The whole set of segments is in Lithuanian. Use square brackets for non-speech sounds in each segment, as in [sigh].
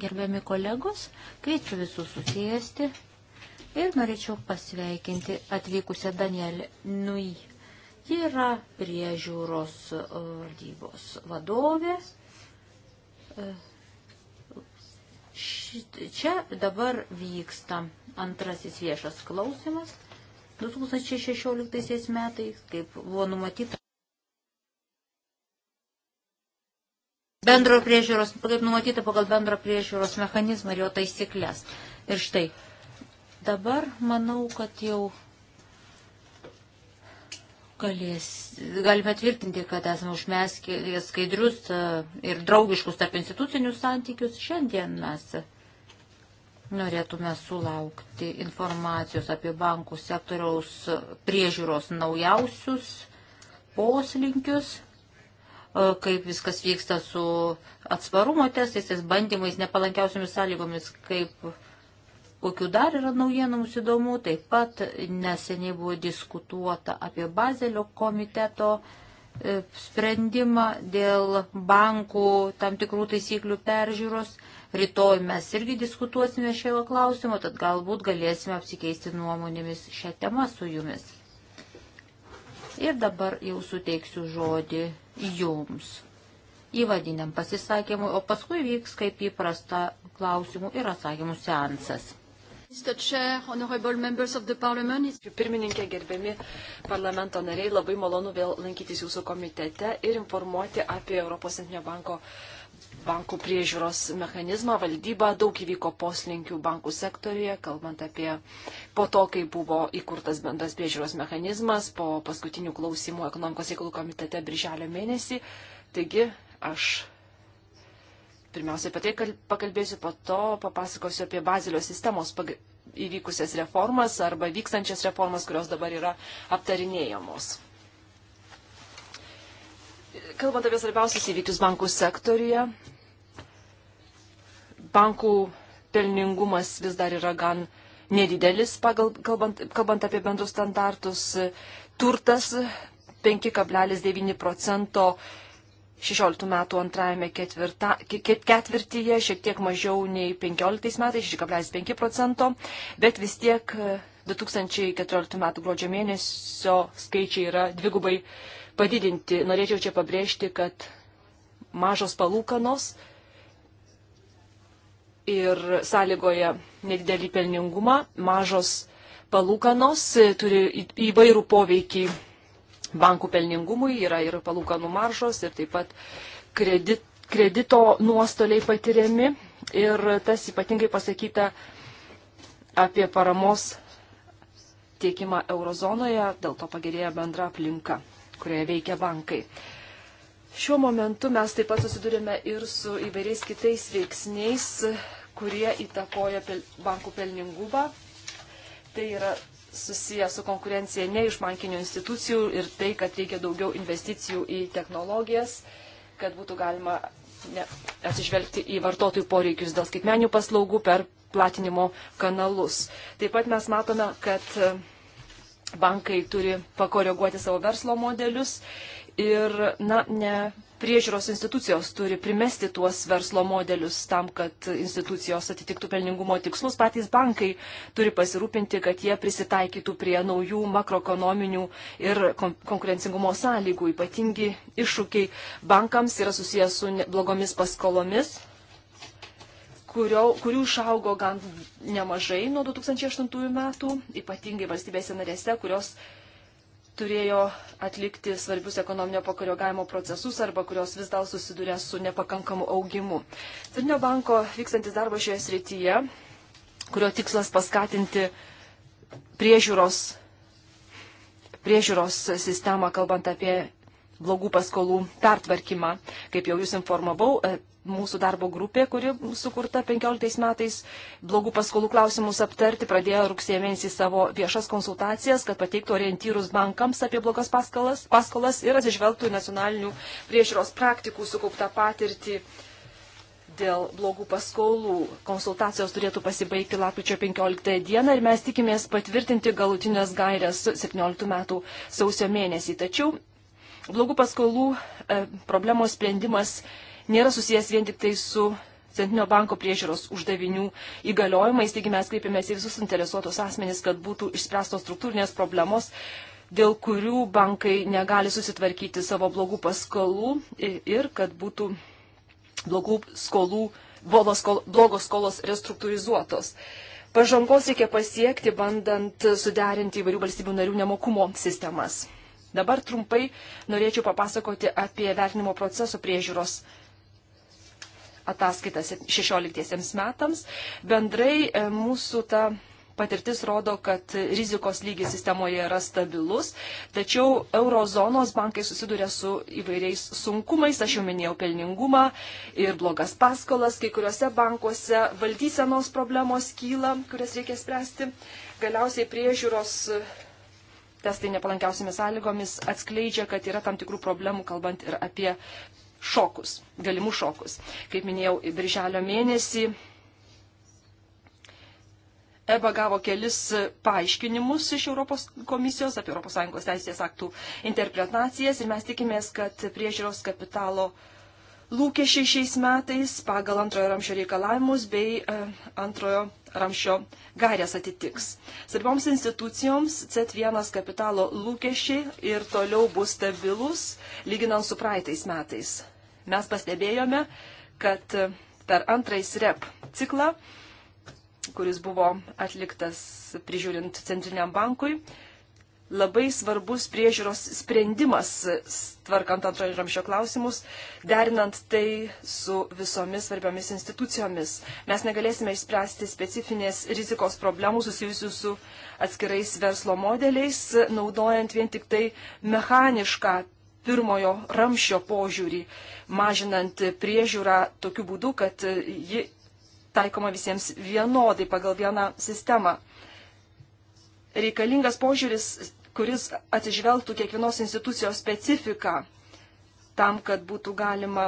Gerbiami kolegos, kviečiu visus susijęsti ir norėčiau pasveikinti atvykusią Danielį Nui. Ji yra priežiūros uh, valdybos vadovė. Uh, čia dabar vyksta antrasis viešas klausimas 2016 metais, kaip buvo numatyta. bendro priežiūros, kaip numatyta pagal bendro priežiūros mechanizmą ir jo taisyklės. Ir štai, dabar manau, kad jau galės, galime tvirtinti, kad esame užmeskę skaidrius e, ir draugiškus tarp institucinius santykius. Šiandien mes norėtume sulaukti informacijos apie bankų sektoriaus priežiūros naujausius poslinkius E, kaip viskas vyksta su atsparumo testais, tais bandymais, nepalankiausiamis sąlygomis, kaip kokiu dar yra naujienų mums įdomu. Taip pat neseniai buvo diskutuota apie Bazelio komiteto e, sprendimą dėl bankų tam tikrų taisyklių peržiūros. Rytoj mes irgi diskutuosime šio klausimo, tad galbūt galėsime apsikeisti nuomonėmis šią temą su jumis. Ir dabar jau suteiksiu žodį jums įvadiniam pasisakymui, o paskui vyks kaip įprasta klausimų ir atsakymų seansas. Pirmininkė, gerbiami parlamento nariai, labai malonu vėl lankytis jūsų komitete ir informuoti apie Europos Centrinio banko uh, bankų priežiūros mechanizmą, valdybą, daug įvyko poslinkių bankų sektorijoje, kalbant apie po to, kai buvo įkurtas bendras priežiūros mechanizmas, po paskutinių klausimų ekonomikos reikalų komitete birželio mėnesį. Taigi aš pirmiausia apie tai pakalbėsiu, po to papasakosiu apie Bazilio sistemos įvykusias reformas arba vykstančias reformas, kurios dabar yra aptarinėjamos. Kalbant apie svarbiausius įvykius bankų sektoriuje, bankų pelningumas vis dar yra gan nedidelis, pagal, kalbant, kalbant apie bendrus standartus. Turtas 5,9 procento 16 metų antrajame ketvirta, ketvirtyje, šiek tiek mažiau nei 15 metais, 6,5 procento, bet vis tiek 2014 e, metų gruodžio mėnesio skaičiai yra dvigubai padidinti. Norėčiau čia pabrėžti, kad mažos palūkanos ir sąlygoja nedidelį pelningumą, mažos palūkanos turi įvairų poveikį bankų pelningumui, yra ir palūkanų maržos ir taip pat kredit, kredito nuostoliai patiriami. Ir tas ypatingai pasakyta apie paramos tiekimą eurozonoje, dėl to pagerėja bendra aplinka kurioje veikia bankai. Šiuo momentu mes taip pat susidurime ir su įvairiais kitais veiksniais, kurie įtakoja bankų pelningumą. Tai yra susiję su konkurencija ne iš bankinių institucijų ir tai, kad reikia daugiau investicijų į technologijas, kad būtų galima ne, atsižvelgti į vartotojų poreikius dėl skaitmenių paslaugų per platinimo kanalus. Taip pat mes matome, kad bankai turi pakoreguoti savo verslo modelius ir, na, ne priežiūros institucijos turi primesti tuos verslo modelius tam, kad institucijos atitiktų pelningumo tikslus. Patys bankai turi pasirūpinti, kad jie prisitaikytų prie naujų makroekonominių ir konkurencingumo sąlygų. Ypatingi iššūkiai bankams yra susijęs su blogomis paskolomis kurio, kurių išaugo gan nemažai nuo 2008 metų, ypatingai valstybėse narėse, kurios turėjo atlikti svarbius ekonominio pakoregavimo procesus arba kurios vis dar susiduria su nepakankamu augimu. Centrinio banko vykstantis darbas šioje srityje, kurio tikslas paskatinti priežiūros, priežiūros sistemą, kalbant apie blogų paskolų pertvarkymą. Kaip jau jūs informavau, e, mūsų darbo grupė, kuri sukurta 15 metais blogų paskolų klausimus aptarti, pradėjo rugsėjo mėnesį savo viešas konsultacijas, kad pateiktų orientyrus bankams apie blogas paskolas, paskolas ir atsižvelgtų į nacionalinių priežiūros praktikų sukauptą patirtį dėl blogų paskolų. Konsultacijos turėtų pasibaigti lapkričio 15 dieną ir mes tikimės patvirtinti galutinės gairias 17 metų sausio mėnesį. Tačiau blogų paskolų e, problemos sprendimas nėra susijęs vien tik tai su Centrinio banko priežiūros uždavinių įgaliojimais, taigi mes kreipiamės į visus interesuotus asmenys, kad būtų išspręstos struktūrinės problemos, dėl kurių bankai negali susitvarkyti savo blogų paskolų ir kad būtų blogų skolų, blogos skolos restruktūrizuotos. Pažangos reikia pasiekti, bandant suderinti įvairių valstybių narių nemokumo sistemas. Dabar trumpai norėčiau papasakoti apie vertinimo proceso priežiūros ataskaitas 16 metams. Bendrai e, mūsų ta patirtis rodo, kad rizikos lygis sistemoje yra stabilus, tačiau eurozonos bankai susiduria su įvairiais sunkumais, aš jau minėjau pelningumą ir blogas paskolas, kai kuriuose bankuose valdysenos problemos kyla, kurias reikia spręsti. Galiausiai priežiūros testai nepalankiausiamis sąlygomis atskleidžia, kad yra tam tikrų problemų, kalbant ir apie šokus, galimų šokus. Kaip minėjau, birželio mėnesį EBA gavo kelis paaiškinimus iš Europos komisijos apie ES teisės aktų interpretacijas ir mes tikimės, kad priežiūros kapitalo uh, lūkesčiai šiais metais pagal antrojo ramšio reikalavimus bei e, antrojo ramšio gairės atitiks. Svarbioms institucijoms C1 kapitalo lūkesčiai ir toliau bus stabilus, lyginant su praeitais metais. Mes pastebėjome, kad e, per antrąjį SREP ciklą, kuris buvo atliktas prižiūrint Centriniam bankui, labai svarbus priežiūros sprendimas, tvarkant antrojo ramšio klausimus, derinant tai su visomis svarbiomis institucijomis. Mes negalėsime išspręsti specifinės rizikos problemų susijusių su atskirais verslo modeliais, naudojant vien tik tai mechanišką pirmojo ramšio požiūrį, mažinant priežiūrą tokiu būdu, kad ji taikoma visiems vienodai pagal vieną sistemą reikalingas požiūris kuris atsižvelgtų kiekvienos institucijos specifiką tam, kad būtų galima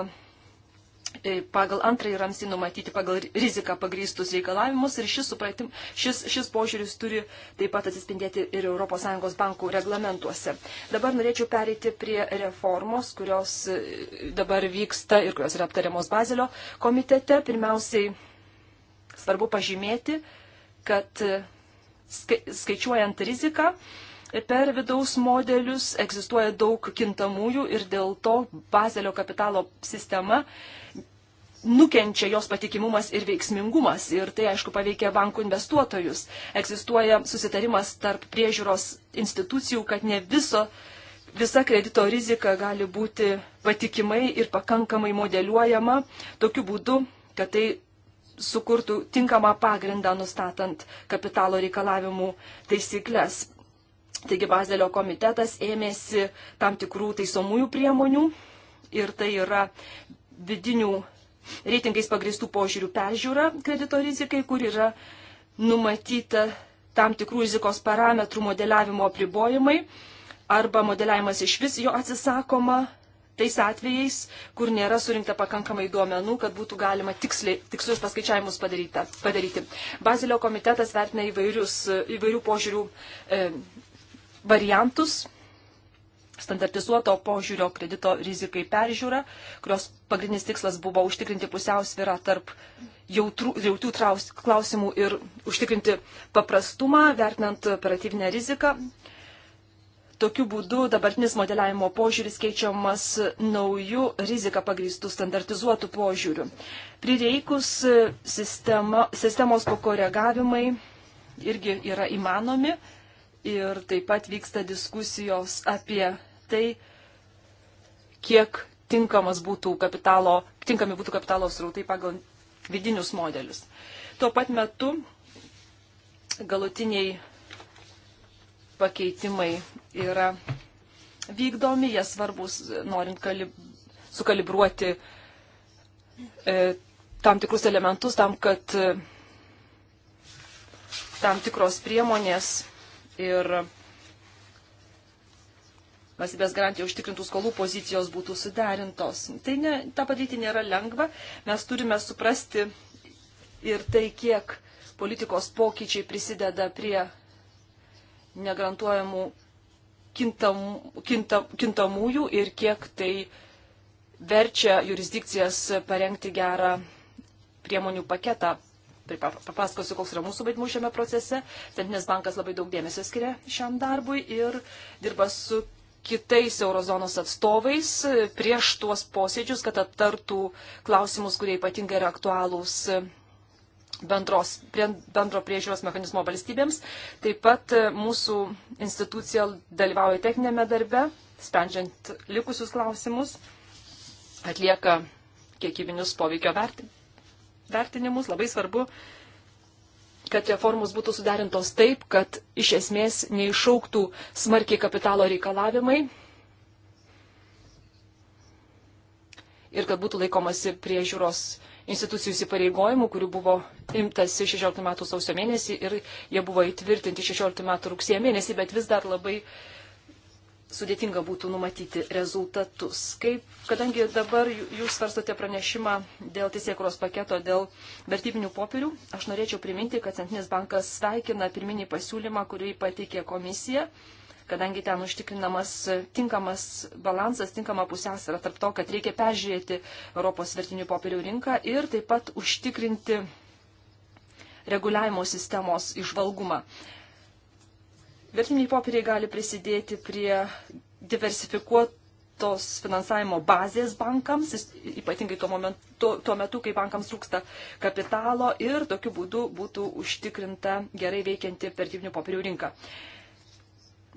e, pagal antrąjį ramstį numatyti pagal riziką pagrįstus reikalavimus ir šis, supratim, šis, šis požiūris turi taip pat atsispindėti ir ES bankų reglamentuose. Dabar norėčiau pereiti prie reformos, kurios e, dabar vyksta ir kurios yra aptariamos Bazelio komitete. Pirmiausiai svarbu pažymėti, kad e, skaičiuojant riziką, per vidaus modelius, egzistuoja daug kintamųjų ir dėl to bazelio kapitalo sistema nukenčia jos patikimumas ir veiksmingumas ir tai, aišku, paveikia bankų investuotojus. Egzistuoja susitarimas tarp priežiūros institucijų, kad ne viso, visa kredito rizika gali būti patikimai ir pakankamai modeliuojama tokiu būdu, kad tai sukurtų tinkamą pagrindą nustatant kapitalo reikalavimų taisyklės. Taigi Bazelio komitetas ėmėsi tam tikrų taisomųjų priemonių ir tai yra vidinių reitingais pagristų požiūrių peržiūra kredito rizikai, kur yra numatyta tam tikrų rizikos parametrų modeliavimo apribojimai arba modeliavimas iš vis jo atsisakoma tais atvejais, kur nėra surinkta pakankamai duomenų, kad būtų galima tiksliai, tikslius paskaičiavimus padaryta, padaryti. Bazilio komitetas vertina įvairius, įvairių požiūrių e, variantus standartizuoto požiūrio kredito rizikai peržiūra, kurios pagrindinis tikslas buvo užtikrinti pusiausvyrą tarp jautrų, jautrių traus, klausimų ir užtikrinti paprastumą, vertinant operatyvinę riziką. Tokiu būdu dabartinis modeliavimo požiūris keičiamas naujų riziką pagrįstų standartizuotų požiūrių. Prireikus sistema, sistemos pakoregavimai irgi yra įmanomi ir taip pat vyksta diskusijos apie tai, kiek tinkamas būtų kapitalo, tinkami būtų kapitalo srautai pagal vidinius modelius. Tuo pat metu galutiniai pakeitimai yra vykdomi, jie svarbus, norint kalib... sukalibruoti e, tam tikrus elementus, tam, kad e, tam tikros priemonės ir valstybės garantija užtikrintų skolų pozicijos būtų suderintos. Tai ne, tą padaryti nėra lengva. Mes turime suprasti ir tai, kiek politikos pokyčiai prisideda prie negarantuojamų kintam, kintam, kintamųjų ir kiek tai verčia jurisdikcijas parengti gerą priemonių paketą Taip pat papasakosiu, koks yra mūsų vaidmuo šiame procese. Centrinis bankas labai daug dėmesio skiria šiam darbui ir dirba su kitais eurozonos atstovais prieš tuos posėdžius, kad aptartų klausimus, kurie ypatingai yra aktualūs bendros, bendro priežiūros mechanizmo valstybėms. Taip pat e, mūsų institucija dalyvauja techninėme darbe, sprendžiant likusius klausimus, atlieka kiekybinius poveikio vertinimus vertinimus. Labai svarbu, kad reformos būtų sudarintos taip, kad iš esmės neišauktų smarkiai kapitalo reikalavimai ir kad būtų laikomasi priežiūros institucijų įsipareigojimų, kurių buvo imtasi 16 metų sausio mėnesį ir jie buvo įtvirtinti 16 metų rugsėjo mėnesį, bet vis dar labai uh, sudėtinga būtų numatyti rezultatus. Kaip, kadangi dabar jūs svarstote pranešimą dėl teisėkuros paketo dėl vertybinių popierių, aš norėčiau priminti, kad Centrinis bankas sveikina pirminį pasiūlymą, kurį pateikė komisija, kadangi ten užtikrinamas tinkamas balansas, tinkama pusiausvėra tarp to, kad reikia peržiūrėti Europos vertinių popierių rinką ir taip pat užtikrinti reguliavimo sistemos išvalgumą. Vertiniai popieriai gali prisidėti prie diversifikuotos finansavimo bazės bankams, ypatingai tuo, momentu, tuo metu, kai bankams trūksta kapitalo ir tokiu būdu būtų užtikrinta gerai veikianti vertybinių popierių rinka.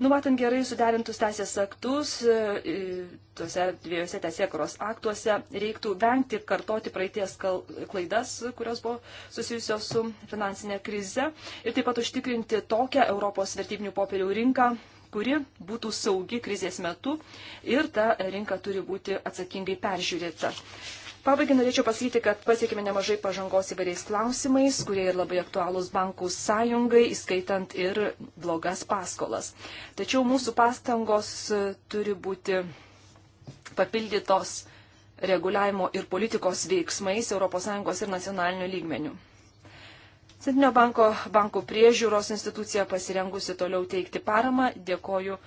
Numatant gerai suderintus teisės aktus, e, e, tuose dviejose teisėkuros aktuose reiktų vengti ir kartoti praeities klaidas, kurios buvo susijusios su finansinė krize, ir taip pat užtikrinti tokią Europos vertybinių popierių rinką, kuri būtų saugi krizės metu ir ta rinka turi būti atsakingai peržiūrėta. Pabaigai norėčiau pasakyti, kad pasiekime nemažai pažangos įvairiais klausimais, kurie ir labai aktualūs bankų sąjungai, įskaitant ir blogas paskolas. Tačiau mūsų pastangos e, turi būti papildytos reguliavimo ir politikos veiksmais ES ir nacionaliniu lygmeniu. Centrinio banko bankų priežiūros institucija pasirengusi toliau teikti paramą. Dėkoju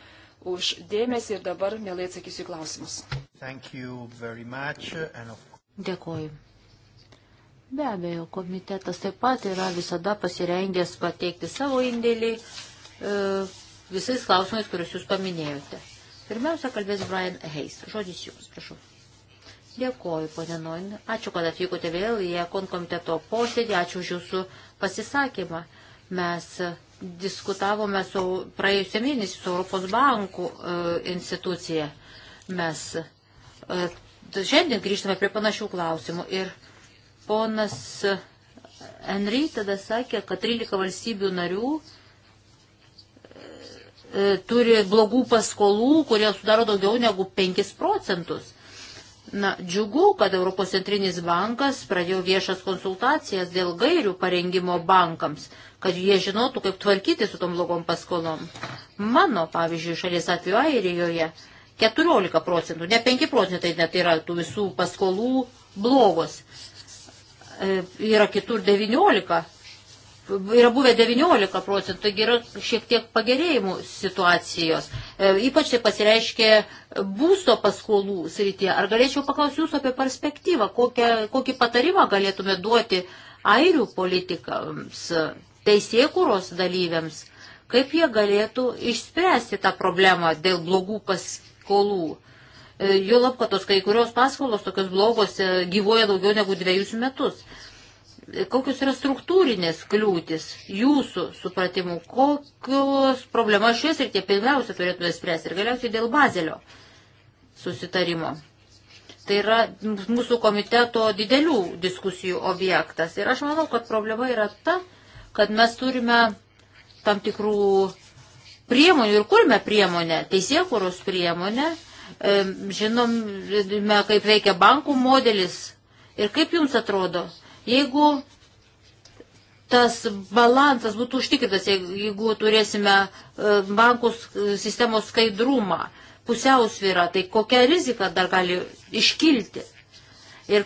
už dėmesį ir dabar mielai atsakysiu į klausimus. Much, of... Dėkoju. Be abejo, komitetas taip pat yra visada pasirengęs pateikti savo indėlį e, visais klausimais, kuriuos jūs paminėjote. Pirmiausia, kalbės Brian Hayes. Žodis jums, prašau. Dėkoju, ponė Noin. Ačiū, kad atvykote vėl į Ekon komiteto posėdį. Ačiū už jūsų pasisakymą. Mes diskutavome su praėjusią mėnesį su Europos bankų e, institucija. Mes e, šiandien grįžtame prie panašių klausimų. Ir ponas Henry tada sakė, kad 13 valstybių narių e, turi blogų paskolų, kurie sudaro daugiau negu 5 procentus. Na, džiugu, kad Europos centrinis bankas pradėjo viešas konsultacijas dėl gairių parengimo bankams, kad jie žinotų, kaip tvarkyti su tom blogom paskolom. Mano, pavyzdžiui, šalies atveju Airijoje 14 procentų, ne 5 procentai net yra tų visų paskolų blogos. E, yra kitur 19, yra buvę 19 procentų, taigi yra šiek tiek pagerėjimų situacijos. E, ypač tai pasireiškia būsto paskolų srityje. Ar galėčiau paklausti jūsų apie perspektyvą, kokią, kokį patarimą galėtume duoti airių politikams, teisėkūros dalyviams, kaip jie galėtų išspręsti tą problemą dėl blogų paskolų paskolų. E, jo lab, kad tos kai kurios paskolos tokios blogos e, gyvoja daugiau negu dviejus metus. E, kokios yra struktūrinės kliūtis jūsų supratimu, kokios problemas šios ir tie pirmiausia turėtume spręsti ir galiausiai dėl bazelio susitarimo. Tai yra mūsų komiteto didelių diskusijų objektas. Ir aš manau, kad problema yra ta, kad mes turime tam tikrų priemonių ir kurime priemonę, teisėkuros priemonę, e, žinome, kaip veikia bankų modelis ir kaip jums atrodo, jeigu tas balansas būtų užtikrintas, jeigu turėsime e, bankų sistemos skaidrumą, pusiausvyrą, tai kokia rizika dar gali iškilti ir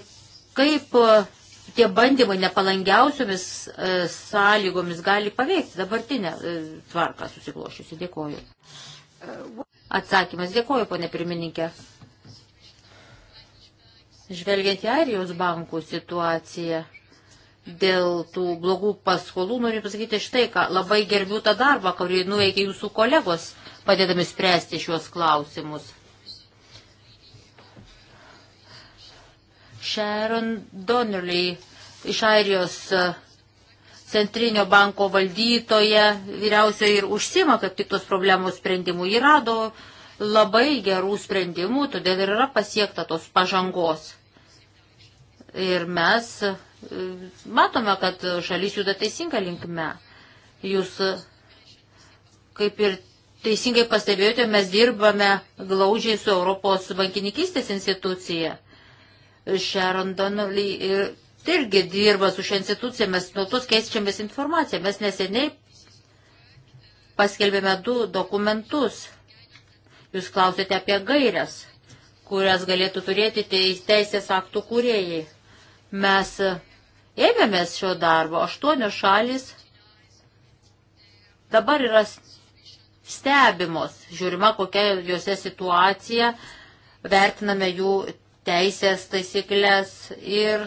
kaip e, tie bandymai nepalankiausiomis e, sąlygomis gali paveikti dabartinę e, tvarką susiklošiusi. Dėkoju. Atsakymas. Dėkoju, ponė pirmininkė. Žvelgiant į Airijos bankų situaciją dėl tų blogų paskolų, noriu pasakyti štai ką. Labai gerbiu tą darbą, kurį nuveikia jūsų kolegos, padėdami spręsti šiuos klausimus. Sharon Donnelly iš Airijos e, centrinio banko valdytoje vyriausioje ir užsima kaip tik tos problemos sprendimų. Ji rado labai gerų sprendimų, todėl ir yra pasiekta tos pažangos. Ir mes e, matome, kad šalis juda teisinga linkme. Jūs, e, kaip ir teisingai pastebėjote, mes dirbame glaužiai su Europos bankininkystės institucija. Šerondon tai irgi dirba su šia institucija, mes nuolatos keičiamės informaciją. Mes neseniai paskelbėme du dokumentus. Jūs klausėte apie gairias, kurias galėtų turėti teisės aktų kūrėjai. Mes ėmėmės šio darbo. Aštuonios šalis dabar yra stebimos, žiūrima kokia juose situacija, vertiname jų teisės taisyklės ir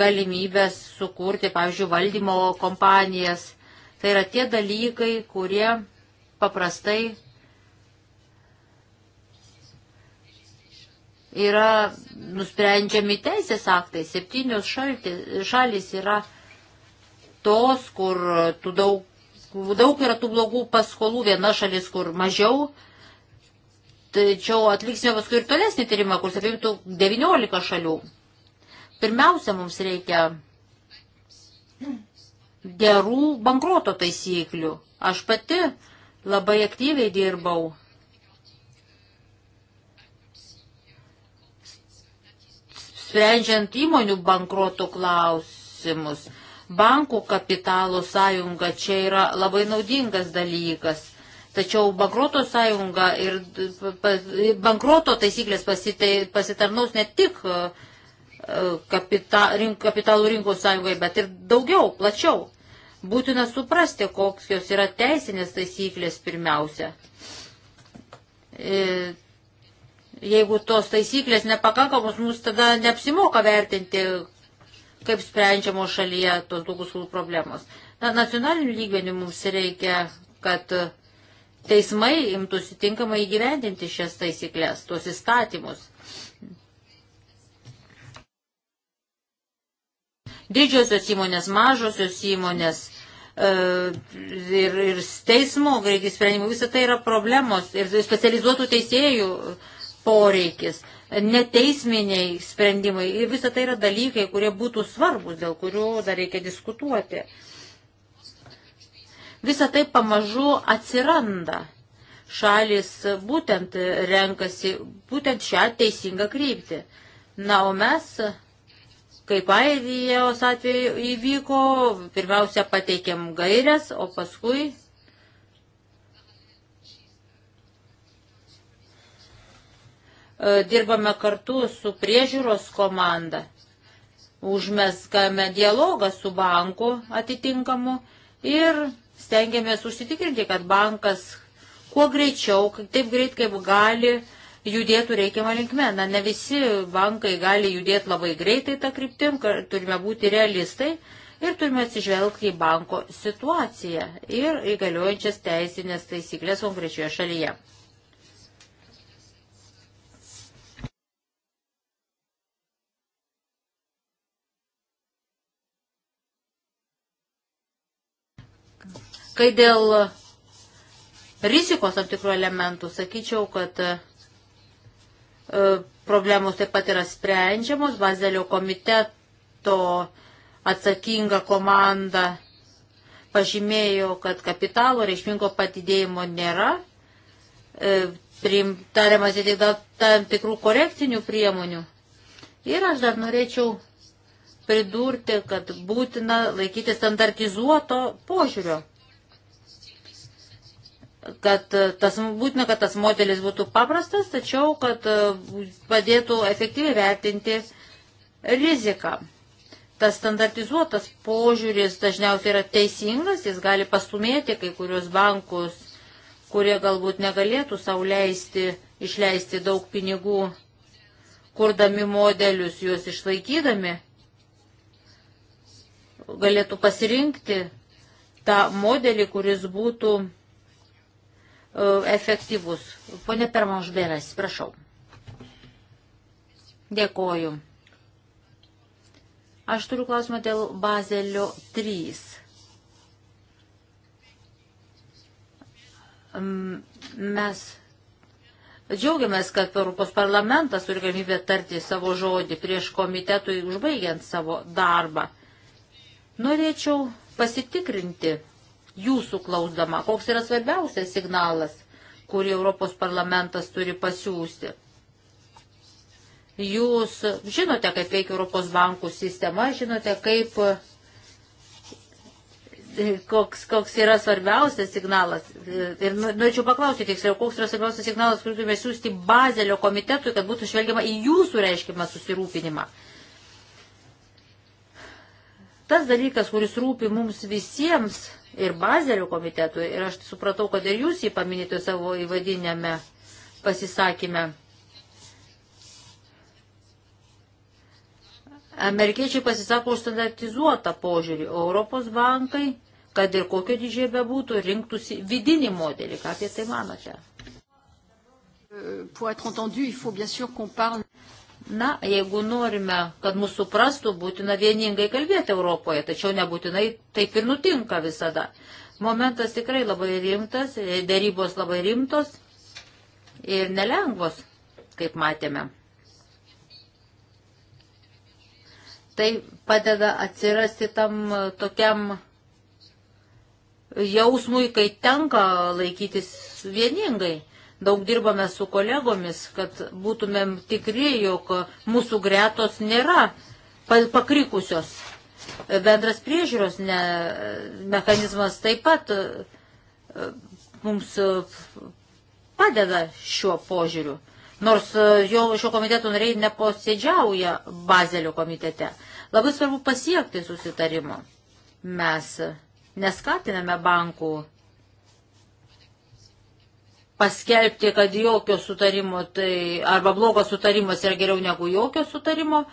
galimybės sukurti, pavyzdžiui, valdymo kompanijas. Tai yra tie dalykai, kurie paprastai yra nusprendžiami teisės aktai. Septynios šaltis, šalis yra tos, kur daug, daug yra tų blogų paskolų, viena šalis, kur mažiau Tačiau atliksime paskui ir tolesnį tyrimą, kuris apimtų 19 šalių. Pirmiausia, mums reikia gerų bankruoto taisyklių. Aš pati labai aktyviai dirbau sprendžiant įmonių bankruoto klausimus. Bankų kapitalo sąjunga čia yra labai naudingas dalykas. Tačiau bankroto sąjunga ir bankroto taisyklės pasitarnaus ne tik e, e, kapita, rink, kapitalų rinkos sąjungai, bet ir daugiau, plačiau. Būtina suprasti, kokios yra teisinės taisyklės pirmiausia. E, jeigu tos taisyklės nepakankamos, mums tada neapsimoka vertinti, kaip sprendžiamos šalyje tos daugus problemos. Na, nacionalinių lygmenių mums reikia, kad teismai imtųsi tinkamai įgyvendinti šias taisyklės, tuos įstatymus. Didžiosios įmonės, mažosios įmonės e, ir, ir teismo greitai sprendimų, visą tai yra problemos ir specializuotų teisėjų poreikis, neteisminiai sprendimai ir visą tai yra dalykai, kurie būtų svarbus, dėl kurių dar reikia diskutuoti. Uh, Visa tai pamažu atsiranda. Šalis būtent renkasi būtent šią teisingą kryptį. Na, o mes, kaip Airijos atveju įvyko, pirmiausia pateikėm gairias, o paskui e, dirbame kartu su priežiūros komanda. Užmeskame dialogą su banku atitinkamu ir stengiamės užsitikrinti, kad bankas kuo greičiau, taip greit kaip gali, judėtų reikiamą linkme. Na, ne visi bankai gali judėti labai greitai tą kryptim, turime būti realistai ir turime atsižvelgti į banko situaciją ir įgaliojančias teisinės taisyklės konkrečioje šalyje. Kai dėl rizikos tam tikrų elementų, sakyčiau, kad e, problemos taip pat yra sprendžiamos, Bazelio komiteto atsakinga komanda pažymėjo, kad kapitalo reikšmingo padidėjimo nėra, e, tariamasi tik tam tikrų korekcinių priemonių. Ir aš dar norėčiau pridurti, kad būtina laikyti standartizuoto požiūrio kad e, tas, būtina, kad tas modelis būtų paprastas, tačiau kad e, padėtų efektyviai vertinti riziką. Tas standartizuotas požiūris dažniausiai yra teisingas, jis gali pastumėti kai kurios bankus, kurie galbūt negalėtų sauliaisti, išleisti daug pinigų, kurdami modelius, juos išlaikydami, galėtų pasirinkti tą modelį, kuris būtų E, efektyvus. Pone Permanžbėras, prašau. Dėkoju. Aš turiu klausimą dėl Bazelio 3. Mes džiaugiamės, kad Europos parlamentas turi galimybę tarti savo žodį prieš komitetui užbaigiant savo darbą. Norėčiau pasitikrinti jūsų klausdama, koks yra svarbiausias signalas, kurį Europos parlamentas turi pasiūsti. Jūs žinote, kaip veikia Europos bankų sistema, žinote, kaip, koks, koks yra svarbiausias signalas. Ir nu, norėčiau nu, paklausti tiksliau, koks yra svarbiausias signalas, kurį turime siūsti Bazelio komitetui, kad būtų žvelgiama į jūsų reiškimą susirūpinimą tas dalykas, kuris rūpi mums visiems, ir Bazelio komitetui. Ir aš supratau, kad ir jūs jį paminėjote savo įvadinėme pasisakymę. Amerikiečiai pasisako už standartizuotą požiūrį, o Europos bankai, kad ir kokio didžiai bebūtų, rinktųsi vidinį modelį. Ką apie tai manote? Euh, pour être entendu, il faut bien sûr qu'on parle. Na, jeigu norime, kad mūsų suprastų, būtina vieningai kalbėti Europoje, tačiau nebūtinai taip ir nutinka visada. Momentas tikrai labai rimtas, e, darybos labai rimtos ir nelengvos, kaip matėme. Tai padeda atsirasti tam e, tokiam jausmui, kai tenka laikytis vieningai daug dirbame su kolegomis, kad būtumėm tikri, jog mūsų gretos nėra pakrikusios. Bendras priežiūros ne, mechanizmas taip pat e, mums e, padeda šiuo požiūriu. Nors e, jo, šio komiteto nariai neposėdžiauja Bazelio komitete. Labai svarbu pasiekti susitarimo. Mes neskatiname bankų paskelbti, kad jokio sutarimo, tai arba blogas sutarimas yra geriau negu jokio sutarimo.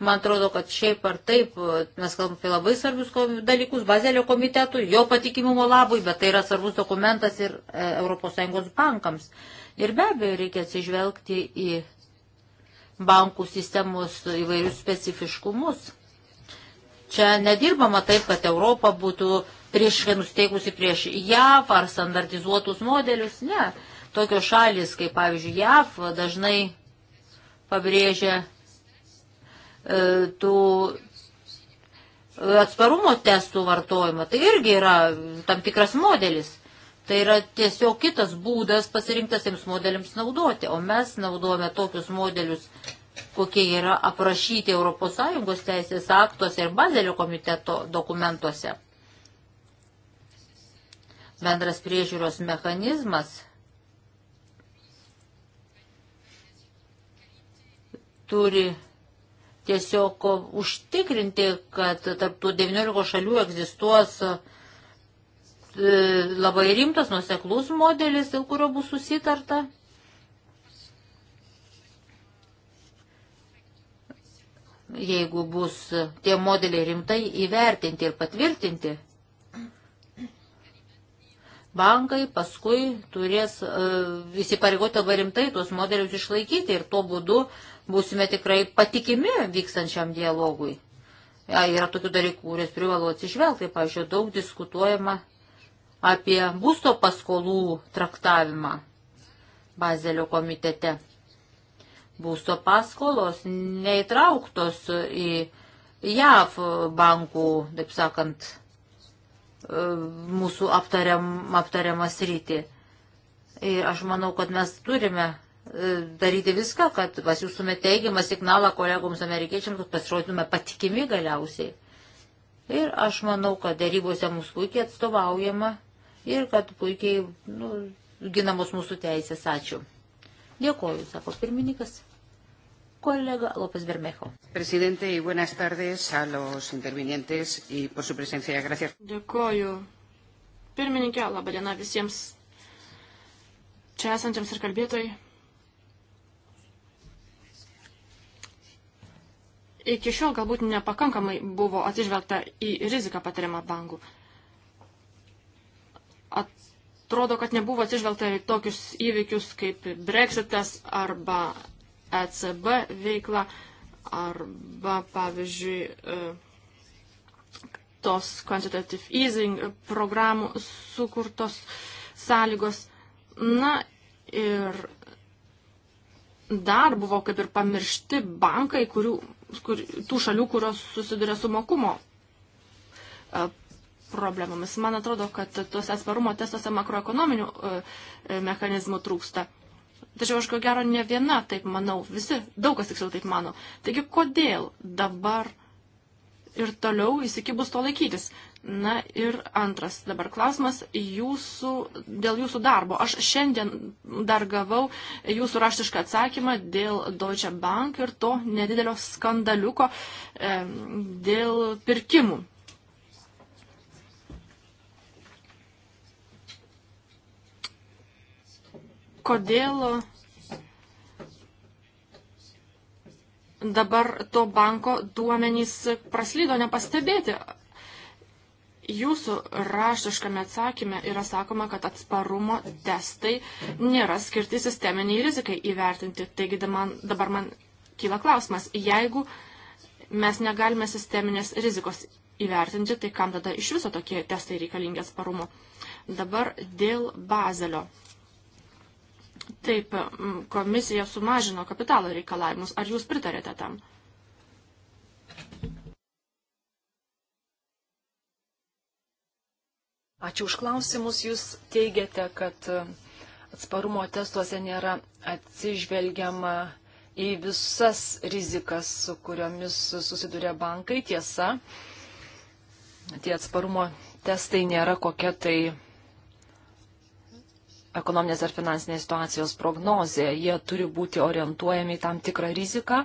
Man atrodo, kad šiaip ar taip, mes kalbame apie labai svarbius dalykus Bazelio komitetų, jo patikimumo labui, bet tai yra svarbus dokumentas ir ES bankams. Ir be abejo, reikia atsižvelgti į bankų sistemos įvairius specifiškumus. Čia nedirbama taip, kad Europa būtų priešiškai nusteikusi prieš JAV ar standartizuotus modelius. Ne, Tokios šalis, kaip pavyzdžiui JAV, dažnai pabrėžia e, tų atsparumo testų vartojimą. Tai irgi yra tam tikras modelis. Tai yra tiesiog kitas būdas pasirinktas jiems modeliams naudoti. O mes naudojame tokius modelius, kokie yra aprašyti ES teisės aktuose ir Bazelio komiteto dokumentuose. Bendras priežiūros mechanizmas turi tiesiog užtikrinti, kad tarp tų 19 šalių egzistuos e, labai rimtas nuseklus modelis, dėl kurio bus susitarta. Jeigu bus tie modeliai rimtai įvertinti ir patvirtinti, bankai paskui turės uh, įsipareigoti labai rimtai tuos modelius išlaikyti ir tuo būdu būsime tikrai patikimi vykstančiam dialogui. Ja, yra tokių dalykų, kurias privalu atsižvelgti. Pavyzdžiui, daug diskutuojama apie būsto paskolų traktavimą Bazelio komitete. Būsto paskolos neįtrauktos į JAV bankų, taip sakant, e, mūsų aptariam, aptariamą sritį. Ir aš manau, kad mes turime daryti viską, kad pasiūstume teigiamą signalą kolegoms amerikiečiams, kad pasirodytume patikimi galiausiai. Ir aš manau, kad darybose mūsų puikiai atstovaujama ir kad puikiai nu, ginamos mūsų teisės. Ačiū. Dėkoju, sako pirmininkas. Colega López Bermejo. Presidente, y buenas tardes a los intervinientes y por su presencia. Gracias. Dėkoju. Pirmininkė, laba diena visiems čia esančiams ir kalbėtojai. iki šiol galbūt nepakankamai buvo atsižvelgta į riziką patiriamą bankų. Atrodo, kad nebuvo atsižvelgta į tokius įvykius kaip Brexitas arba ECB veikla arba, pavyzdžiui, e, tos quantitative easing programų sukurtos sąlygos. Na ir dar buvo kaip ir pamiršti bankai, kurių kur, tų šalių, kurios susiduria su mokumo e, problemomis. Man atrodo, kad tuose atsparumo testuose makroekonominių e, e, mechanizmų trūksta. Tačiau aš ko gero ne viena taip manau, visi, daug kas tiksliau taip mano. Taigi kodėl dabar ir toliau įsikibus to laikytis? Na ir antras dabar klausimas jūsų, dėl jūsų darbo. Aš šiandien dar gavau jūsų raštišką atsakymą dėl Deutsche Bank ir to nedidelio skandaliuko e, dėl pirkimų. Kodėl dabar to banko duomenys praslydo nepastebėti? Jūsų raštiškame atsakyme yra sakoma, kad atsparumo testai nėra skirti sisteminiai rizikai įvertinti. Taigi man, dabar man kyla klausimas, jeigu mes negalime sisteminės rizikos įvertinti, tai kam tada iš viso tokie testai reikalingi atsparumo? Dabar dėl bazelio. Taip, komisija sumažino kapitalo reikalavimus. Ar jūs pritarėte tam? Ačiū už klausimus. Jūs teigiate, kad e, atsparumo testuose nėra atsižvelgiama į visas rizikas, su kuriomis susiduria bankai. Tiesa, tie atsparumo testai nėra kokia tai ekonominės ar finansinės situacijos prognozė. Jie turi būti orientuojami į tam tikrą riziką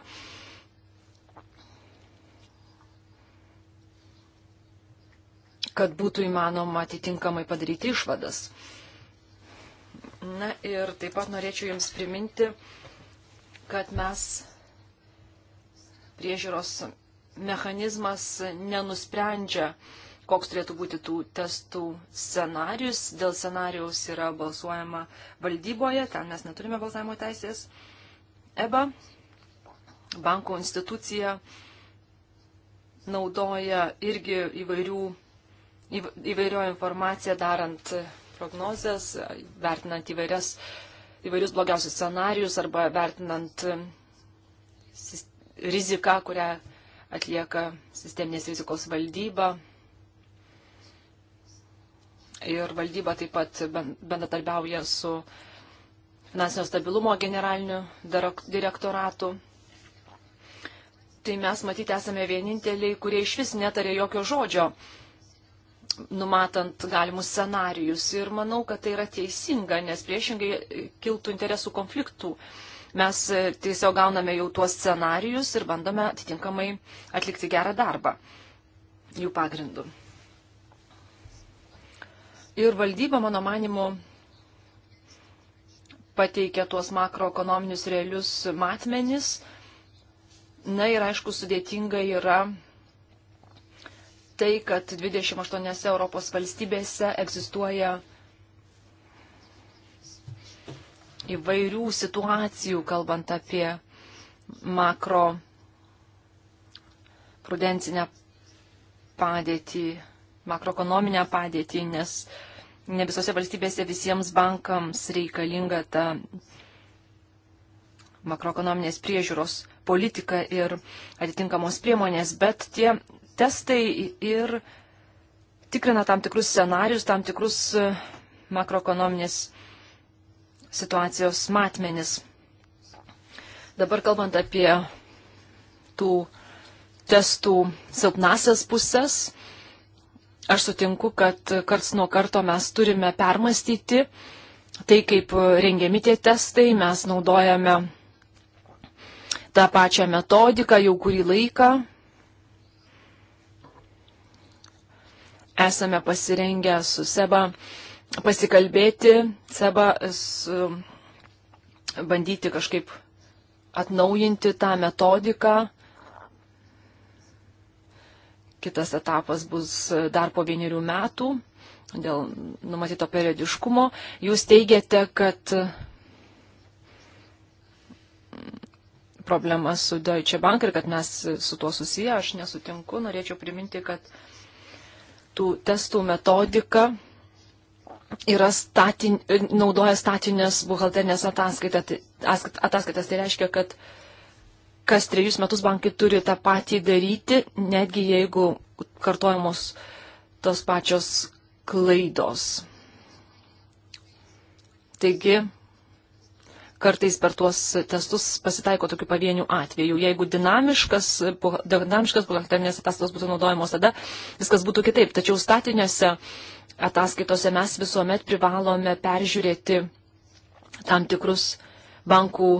kad būtų įmanoma atitinkamai padaryti išvadas. Na ir taip pat norėčiau Jums priminti, kad mes priežiūros mechanizmas nenusprendžia, koks turėtų būti tų testų scenarius. Dėl scenarijaus yra balsuojama valdyboje, ten mes neturime balsavimo teisės. EBA, banko institucija, naudoja irgi įvairių įvairio informacija, darant prognozes, vertinant įvairias, įvairius blogiausius scenarius arba vertinant um, riziką, kurią atlieka sisteminės rizikos valdyba. Ir valdyba taip pat bendradarbiauja su finansinio stabilumo generaliniu direktoratu. Tai mes matyti esame vieninteliai, kurie iš vis netarė jokio žodžio numatant galimus scenarius. Ir manau, kad tai yra teisinga, nes priešingai kiltų interesų konfliktų. Mes e, tiesiog gauname jau tuos scenarius ir bandome atitinkamai atlikti gerą darbą jų pagrindu. Ir valdyba, mano manimu, pateikia tuos makroekonominius realius matmenis. Na ir aišku, sudėtinga yra tai, kad 28 Europos valstybėse egzistuoja įvairių situacijų, kalbant apie makro prudencinę padėtį, makroekonominę padėtį, nes ne visose valstybėse visiems bankams reikalinga ta makroekonominės priežiūros politika ir atitinkamos priemonės, bet tie testai ir tikrina tam tikrus scenarius, tam tikrus e, makroekonominės situacijos matmenis. Dabar kalbant apie tų testų silpnasias pusės, aš sutinku, kad karts nuo karto mes turime permastyti tai, kaip rengiami tie testai, mes naudojame tą pačią metodiką jau kurį laiką, esame pasirengę su Seba pasikalbėti, Seba su, bandyti kažkaip atnaujinti tą metodiką. Kitas etapas bus dar po vienerių metų dėl numatyto periodiškumo. Jūs teigiate, kad problema su Deutsche Bank ir kad mes su tuo susiję, aš nesutinku, norėčiau priminti, kad tų testų metodika yra statin, naudoja statinės buhalterinės ataskaitas. Tai, ataskaitas. Tai reiškia, kad kas trejus metus bankai turi tą patį daryti, netgi jeigu kartojamos tos pačios klaidos. Taigi, kartais per tuos testus pasitaiko tokių pavienių atvejų. Jeigu dinamiškas, dinamiškas buhalterinės ataskaitos būtų naudojamos, tada viskas būtų kitaip. Tačiau statinėse ataskaitose mes visuomet privalome peržiūrėti tam tikrus bankų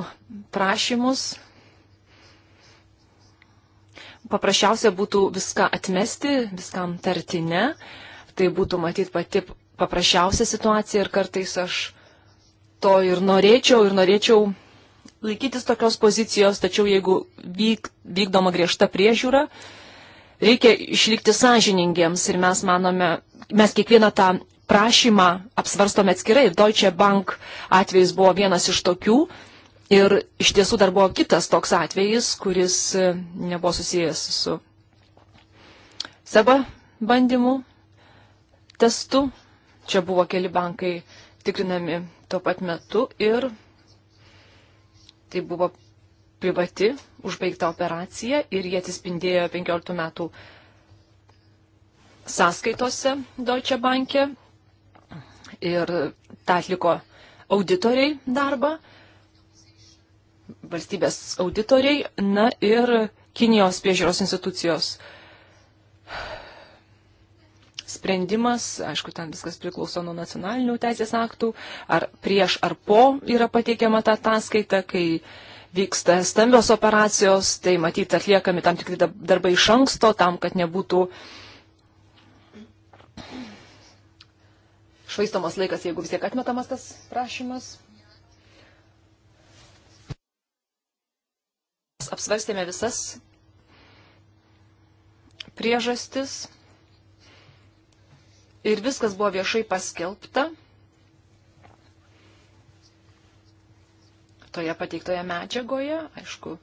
prašymus. Paprasčiausia būtų viską atmesti, viskam tartinę. Tai būtų matyti pati paprasčiausia situacija ir kartais aš to ir norėčiau, ir norėčiau laikytis tokios pozicijos, tačiau jeigu vyk, vykdoma griežta priežiūra, reikia išlikti sąžiningiems ir mes manome, mes kiekvieną tą prašymą apsvarstome atskirai. Deutsche Bank atvejs buvo vienas iš tokių ir iš tiesų dar buvo kitas toks atvejis, kuris e, nebuvo susijęs su seba bandymu testu. Čia buvo keli bankai tikrinami tuo pat metu ir tai buvo privati užbaigta operacija ir jie atsispindėjo 15 metų sąskaitose Deutsche Banke ir tą atliko auditoriai darbą, valstybės auditoriai, na ir Kinijos priežiūros institucijos uh, sprendimas, aišku, ten viskas priklauso nuo nacionalinių teisės aktų, ar prieš ar po yra pateikiama ta ataskaita, kai vyksta stambios operacijos, tai matyt atliekami tam tikri darbai iš anksto, tam, kad nebūtų švaistomas laikas, jeigu vis tiek atmetamas tas prašymas. Apsvarstėme visas priežastis ir viskas buvo viešai paskelbta toje pateiktoje medžiagoje. Aišku,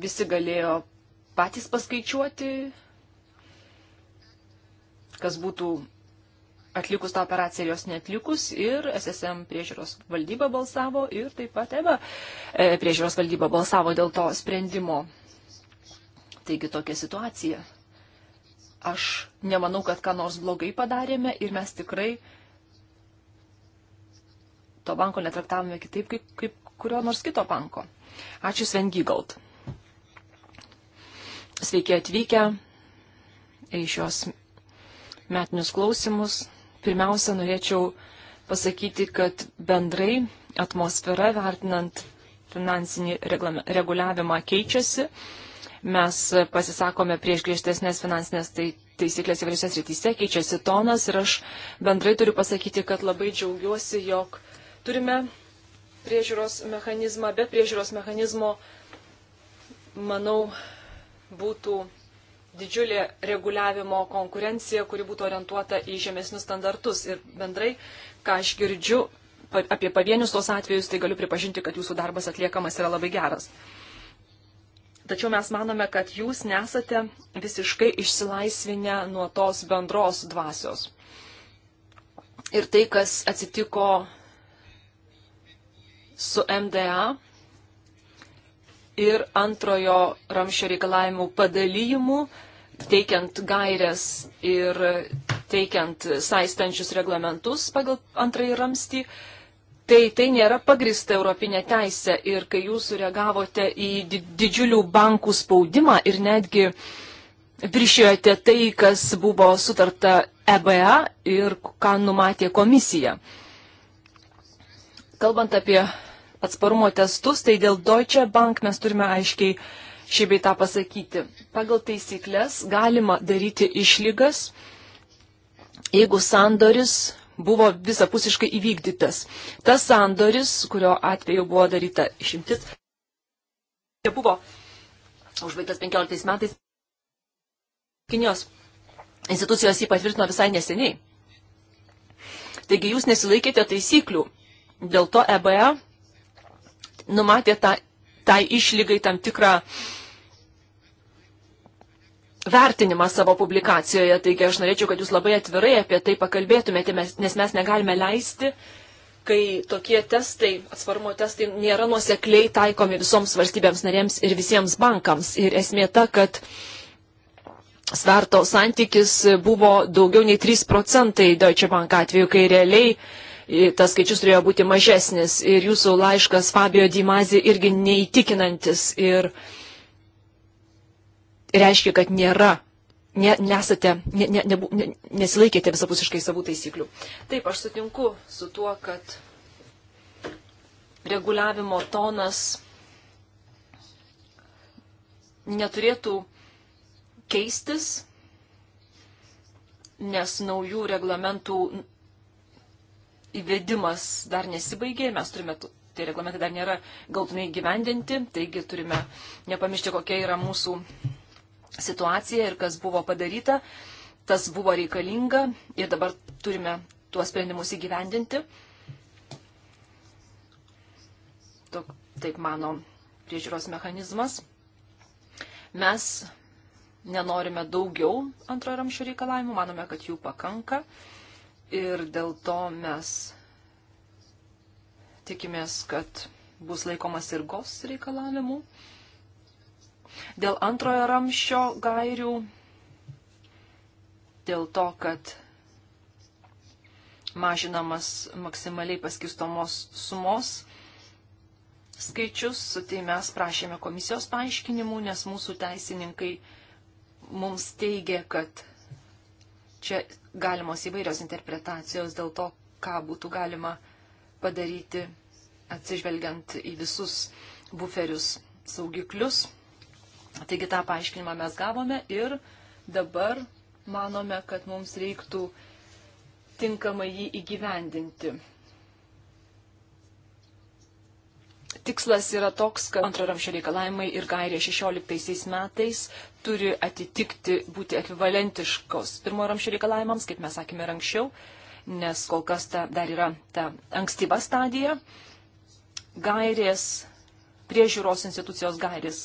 visi galėjo patys paskaičiuoti, kas būtų atlikus tą operaciją ir jos netlikus. Ir SSM priežiūros valdyba balsavo ir taip pat EBA e, priežiūros valdyba balsavo dėl to sprendimo. Taigi tokia situacija. Aš nemanau, kad ką nors blogai padarėme ir mes tikrai to banko netraktavome kitaip kaip, kaip kurio nors kito banko. Ačiū Sven Gygaut. Sveiki atvykę į šios metinius klausimus. Pirmiausia, norėčiau pasakyti, kad bendrai atmosfera vertinant finansinį reguliavimą keičiasi Mes pasisakome prieš griežtesnės finansinės tai, taisyklės įvairiose srityse, keičiasi tonas ir aš bendrai turiu pasakyti, kad labai džiaugiuosi, jog turime priežiūros mechanizmą, be priežiūros mechanizmo, manau, būtų didžiulė reguliavimo konkurencija, kuri būtų orientuota į žemesnius standartus. Ir bendrai, ką aš girdžiu apie pavienius tos atvejus, tai galiu pripažinti, kad jūsų darbas atliekamas yra labai geras. Tačiau mes manome, kad jūs nesate visiškai išsilaisvinę nuo tos bendros dvasios. Ir tai, kas atsitiko su MDA ir antrojo ramšio reikalavimų padalyjimu, teikiant gairias ir teikiant saistančius reglamentus pagal antrąjį ramstį, uh, Tai tai nėra pagrista europinė teisė ir kai jūs sureagavote į didžiulių bankų spaudimą ir netgi viršijote tai, kas buvo sutarta EBA ir ką numatė komisija. Kalbant apie atsparumo testus, tai dėl Deutsche Bank mes turime aiškiai šį beitą pasakyti. Pagal taisyklės galima daryti išlygas, jeigu sandoris buvo visapusiškai įvykdytas. Tas sandoris, kurio atveju buvo daryta išimtis, tai buvo užbaigtas 15 metais. Kinijos institucijos jį patvirtino visai neseniai. Taigi jūs nesilaikėte taisyklių. Dėl to EBA numatė tą, tai išlygai tam tikrą uh, vertinimą savo publikacijoje, taigi aš norėčiau, kad jūs labai atvirai apie tai pakalbėtumėte, nes mes negalime leisti, kai tokie testai, atsvarumo testai nėra nuosekliai taikomi visoms valstybėms narėms ir visiems bankams. Ir esmė ta, kad sverto santykis buvo daugiau nei 3 procentai Deutsche Bank atveju, kai realiai e, tas skaičius turėjo būti mažesnis. Ir jūsų laiškas Fabio Dimazi irgi neįtikinantis. Ir uh, reiškia, kad nėra, ne, nesate, ne, ne, ne, nesilaikėte visapusiškai savų taisyklių. Taip, aš sutinku su tuo, kad reguliavimo tonas neturėtų keistis, nes naujų reglamentų įvedimas dar nesibaigė, mes turime, tie reglamentai dar nėra galtinai gyvendinti, taigi turime nepamiršti, kokia yra mūsų situaciją ir kas buvo padaryta, tas buvo reikalinga ir dabar turime tuos sprendimus įgyvendinti. Tok, taip mano priežiūros mechanizmas. Mes nenorime daugiau antrojo ramšio reikalavimų, manome, kad jų pakanka ir dėl to mes tikimės, kad bus laikomas ir gos reikalavimų. Dėl antrojo ramščio gairių, dėl to, kad mažinamas maksimaliai paskirstomos sumos skaičius, tai mes prašėme komisijos paaiškinimų, nes mūsų teisininkai mums teigia, kad čia galimos įvairios interpretacijos dėl to, ką būtų galima padaryti atsižvelgiant į visus buferius saugiklius Taigi tą paaiškinimą mes gavome ir dabar manome, kad mums reiktų tinkamai jį įgyvendinti. Tikslas yra toks, kad antro ramšio reikalavimai ir gairė 16 metais turi atitikti, būti ekvivalentiškos pirmo ramšio reikalavimams, kaip mes sakėme ir anksčiau, nes kol kas ta, dar yra ta ankstyva stadija. Gairės, priežiūros institucijos gairės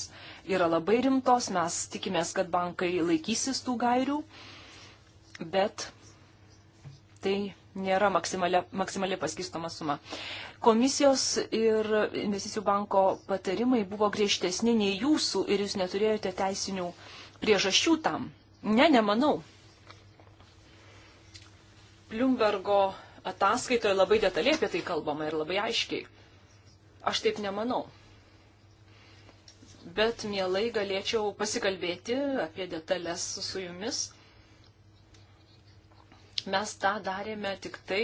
yra labai rimtos, mes tikimės, kad bankai laikysis tų gairių, bet tai nėra maksimaliai paskistoma suma. Komisijos ir investicijų banko patarimai buvo griežtesni nei jūsų ir jūs neturėjote teisinių priežasčių tam. Ne, nemanau. Bloombergo ataskaitoje labai detaliai apie tai kalbama ir labai aiškiai. Aš taip nemanau bet mielai galėčiau pasikalbėti apie detalės su jumis. Mes tą darėme tik tai,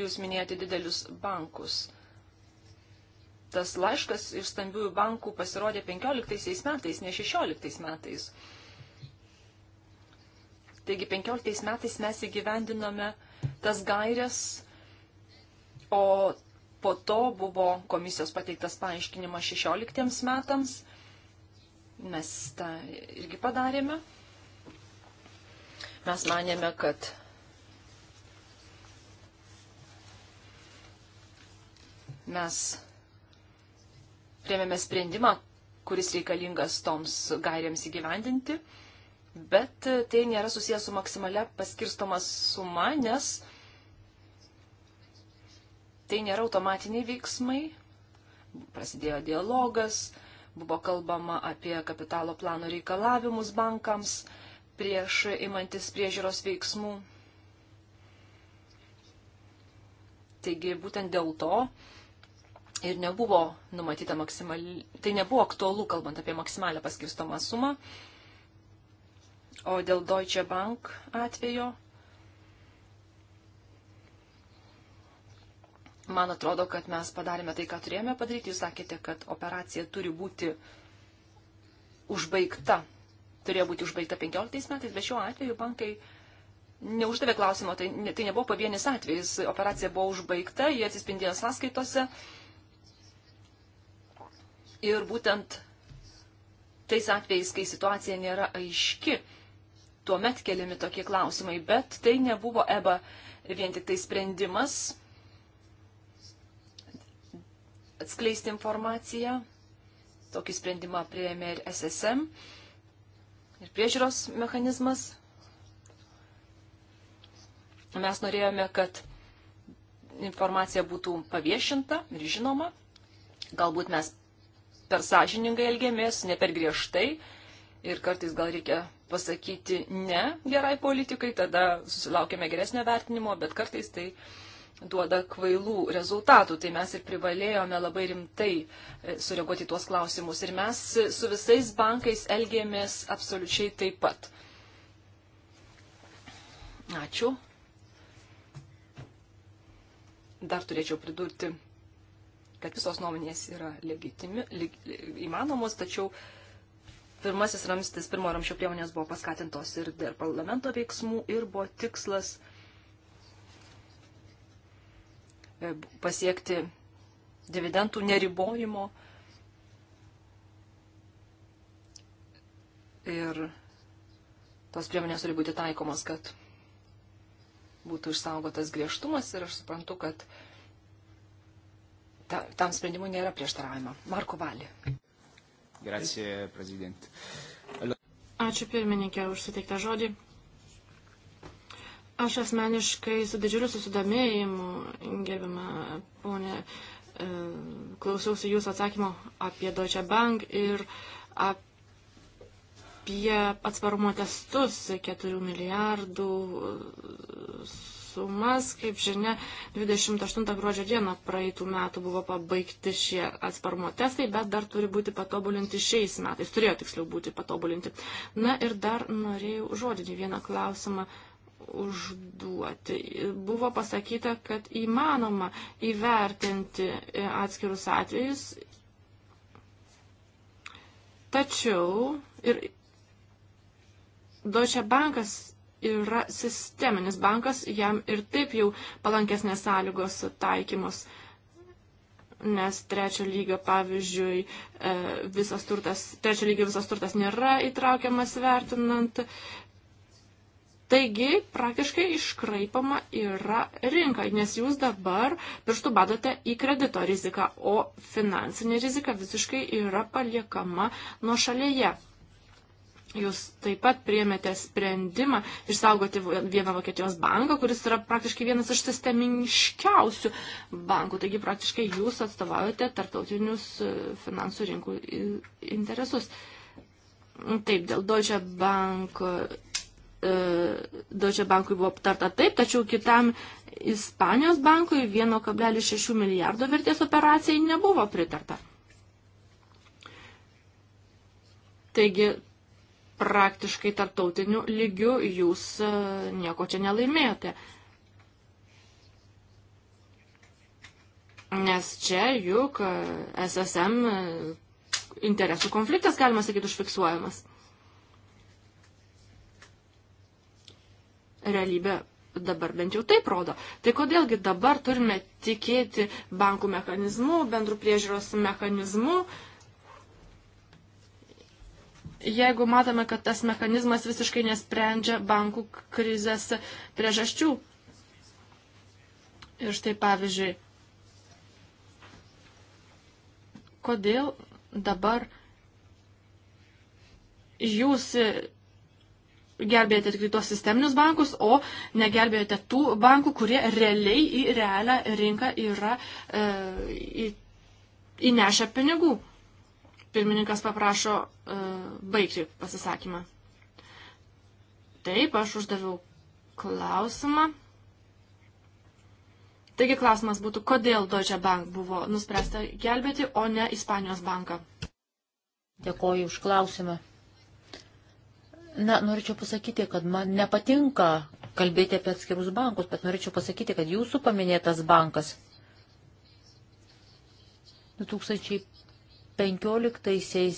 jūs minėjote didelius bankus. Tas laiškas iš stambiųjų bankų pasirodė 15 metais, ne 16 metais. Taigi 15 metais mes įgyvendinome tas gairias, o Po to buvo komisijos pateiktas paaiškinimas 16 metams. Mes tą irgi padarėme. Mes manėme, kad mes priemėme sprendimą, kuris reikalingas toms gairėms įgyvendinti, bet tai nėra susijęs su maksimale paskirstoma suma, nes Tai nėra automatiniai veiksmai, prasidėjo dialogas, buvo kalbama apie kapitalo plano reikalavimus bankams prieš imantis priežiūros veiksmų. Taigi būtent dėl to ir nebuvo numatyta maksimali, tai nebuvo aktualu, kalbant apie maksimalę paskirstomą sumą. O dėl Deutsche Bank atvejo Man atrodo, kad mes padarėme tai, ką turėjome padaryti. Jūs sakėte, kad operacija turi būti užbaigta. Turėjo būti užbaigta 15 metais, bet šiuo atveju bankai neuždavė klausimo, tai, ne, tai nebuvo pavienis atvejis. Operacija buvo užbaigta, jie atsispindėjo sąskaitose. Ir būtent tais atvejais, kai situacija nėra aiški, tuomet keliami tokie klausimai, bet tai nebuvo EBA vien tik tai sprendimas atskleisti informaciją. Tokį sprendimą prieėmė ir SSM, ir priežiūros mechanizmas. Mes norėjome, kad informacija būtų paviešinta ir žinoma. Galbūt mes per sąžiningai elgėmės, ne per griežtai ir kartais gal reikia pasakyti ne gerai politikai, tada susilaukėme geresnio vertinimo, bet kartais tai uh, duoda kvailų rezultatų. Tai mes ir privalėjome labai rimtai e, sureaguoti tuos klausimus. Ir mes su visais bankais elgėmės absoliučiai taip pat. Ačiū. Dar turėčiau pridurti, kad visos nuomonės yra legitimi, leg, įmanomos, tačiau pirmasis ramstis, pirmo ramšio priemonės buvo paskatintos ir dėl parlamento veiksmų ir buvo tikslas E, pasiekti dividendų neribojimo. Ir tos priemonės turi būti taikomos, kad būtų išsaugotas griežtumas ir aš suprantu, kad ta, tam sprendimui nėra prieštaravimo. Marko Valė. Grazie, prezident. Ačiū pirmininkė už suteiktą žodį. Aš asmeniškai su didžiuliu susidomėjimu, gerbima ponė, e, klausiausi jūsų atsakymo apie Deutsche Bank ir apie atsparumo testus 4 milijardų e, sumas. Kaip žinia, 28 gruodžio dieną praeitų metų buvo pabaigti šie atsparumo testai, bet dar turi būti patobulinti šiais metais. Turėjo tiksliau būti patobulinti. Na ir dar norėjau žodinį vieną klausimą užduoti. Buvo pasakyta, kad įmanoma įvertinti atskirus atvejus, tačiau ir Deutsche Bankas yra sisteminis bankas, jam ir taip jau palankesnės sąlygos taikymus, nes trečio lygio, pavyzdžiui, e, visas turtas, trečio lygio visas turtas nėra įtraukiamas vertinant Taigi praktiškai iškraipama yra rinka, nes jūs dabar pirštų badote į kredito riziką, o finansinė rizika visiškai yra paliekama nuo šalyje. Jūs taip pat priemėte sprendimą išsaugoti vieną Vokietijos banką, kuris yra praktiškai vienas iš sisteminiškiausių bankų. Taigi praktiškai jūs atstovaujate tarptautinius e, finansų rinkų interesus. Taip, dėl Deutsche Bank E, Deutsche Bankui buvo aptarta taip, tačiau kitam Ispanijos bankui 1,6 milijardo vertės operacijai nebuvo pritarta. Taigi, praktiškai tarptautiniu lygiu jūs e, nieko čia nelaimėjote. Nes čia juk e, SSM interesų konfliktas, galima sakyti, užfiksuojamas. realybė dabar bent jau taip rodo. Tai kodėlgi dabar turime tikėti bankų mechanizmu, bendrų priežiūros mechanizmu, jeigu matome, kad tas mechanizmas visiškai nesprendžia bankų krizės priežasčių. Ir štai pavyzdžiui, kodėl dabar jūs gelbėjate tik tai tuos sisteminius bankus, o negelbėjate tų bankų, kurie realiai į realią rinką yra e, į, įnešę pinigų. Pirmininkas paprašo e, baigti pasisakymą. Taip, aš uždaviau klausimą. Taigi klausimas būtų, kodėl Deutsche Bank buvo nuspręsta gelbėti, o ne Ispanijos banką. Dėkoju už klausimą. Na, norėčiau pasakyti, kad man nepatinka kalbėti apie atskirus bankus, bet norėčiau pasakyti, kad jūsų paminėtas bankas 2015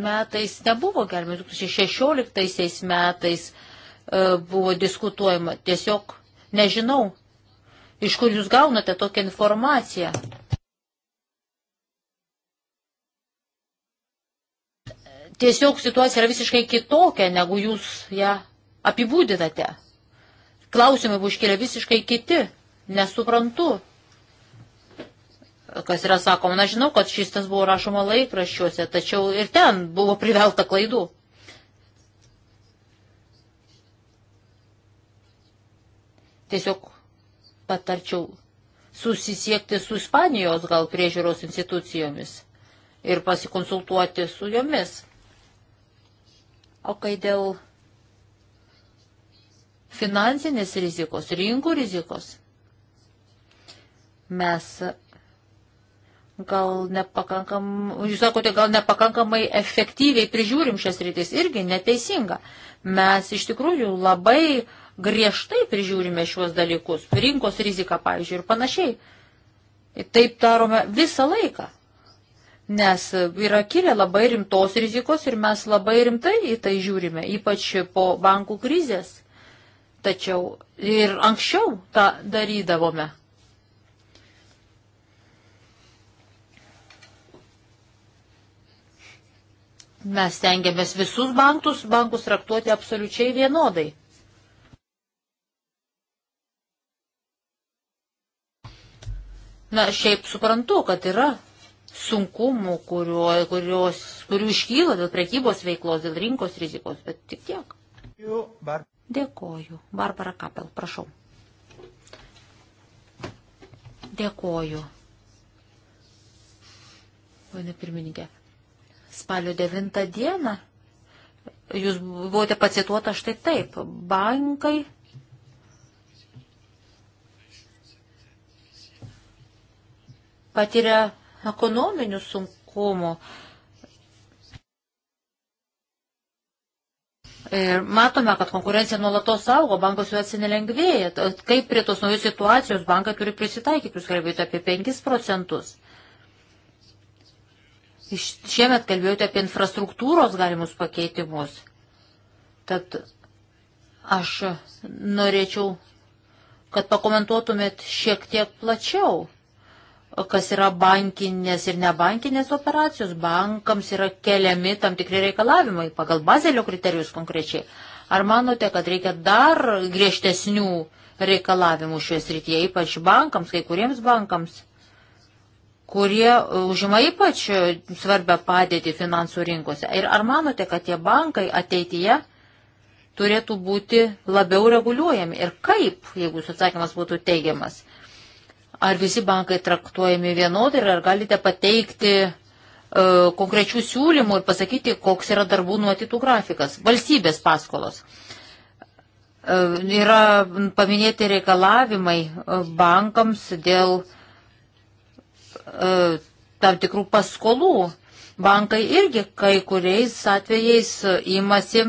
metais nebuvo galima, 2016 metais e, buvo diskutuojama. Tiesiog nežinau, iš kur jūs gaunate tokią informaciją. tiesiog situacija yra visiškai kitokia, negu jūs ją apibūdinate. Klausimai buvo iškėlę visiškai kiti. Nesuprantu, kas yra sakoma. Na, žinau, kad šis tas buvo rašoma laikraščiuose, tačiau ir ten buvo privelta klaidų. Tiesiog patarčiau susisiekti su Ispanijos gal priežiūros institucijomis ir pasikonsultuoti su jomis. O kai dėl finansinės rizikos, rinkų rizikos, mes gal nepakankam, jūs sakote, gal nepakankamai efektyviai prižiūrim šias rytis, irgi neteisinga. Mes iš tikrųjų labai griežtai prižiūrime šiuos dalykus, rinkos riziką, pavyzdžiui, ir panašiai. Taip darome visą laiką nes yra kilę labai rimtos rizikos ir mes labai rimtai į tai žiūrime, ypač po bankų krizės. Tačiau ir anksčiau tą darydavome. Mes tengiamės visus bankus, bankus traktuoti absoliučiai vienodai. Na, šiaip suprantu, kad yra sunkumų, kurio, kurios, kurių iškyla dėl prekybos veiklos, dėl rinkos rizikos, bet tik tiek. Dėkoju. Barbara Kapel, prašau. Dėkoju. Pane pirmininkė, spalio 9 dieną jūs buvote pacituota štai taip. Bankai patiria ekonominių sunkumų. Ir matome, kad konkurencija nuolatos augo, bankas jų atsinelengvėja. Kaip prie tos naujos situacijos bankai turi prisitaikyti, jūs kalbėjote apie 5 procentus. Iš šiemet kalbėjote apie infrastruktūros galimus pakeitimus. Tad aš norėčiau, kad pakomentuotumėt šiek tiek plačiau kas yra bankinės ir nebankinės operacijos. Bankams yra keliami tam tikri reikalavimai pagal bazelio kriterijus konkrečiai. Ar manote, kad reikia dar griežtesnių reikalavimų šioje srityje, ypač bankams, kai kuriems bankams, kurie užima ypač svarbę padėtį finansų rinkose? Ir ar manote, kad tie bankai ateityje turėtų būti labiau reguliuojami ir kaip, jeigu jūsų atsakymas būtų teigiamas? Ar visi bankai traktuojami vienodai ir ar galite pateikti e, konkrečių siūlymų ir pasakyti, koks yra darbų nuotytų grafikas? Valstybės paskolos. E, yra paminėti reikalavimai e, bankams dėl e, tam tikrų paskolų. Bankai irgi kai kuriais atvejais e, imasi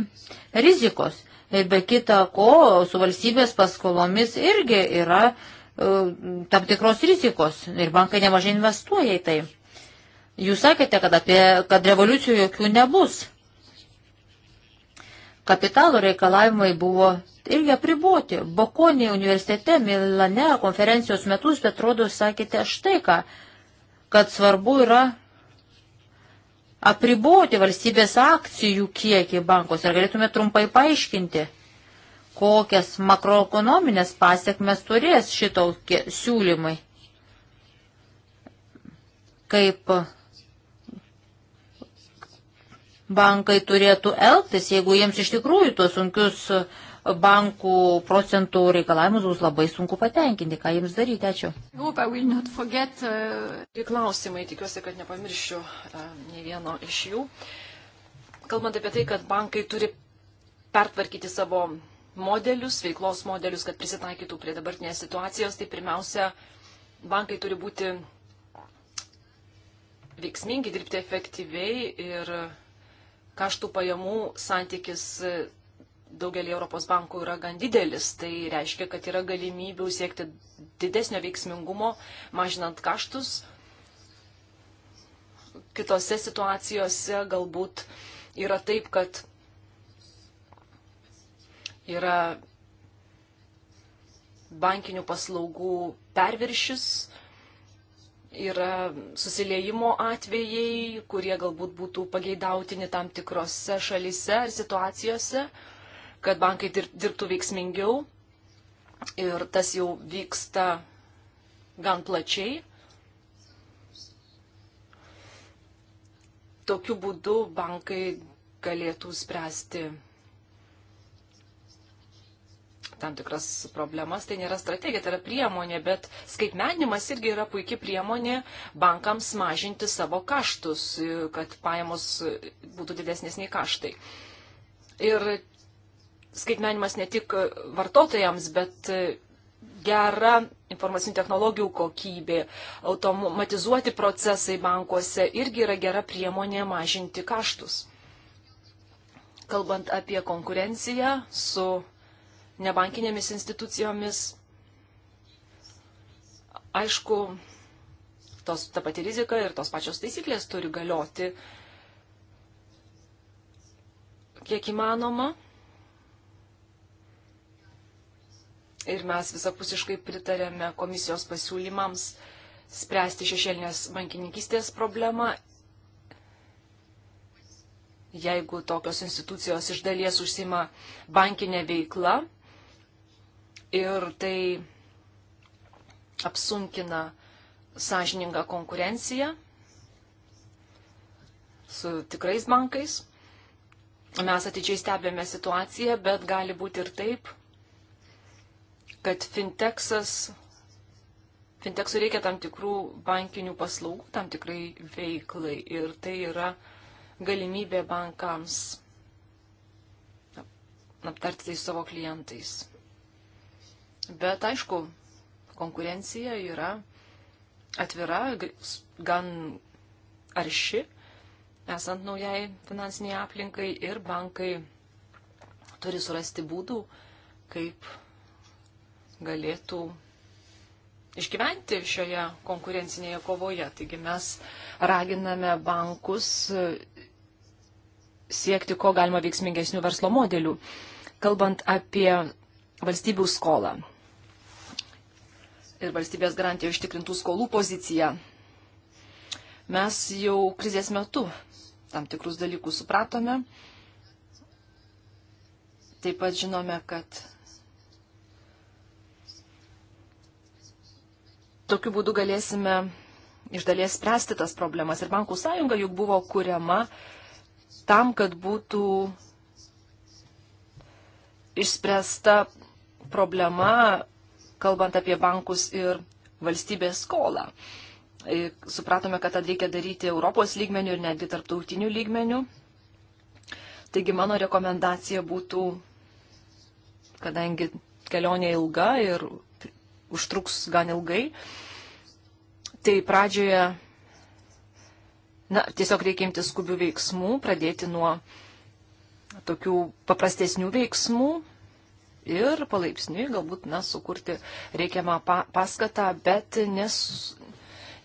rizikos. Ir e, be kita ko, su valstybės paskolomis irgi yra E, tam tikros rizikos ir bankai nemažai investuoja į tai. Jūs sakėte, kad, apie, kad revoliucijų jokių nebus. Kapitalo reikalavimai buvo irgi apriboti. Bokonė universitete Milane konferencijos metus, bet rodo, sakėte štai ką, kad svarbu yra apriboti valstybės akcijų kiekį bankos. Ar galėtume trumpai paaiškinti? kokias makroekonominės pasiekmes turės šitokie siūlymai. Kaip bankai turėtų elgtis, jeigu jiems iš tikrųjų tuos sunkius bankų procentų reikalavimus bus labai sunku patenkinti. Ką jiems daryti? Ačiū. Forget, uh... Klausimai, tikiuosi, kad nepamiršiu uh, ne vieno iš jų. Kalbant apie tai, kad bankai turi pertvarkyti savo modelius, veiklos modelius, kad prisitaikytų prie dabartinės situacijos, tai pirmiausia, bankai turi būti veiksmingi, dirbti efektyviai ir kaštų pajamų santykis daugelį Europos bankų yra gan didelis. Tai reiškia, kad yra galimybių siekti didesnio veiksmingumo, mažinant kaštus. Kitose situacijose galbūt yra taip, kad yra bankinių paslaugų perviršis, yra susiliejimo atvejai, kurie galbūt būtų pageidautini tam tikrose šalise ar situacijose, kad bankai dirbtų veiksmingiau ir tas jau vyksta gan plačiai. Tokiu būdu bankai galėtų spręsti tam tikras problemas. Tai nėra strategija, tai yra priemonė, bet skaitmenimas irgi yra puikia priemonė bankams mažinti savo kaštus, kad pajamos būtų didesnės nei kaštai. Ir skaitmenimas ne tik vartotojams, bet gera informacinių technologijų kokybė, automatizuoti procesai bankuose irgi yra gera priemonė mažinti kaštus. Kalbant apie konkurenciją su nebankinėmis institucijomis. Aišku, tos, ta pati rizika ir tos pačios taisyklės turi galioti kiek įmanoma. Ir mes visapusiškai pritarėme komisijos pasiūlymams spręsti šešėlinės bankininkystės problemą jeigu tokios institucijos iš dalies užsima bankinė veikla, ir tai apsunkina sąžiningą konkurenciją su tikrais bankais. Mes atidžiai stebėme situaciją, bet gali būti ir taip, kad finteksas, finteksų reikia tam tikrų bankinių paslaugų, tam tikrai veiklai ir tai yra galimybė bankams aptarti tai savo klientais. Bet aišku, konkurencija yra atvira, gan arši, esant naujai finansiniai aplinkai ir bankai turi surasti būdų, kaip galėtų išgyventi šioje konkurencinėje kovoje. Taigi mes raginame bankus e, siekti ko galima veiksmingesnių verslo modelių. Kalbant apie valstybių skolą, ir valstybės garantija ištikrintų skolų poziciją. Mes jau krizės metu tam tikrus dalykus supratome. Taip pat žinome, kad tokiu būdu galėsime iš dalies spręsti tas problemas. Ir bankų sąjunga juk buvo kuriama tam, kad būtų išspręsta problema kalbant apie bankus ir valstybės skolą. E, supratome, kad tą reikia daryti Europos lygmenių ir netgi tarptautinių lygmenių. Taigi mano rekomendacija būtų, kadangi kelionė ilga ir užtruks gan ilgai, tai pradžioje, na, tiesiog reikia imti skubių veiksmų, pradėti nuo tokių paprastesnių veiksmų, ir palaipsniui galbūt, na, sukurti reikiamą pa paskatą, bet nes,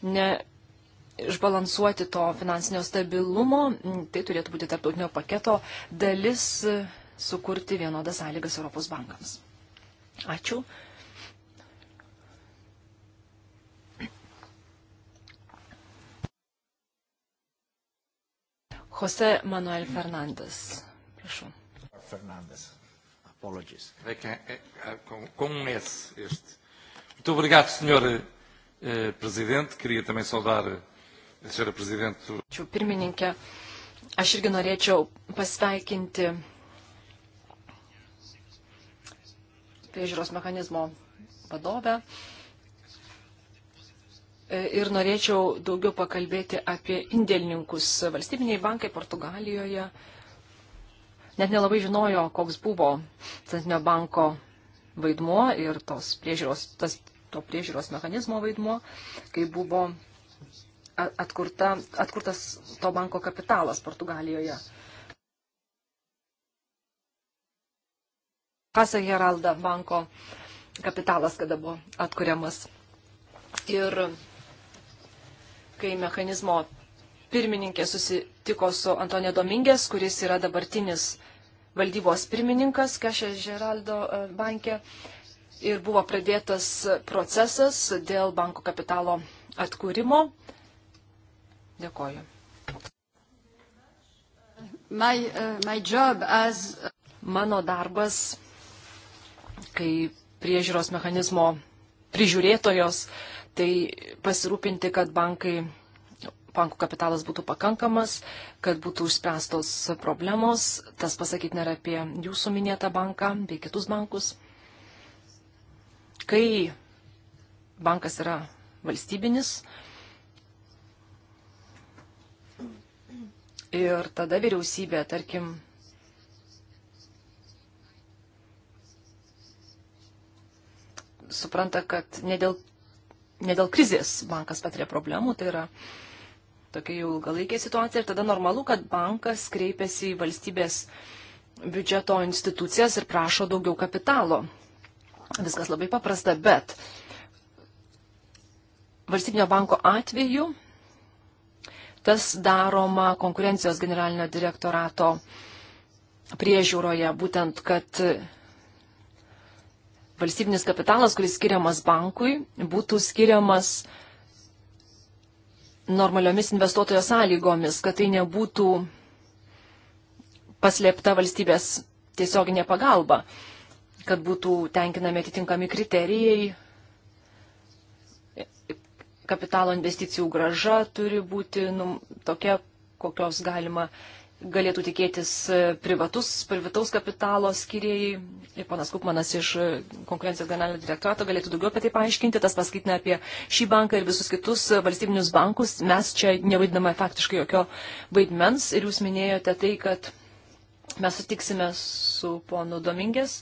ne, išbalansuoti to finansinio stabilumo, tai turėtų būti tarptautinio paketo dalis sukurti vienodas sąlygas Europos bankams. Ačiū. Jose Manuel Fernandes. Prašau. Fernandes. Apologies. É que, é, com, com um S este. Muito obrigado, Sr. Eh, Presidente. Queria também saudar eh, a Sra. Presidente. Ačiū, pirmininkė. Aš irgi norėčiau pasveikinti priežiūros mechanizmo vadovę. E, ir norėčiau daugiau pakalbėti apie indėlininkus. Valstybiniai bankai Portugalijoje net nelabai žinojo, koks buvo Centrinio banko vaidmuo ir tos priežiūros, tas, to priežiūros mechanizmo vaidmuo, kai buvo atkurta, atkurtas to banko kapitalas Portugalijoje. Kasa Heralda banko kapitalas, kada buvo atkuriamas. Ir kai mechanizmo pirmininkė susitiko su Antonio Domingės, kuris yra dabartinis valdybos pirmininkas Kešė Žeraldo e, banke. Ir buvo pradėtas procesas dėl banko kapitalo atkūrimo. Dėkoju. My, uh, my job as... Mano darbas, kai priežiūros mechanizmo prižiūrėtojos, tai pasirūpinti, kad bankai bankų kapitalas būtų pakankamas, kad būtų užspręstos problemos. Tas pasakyti nėra apie jūsų minėtą banką bei kitus bankus. Kai bankas yra valstybinis ir tada vyriausybė, tarkim, supranta, kad ne dėl, ne dėl krizės bankas patiria problemų, tai yra uh, tokia jau ilgalaikė situacija ir tada normalu, kad bankas kreipiasi į valstybės biudžeto institucijas ir prašo daugiau kapitalo. Viskas labai paprasta, bet valstybinio banko atveju tas daroma konkurencijos generalinio direktorato priežiūroje, būtent, kad valstybinis kapitalas, kuris skiriamas bankui, būtų skiriamas uh, normaliomis investuotojo sąlygomis, kad tai nebūtų paslėpta valstybės tiesioginė pagalba, kad būtų tenkinami atitinkami kriterijai, kapitalo investicijų graža turi būti nu, tokia, kokios galima uh, galėtų tikėtis e, privatus, privataus kapitalo skiriai. Ir ponas Kupmanas iš e, konkurencijos generalinio direktorato galėtų daugiau apie tai paaiškinti. Tas paskaitina apie šį banką ir visus kitus e, valstybinius bankus. Mes čia nevaidiname faktiškai jokio vaidmens. Ir jūs minėjote tai, kad mes sutiksime su ponu Domingės.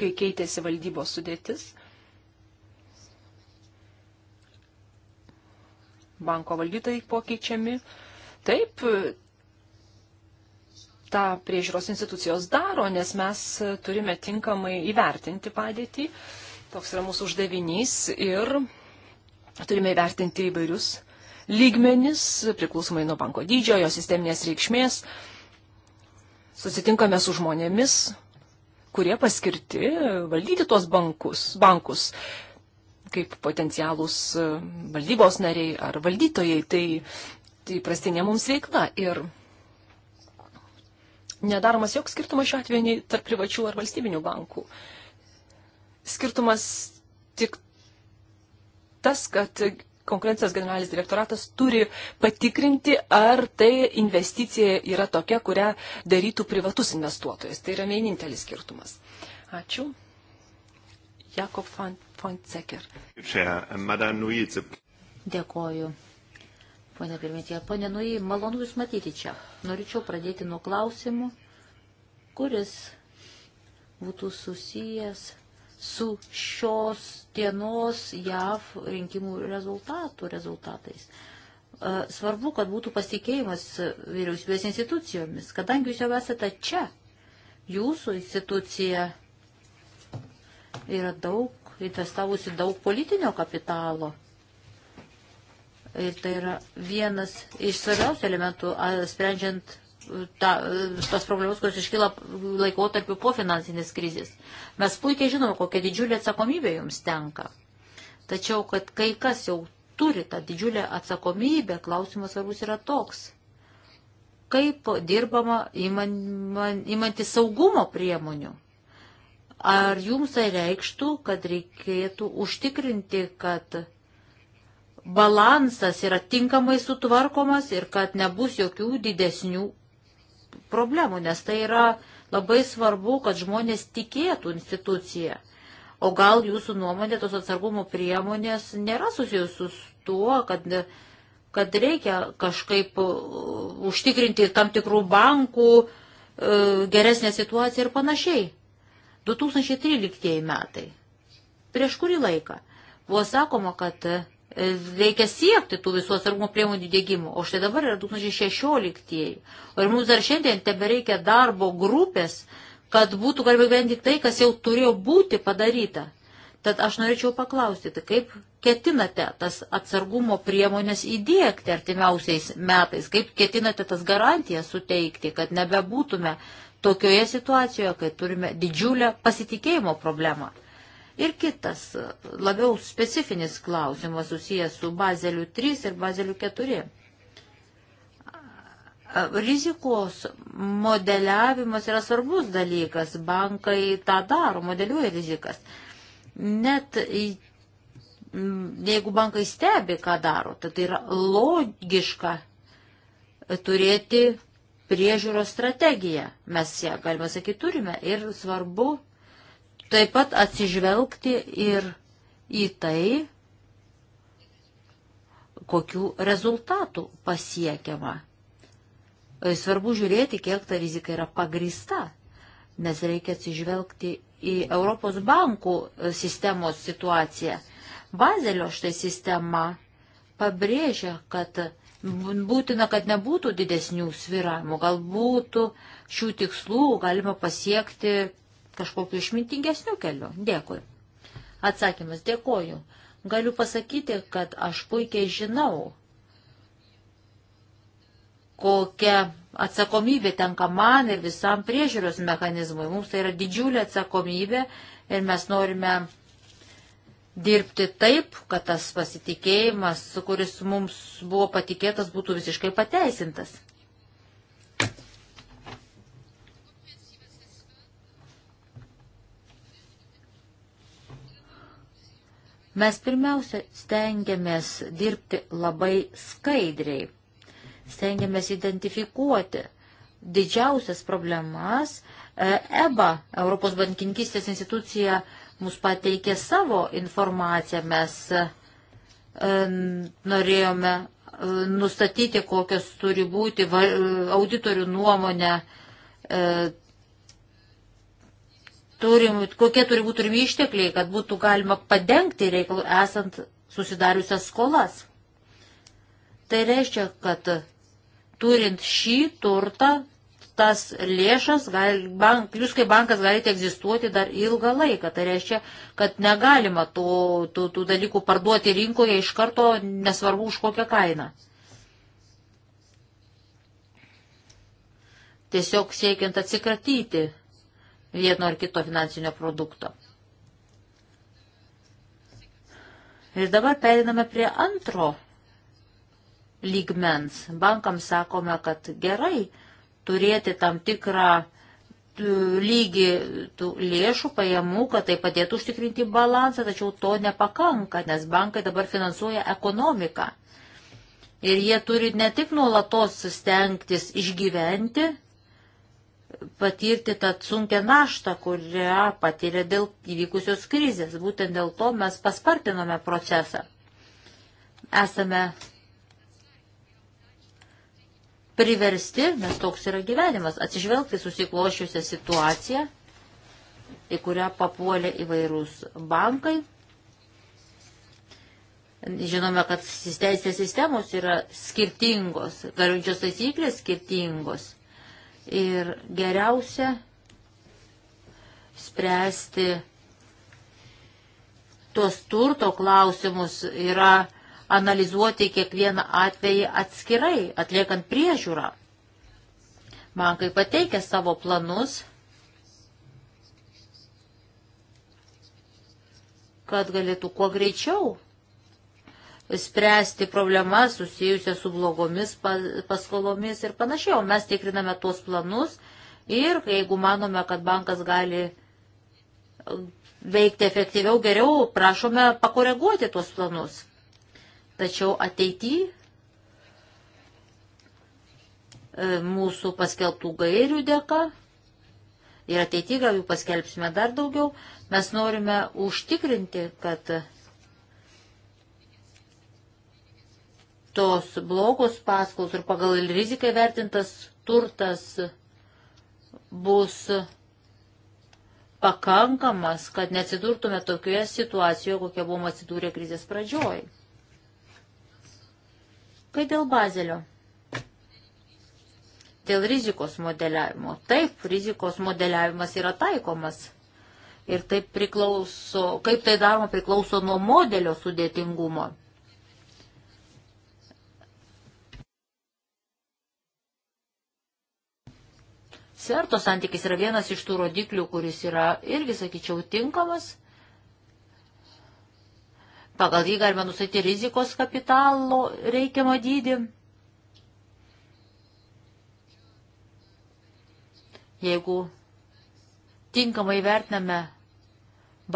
kai keitėsi valdybos sudėtis. banko valdytojai pakeičiami. Taip, tą priežiūros institucijos daro, nes mes turime tinkamai įvertinti padėtį. Toks yra mūsų uždavinys ir turime įvertinti įvairius lygmenis, priklausomai nuo banko dydžio, jo sisteminės reikšmės. Susitinkame su žmonėmis, kurie paskirti valdyti tuos bankus. bankus kaip potencialūs e, valdybos nariai ar valdytojai, tai, tai prastinė mums veikla. Ir nedaromas joks skirtumas šiuo atveju nei tarp privačių ar valstybinių bankų. Skirtumas tik tas, kad konkurencijos generalinis direktoratas turi patikrinti, ar tai investicija yra tokia, kurią darytų privatus investuotojas. Tai yra vienintelis skirtumas. Ačiū. Jakob van Fontseker. Dėkoju. Pone pirmininkė, pone Nui, malonu Jūs matyti čia. Norėčiau pradėti nuo klausimų, kuris būtų susijęs su šios dienos JAV rinkimų rezultatų rezultatais. E, svarbu, kad būtų pasitikėjimas vyriausybės institucijomis, kadangi Jūs jau esate čia, Jūsų institucija yra daug investavusi daug politinio kapitalo. Ir tai yra vienas iš svarbiausių elementų, sprendžiant uh, ta, uh, tas problemas, kurios iškyla laikotarpiu po finansinės krizės. Mes puikiai žinome, kokia didžiulė atsakomybė jums tenka. Tačiau, kad kai kas jau turi tą didžiulę atsakomybę, klausimas svarbus yra toks. Kaip dirbama įmantis saugumo priemonių? Ar jums tai reikštų, kad reikėtų užtikrinti, kad balansas yra tinkamai sutvarkomas ir kad nebus jokių didesnių problemų, nes tai yra labai svarbu, kad žmonės tikėtų instituciją. O gal jūsų nuomonė tos atsargumo priemonės nėra susijusius su tuo, kad, kad reikia kažkaip uh, užtikrinti tam tikrų bankų e, geresnę situaciją ir panašiai. 2013 metai. Prieš kurį laiką buvo sakoma, kad e, reikia siekti tų visų atsargumo priemonių dėgymų, o štai dabar yra 2016. Ir mums dar šiandien tebereikia darbo grupės, kad būtų galima gyventi tai, kas jau turėjo būti padaryta. Tad aš norėčiau paklausti, tai kaip ketinate tas atsargumo priemonės įdėkti artimiausiais metais, kaip ketinate tas garantijas suteikti, kad nebebūtume tokioje situacijoje, kai turime didžiulę pasitikėjimo problemą. Ir kitas, labiau specifinis klausimas susijęs su bazeliu 3 ir bazeliu 4. Rizikos modeliavimas yra svarbus dalykas, bankai tą daro, modeliuoja rizikas. Net jeigu bankai stebi, ką daro, tai, tai yra logiška turėti priežiūros strategiją. Mes ją, galima sakyti, turime ir svarbu taip pat atsižvelgti ir į tai, kokiu rezultatu pasiekiama. E, svarbu žiūrėti, kiek ta rizika yra pagrista, nes reikia atsižvelgti į Europos bankų e, sistemos situaciją. Bazelio štai sistema pabrėžia, kad būtina, kad nebūtų didesnių sviravimų. Galbūt šių tikslų galima pasiekti kažkokiu išmintingesniu keliu. Dėkui. Atsakymas dėkoju. Galiu pasakyti, kad aš puikiai žinau, kokia atsakomybė tenka man ir visam priežiūros mechanizmui. Mums tai yra didžiulė atsakomybė ir mes norime dirbti taip, kad tas pasitikėjimas, kuris mums buvo patikėtas, būtų visiškai pateisintas. Mes pirmiausia stengiamės dirbti labai skaidriai, stengiamės identifikuoti didžiausias problemas. EBA, e Europos bankininkistės institucija, mus pateikė savo informaciją. Mes e, norėjome e, nustatyti, kokios turi būti e, auditorių nuomonė, turim, kokie turi būti turimi ištekliai, kad būtų galima padengti reikalų esant susidariusias skolas. Tai reiškia, kad turint šį turtą tas lėšas, gal, bank, jūs kaip bankas galite egzistuoti dar ilgą laiką. Tai reiškia, kad negalima tų, tų, tų dalykų parduoti rinkoje iš karto, nesvarbu už kokią kainą. Tiesiog siekiant atsikratyti vieno ar kito finansinio produkto. Ir dabar periname prie antro lygmens. Bankams sakome, kad gerai, turėti tam tikrą lygį tų lėšų pajamų, kad tai padėtų užtikrinti balansą, tačiau to nepakanka, nes bankai dabar finansuoja ekonomiką. Ir jie turi ne tik nuolatos stengtis išgyventi, patirti tą sunkę naštą, kurią patiria dėl įvykusios krizės. Būtent dėl to mes paspartinome procesą. Esame priversti, nes toks yra gyvenimas, atsižvelgti susiklošiusią situaciją, į kurią papuolė įvairūs bankai. Žinome, kad teisės sistemos yra skirtingos, galiojančios taisyklės skirtingos. Ir geriausia spręsti tuos turto klausimus yra analizuoti kiekvieną atvejį atskirai, atliekant priežiūrą. Bankai pateikia savo planus, kad galėtų kuo greičiau spręsti problemas susijusią su blogomis paskolomis ir panašiai. O mes tikriname tuos planus ir jeigu manome, kad bankas gali veikti efektyviau, geriau, prašome pakoreguoti tuos planus. Tačiau ateityje mūsų paskelbtų gairių dėka ir ateityje gal jų paskelbsime dar daugiau, mes norime užtikrinti, kad tos blogos paskolos ir pagal riziką vertintas turtas bus pakankamas, kad neatsidurtume tokioje situacijoje, kokia buvome atsidūrę krizės pradžioj. Kai dėl bazelio? Dėl rizikos modeliavimo. Taip, rizikos modeliavimas yra taikomas. Ir taip priklauso, kaip tai daroma priklauso nuo modelio sudėtingumo. Sverto santykis yra vienas iš tų rodiklių, kuris yra irgi, sakyčiau, tinkamas – Pagal jį galime nustatyti rizikos kapitalo reikiamą dydį. Jeigu tinkamai vertiname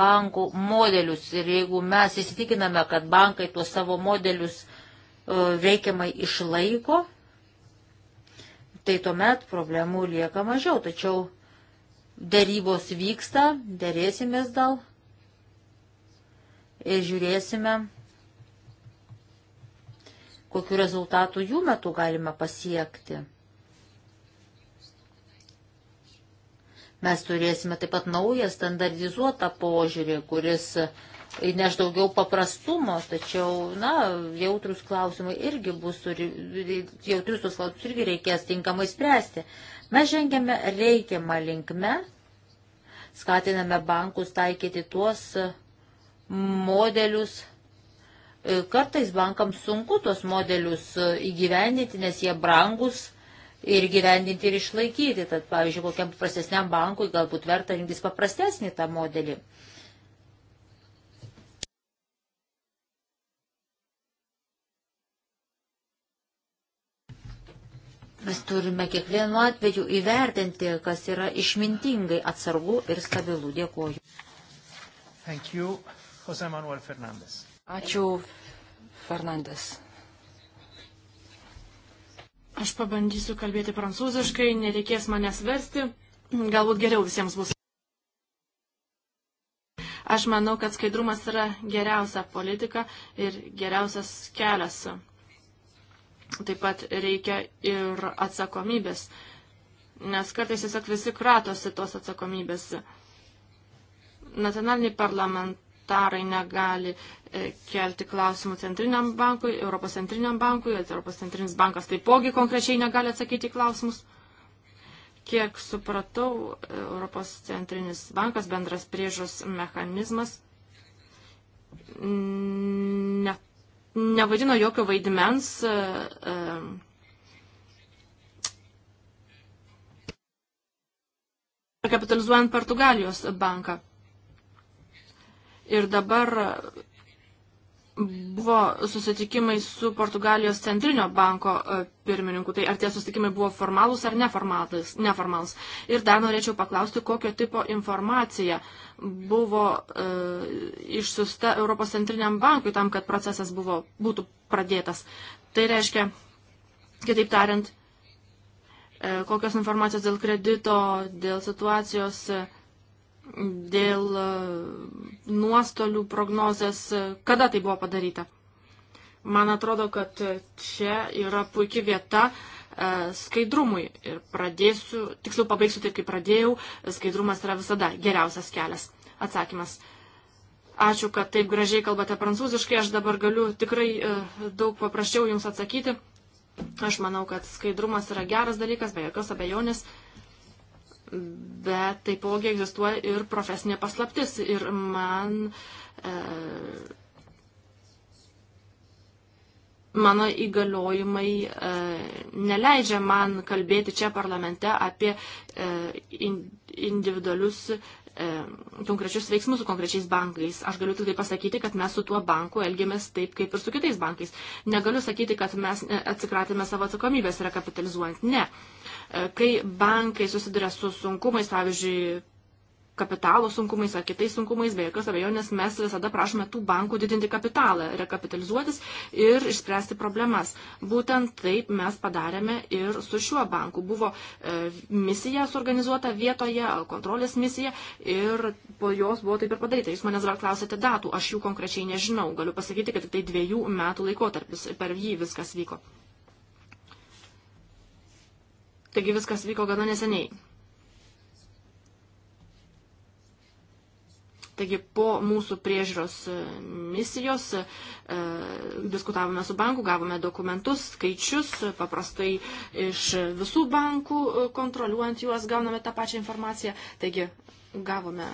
bankų modelius ir jeigu mes įsitikiname, kad bankai tuos savo modelius reikiamai e, išlaiko, tai tuomet problemų lieka mažiau. Tačiau dėrybos vyksta, dėrėsimės dėl ir žiūrėsime, kokiu rezultatu jų metu galima pasiekti. Mes turėsime taip pat naują standardizuotą požiūrį, kuris įneš daugiau paprastumo, tačiau, na, jautrus klausimai irgi bus, jautrus tos klausimus irgi reikės tinkamai spręsti. Mes žengėme reikiamą linkme, skatiname bankus taikyti tuos modelius. E, kartais bankams sunku tuos modelius e, įgyvendinti, nes jie brangus ir gyvendinti ir išlaikyti. Tad, pavyzdžiui, kokiam paprastesniam bankui galbūt verta rinktis paprastesnį tą modelį. Mes turime kiekvienu atveju įvertinti, kas yra išmintingai atsargu ir stabilu. Dėkuoju. Thank you. Jose Manuel Fernandes. Ačiū, Fernandes. Aš pabandysiu kalbėti prancūziškai, nereikės manęs versti, galbūt geriau visiems bus. Aš manau, kad skaidrumas yra geriausia politika ir geriausias kelias. Taip pat reikia ir atsakomybės, nes kartais tiesiog visi kratosi tos atsakomybės. Nacionaliniai parlament, parlamentarai negali e, kelti klausimų Centriniam bankui, Europos Centriniam bankui, Europos Centrinis bankas taipogi konkrečiai negali atsakyti klausimus. Kiek supratau, Europos Centrinis bankas bendras priežos mechanizmas ne, nevadino jokio vaidmens. E, e, kapitalizuojant Portugalijos banką. Ir dabar buvo susitikimai su Portugalijos centrinio banko e, pirmininku. Tai ar tie susitikimai buvo formalūs ar neformalūs? Ir dar norėčiau paklausti, kokio tipo informacija buvo e, išsiusta Europos centriniam bankui tam, kad procesas buvo, būtų pradėtas. Tai reiškia, kitaip tariant, e, kokios informacijos dėl kredito, dėl situacijos. E, dėl e, nuostolių prognozės, e, kada tai buvo padaryta. Man atrodo, kad čia yra puikia vieta e, skaidrumui ir pradėsiu, tiksliau pabaigsiu taip, kaip pradėjau, skaidrumas yra visada geriausias kelias. Atsakymas. Ačiū, kad taip gražiai kalbate prancūziškai, aš dabar galiu tikrai daug paprasčiau jums atsakyti. Aš manau, kad skaidrumas yra geras dalykas, be jokios abejonės. Uh, bet taipogi egzistuoja ir profesinė paslaptis. Ir man e, mano įgaliojimai e, neleidžia man kalbėti čia parlamente apie e, in, individualius e, konkrečius veiksmus su konkrečiais bankais. Aš galiu tik tai pasakyti, kad mes su tuo banku elgiamės taip, kaip ir su kitais bankais. Negaliu sakyti, kad mes e, atsikratėme savo atsakomybės rekapitalizuojant. Ne. E, E, kai bankai susiduria su sunkumais, pavyzdžiui, kapitalo sunkumais ar kitais sunkumais, be jokios abejonės mes visada prašome tų bankų didinti kapitalą, rekapitalizuotis ir išspręsti problemas. Būtent taip mes padarėme ir su šiuo banku. Buvo e, misija suorganizuota vietoje, kontrolės misija ir po jos buvo taip ir padaryta. Jūs manęs dar klausėte datų, aš jų konkrečiai nežinau. Galiu pasakyti, kad tik tai dviejų metų laikotarpis per jį viskas vyko. Taigi viskas vyko gana neseniai. Taigi po mūsų priežiūros e, misijos e, diskutavome su banku, gavome dokumentus, skaičius, paprastai iš visų bankų e, kontroliuojant juos gauname tą pačią informaciją. Taigi gavome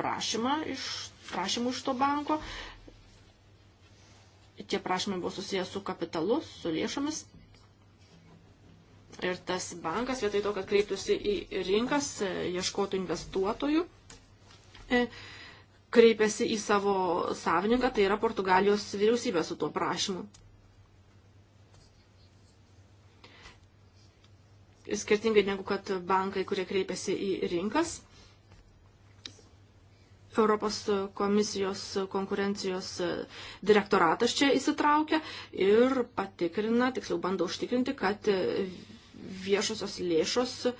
prašymą iš, prašymų iš to banko. Tie prašymai buvo susijęs su kapitalu, su lėšomis. Ir tas bankas, vietoj to, kad kreiptųsi į rinkas, e, ieškotų investuotojų, e, kreipėsi į savo savininką, tai yra Portugalijos vyriausybė su tuo prašymu. Skirtingai negu kad bankai, kurie kreipėsi į rinkas, Europos komisijos konkurencijos direktoratas čia įsitraukia ir patikrina, tiksliau bando užtikrinti, kad viešosios lėšos e,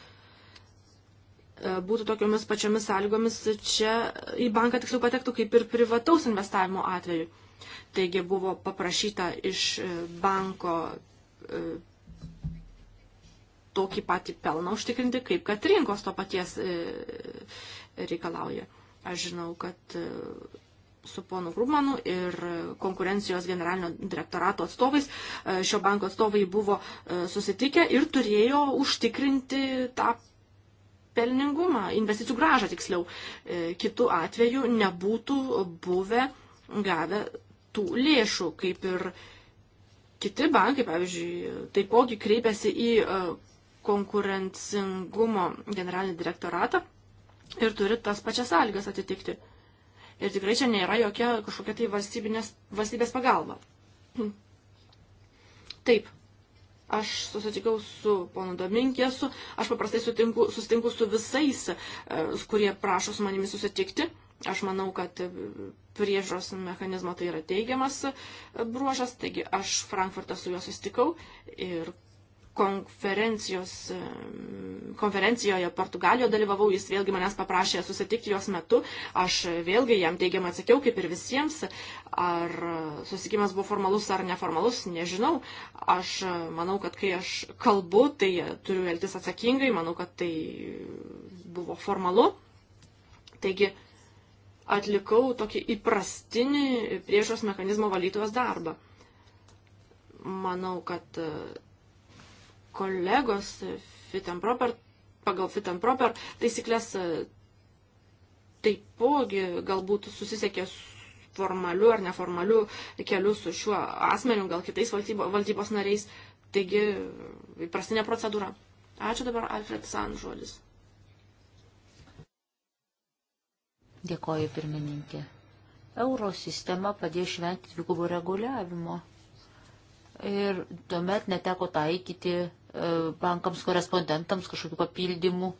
būtų tokiomis pačiomis sąlygomis čia į banką tiksliau patektų kaip ir privataus investavimo atveju. Taigi buvo paprašyta iš e, banko e, tokį patį pelną užtikrinti, kaip kad rinkos to paties reikalauja. Aš žinau, kad su ponu Krumanu ir konkurencijos generalinio direktorato atstovais. E, šio banko atstovai buvo e, susitikę ir turėjo užtikrinti tą pelningumą, investicijų gražą tiksliau. E, kitu atveju nebūtų buvę gavę tų lėšų, kaip ir kiti bankai, pavyzdžiui, taipogi kreipiasi į konkurencingumo generalinį direktoratą ir turi tas pačias sąlygas atitikti. Ir tikrai čia nėra jokia kažkokia tai valstybės pagalba. [clears throat] Taip, aš susitikau su ponu Dominkėsu, aš paprastai sutinku, susitinku su visais, e, kurie prašo su manimi susitikti. Aš manau, kad priežos mechanizmo tai yra teigiamas bruožas, taigi aš Frankfurtą su juo susitikau ir konferencijoje Portugalijoje dalyvavau, jis vėlgi manęs paprašė susitikti jos metu, aš vėlgi jam teigiamai atsakiau, kaip ir visiems, ar susitikimas buvo formalus ar neformalus, nežinau, aš manau, kad kai aš kalbu, tai turiu elgtis atsakingai, manau, kad tai buvo formalu. Taigi, atlikau tokį įprastinį priežos mechanizmo valytojos darbą. Manau, kad kolegos e, fit and proper, pagal fit and proper taisyklės e, taipogi galbūt susisiekė formaliu ar neformaliu keliu su šiuo asmeniu, gal kitais valdybo, valdybos nariais. Taigi, įprastinė procedūra. Ačiū dabar Alfred San žodis. Dėkoju, pirmininkė. Euro sistema padės šventi dvigubų reguliavimo ir tuomet neteko taikyti e, bankams korespondentams kažkokių papildymų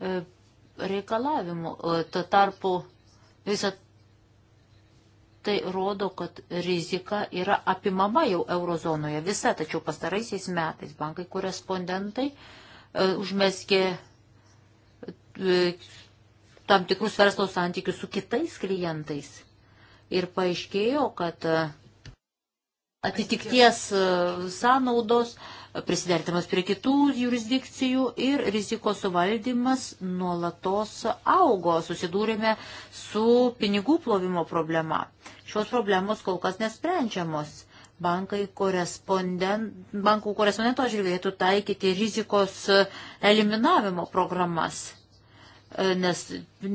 e, reikalavimų. E, tuo tarpu visą tai rodo, kad rizika yra apimama jau eurozonoje visa, tačiau pastaraisiais metais bankai korespondentai užmeskė tam tikrus verslo santykius su kitais klientais. Ir paaiškėjo, kad atitikties e, sąnaudos, prisidertimas prie kitų jurisdikcijų ir rizikos suvaldymas nuolatos augo. Susidūrėme su pinigų plovimo problema. Šios problemos kol kas nesprendžiamos. Bankai korespondent, bankų korespondento atžvilgėtų taikyti rizikos e, eliminavimo programas, e, nes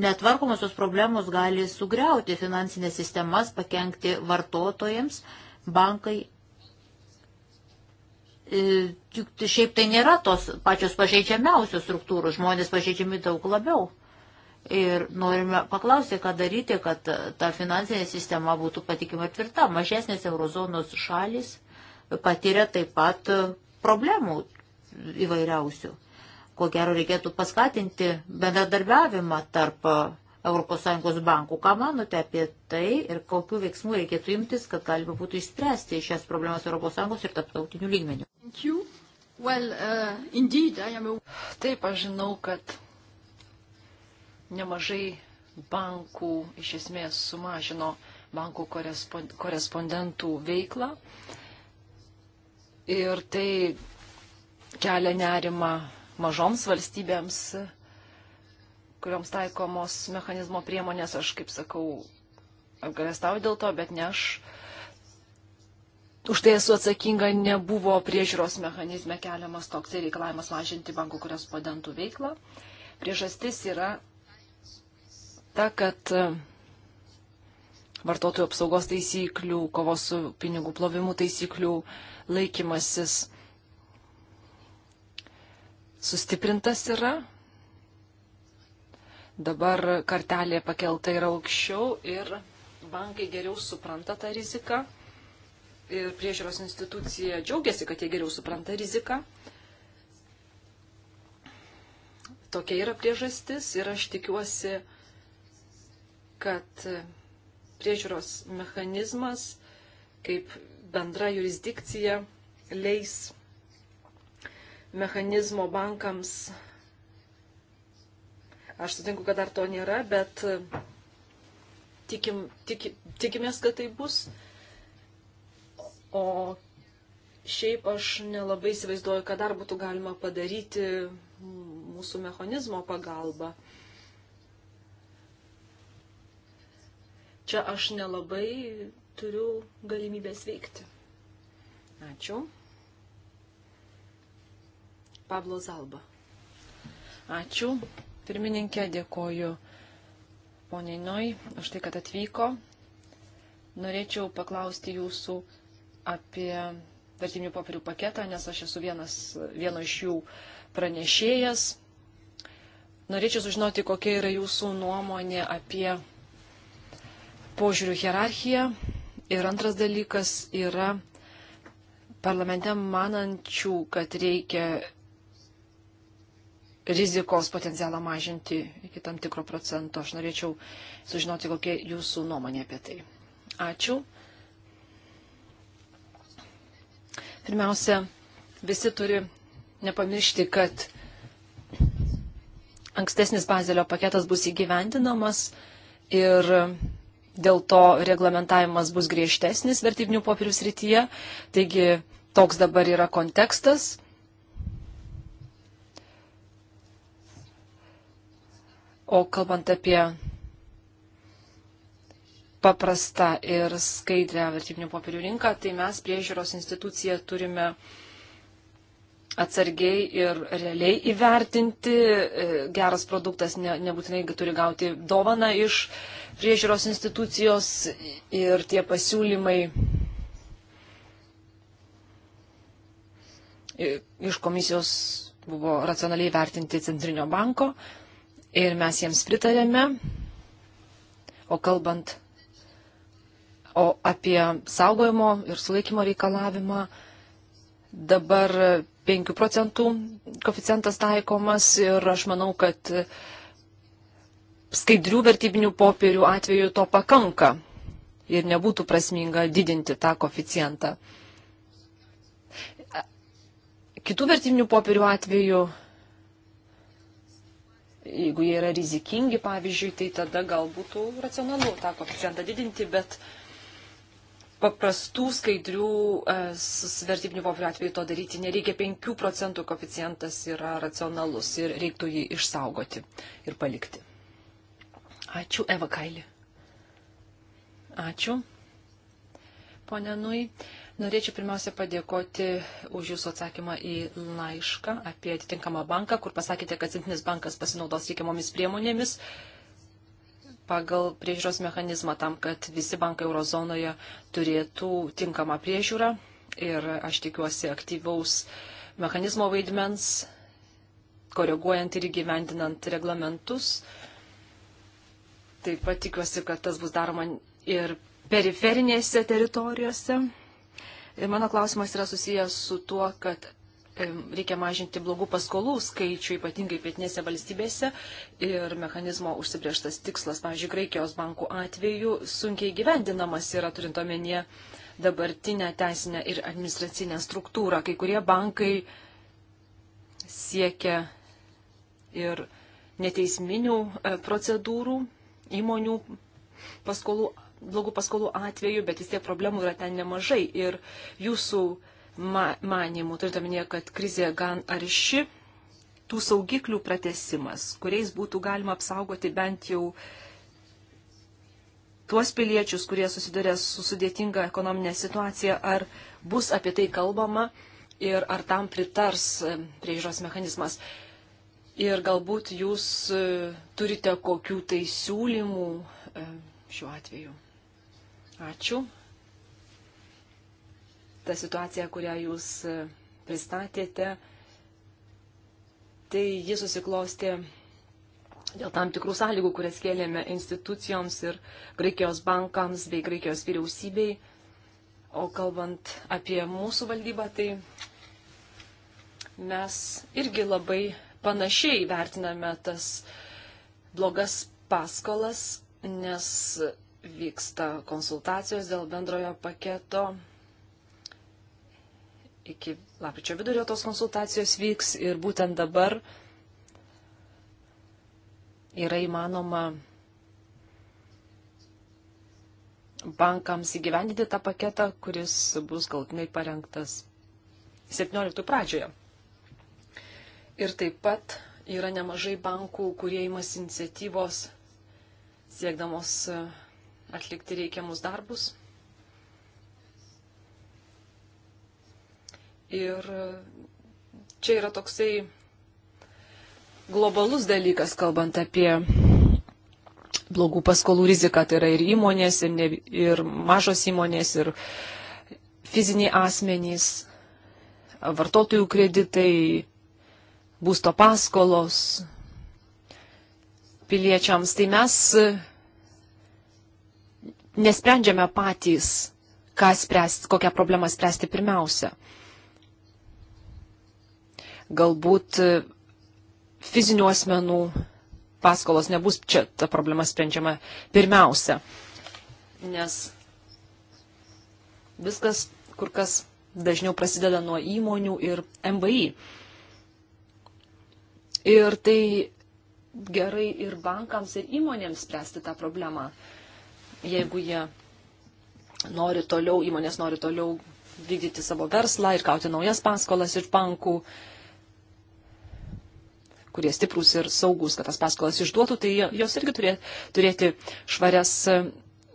netvarkomosios problemos gali sugriauti finansinės sistemas, pakengti vartotojams bankai e, juk šiaip tai nėra tos pačios pažeidžiamiausios struktūros, žmonės pažeidžiami daug labiau. Ir norime paklausti, ką daryti, kad ta finansinė sistema būtų patikima tvirta. Mažesnės eurozonos šalis patiria taip pat problemų įvairiausių. Ko gero reikėtų paskatinti bendradarbiavimą tarp ES bankų. Ką manote apie tai ir kokiu veiksmu reikėtų imtis, kad galima būtų išspręsti šias problemas ES ir taptautinių lygmenių? Well, uh, indeed, am... Taip, aš žinau, kad nemažai bankų iš esmės sumažino bankų korespondentų veiklą ir tai kelia nerima mažoms valstybėms kurioms taikomos mechanizmo priemonės, aš kaip sakau, apgalėstauju dėl to, bet ne aš. Už tai esu atsakinga, nebuvo priežiūros mechanizme keliamas toks tai reikalavimas mažinti bankų korespondentų veiklą. Priežastis yra ta, kad e, vartotojų apsaugos taisyklių, kovos su pinigų plovimu taisyklių laikymasis sustiprintas yra Dabar kartelė pakelta yra aukščiau ir bankai geriau supranta tą riziką ir priežiūros institucija džiaugiasi, kad jie geriau supranta riziką. Tokia yra priežastis ir aš tikiuosi, kad priežiūros mechanizmas kaip bendra jurisdikcija leis mechanizmo bankams Aš sutinku, kad dar to nėra, bet e, tikim, tik, tikimės, kad tai bus. O šiaip aš nelabai įsivaizduoju, ką dar būtų galima padaryti mūsų mechanizmo pagalba. Čia aš nelabai turiu galimybės veikti. Ačiū. Pablo Zalba. Ačiū pirmininkė, dėkoju poniai Noj už tai, kad atvyko. Norėčiau paklausti jūsų apie vertinių popierių paketą, nes aš esu vienas, vieno iš jų pranešėjas. Norėčiau sužinoti, kokia yra jūsų nuomonė apie požiūrių hierarchiją. Ir antras dalykas yra parlamente manančių, kad reikia rizikos potencialą mažinti iki tam tikro procento. Aš norėčiau sužinoti, kokia jūsų nuomonė apie tai. Ačiū. Pirmiausia, visi turi nepamiršti, kad ankstesnis bazelio paketas bus įgyvendinamas ir dėl to reglamentavimas bus griežtesnis vertybinių popierių srityje. Taigi toks dabar yra kontekstas O kalbant apie paprastą ir skaidrę vertybinių popierių rinką, tai mes priežiūros instituciją turime atsargiai ir realiai įvertinti. E, geras produktas ne, nebūtinai turi gauti dovaną iš priežiūros institucijos ir tie pasiūlymai iš komisijos buvo racionaliai vertinti Centrinio banko. Uh, ir mes jiems pritarėme. O kalbant o apie saugojimo ir sulaikymo reikalavimą, dabar 5 procentų koficijantas taikomas ir aš manau, kad skaidrių vertybinių popierių atveju to pakanka ir nebūtų prasminga didinti tą koficijantą. Kitų vertybinių popierių atveju jeigu jie yra rizikingi, pavyzdžiui, tai tada gal būtų racionalu tą koeficientą didinti, bet paprastų skaidrių e, svertybinių popierių atveju to daryti nereikia. 5 procentų koeficientas yra racionalus ir reiktų jį išsaugoti ir palikti. Ačiū, Eva Kailį. Ačiū, ponė Nui. Norėčiau pirmiausia padėkoti už Jūsų atsakymą į laišką apie atitinkamą banką, kur pasakėte, kad Centrinis bankas pasinaudos reikiamomis priemonėmis pagal priežiūros mechanizmą tam, kad visi bankai eurozonoje turėtų tinkamą priežiūrą ir aš tikiuosi aktyvaus mechanizmo vaidmens, koreguojant ir įgyvendinant reglamentus. Taip pat tikiuosi, kad tas bus daroma ir periferinėse teritorijose. Ir mano klausimas yra susijęs su tuo, kad reikia mažinti blogų paskolų skaičių, ypatingai pietinėse valstybėse. Ir mechanizmo užsibrieštas tikslas, pavyzdžiui, Graikijos bankų atveju sunkiai gyvendinamas yra turint omenyje dabartinę teisinę ir administracinę struktūrą. Kai kurie bankai siekia ir neteisminių e, procedūrų, įmonių paskolų blogų paskolų atveju, bet vis tiek problemų yra ten nemažai. Ir jūsų ma manimų, turint omenyje, kad krizė gan arši, tų saugiklių pratesimas, kuriais būtų galima apsaugoti bent jau tuos piliečius, kurie susiduria su sudėtinga ekonominė situacija, ar bus apie tai kalbama ir ar tam pritars e, priežiūros mechanizmas. Ir galbūt jūs e, turite kokių tai siūlymų e, šiuo atveju. Ačiū. Ta situacija, kurią jūs e, pristatėte, tai ji susiklosti dėl tam tikrų sąlygų, kurias kėlėme institucijoms ir Graikijos bankams bei Graikijos vyriausybei. O kalbant apie mūsų valdybą, tai mes irgi labai panašiai vertiname tas blogas paskolas, nes vyksta konsultacijos dėl bendrojo paketo. Iki lapkričio vidurio tos konsultacijos vyks ir būtent dabar yra įmanoma bankams įgyvendinti tą paketą, kuris bus galtinai parengtas 17 pradžioje. Ir taip pat yra nemažai bankų, kurie imasi iniciatyvos siekdamos atlikti reikiamus darbus. Ir čia yra toksai globalus dalykas, kalbant apie blogų paskolų riziką, tai yra ir įmonės, ir, ne, ir mažos įmonės, ir fiziniai asmenys, vartotojų kreditai, būsto paskolos piliečiams. Tai mes nesprendžiame patys, spręsti, kokią problemą spręsti pirmiausia. Galbūt e, fizinių asmenų paskolos nebus čia ta problema sprendžiama pirmiausia, nes viskas kur kas dažniau prasideda nuo įmonių ir MVI. Ir tai gerai ir bankams, ir įmonėms spręsti tą problemą jeigu jie nori toliau, įmonės nori toliau vykdyti savo verslą ir gauti naujas paskolas iš bankų, kurie stiprus ir saugus, kad tas paskolas išduotų, tai jos irgi turė, turėti švarias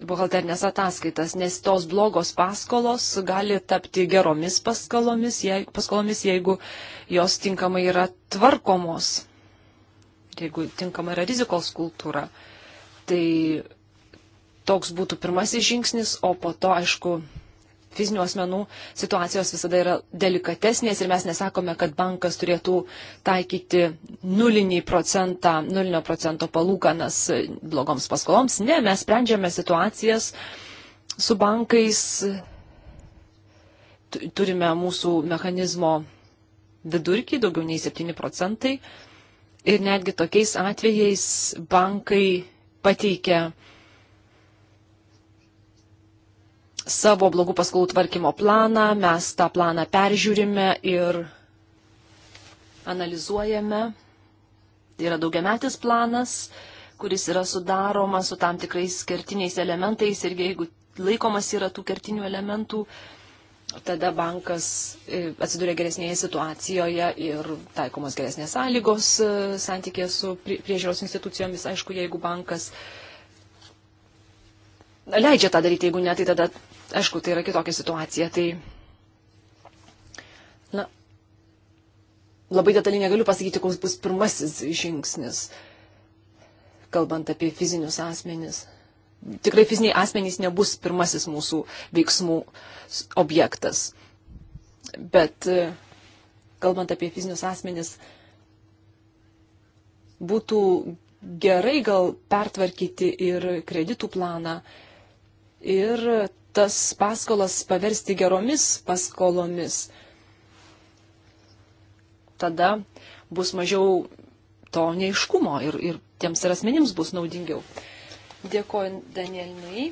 buhalternės ataskaitas, nes tos blogos paskolos gali tapti geromis paskolomis, jeigu, paskolomis, jeigu jos tinkamai yra tvarkomos, jeigu tinkamai yra rizikos kultūra. Tai Toks būtų pirmasis žingsnis, o po to, aišku, fizinių asmenų situacijos visada yra delikatesnės ir mes nesakome, kad bankas turėtų taikyti nulinį procentą, nulinio procento palūkanas blogoms paskoloms. Ne, mes sprendžiame situacijas su bankais, turime mūsų mechanizmo vidurkį, daugiau nei 7 procentai. Ir netgi tokiais atvejais bankai pateikia savo blogų paskolų tvarkymo planą, mes tą planą peržiūrime ir analizuojame. Tai yra daugiametis planas, kuris yra sudaromas su tam tikrais kertiniais elementais ir jeigu laikomas yra tų kertinių elementų, tada bankas e, atsiduria geresnėje situacijoje ir taikomos geresnės sąlygos e, santykė su priežiūros institucijomis. Aišku, jeigu bankas leidžia tą daryti, jeigu ne, tai tada Aišku, tai yra kitokia situacija, tai, na, labai detaliai negaliu pasakyti, koks bus pirmasis žingsnis, kalbant apie fizinius asmenis. Tikrai fiziniai asmenys nebus pirmasis mūsų veiksmų objektas. Bet e, kalbant apie fizinius asmenis, būtų gerai gal pertvarkyti ir kreditų planą ir tas paskolas paversti geromis paskolomis. Tada bus mažiau to neiškumo ir, ir tiems ir asmenims bus naudingiau. Dėkoju Danielinui.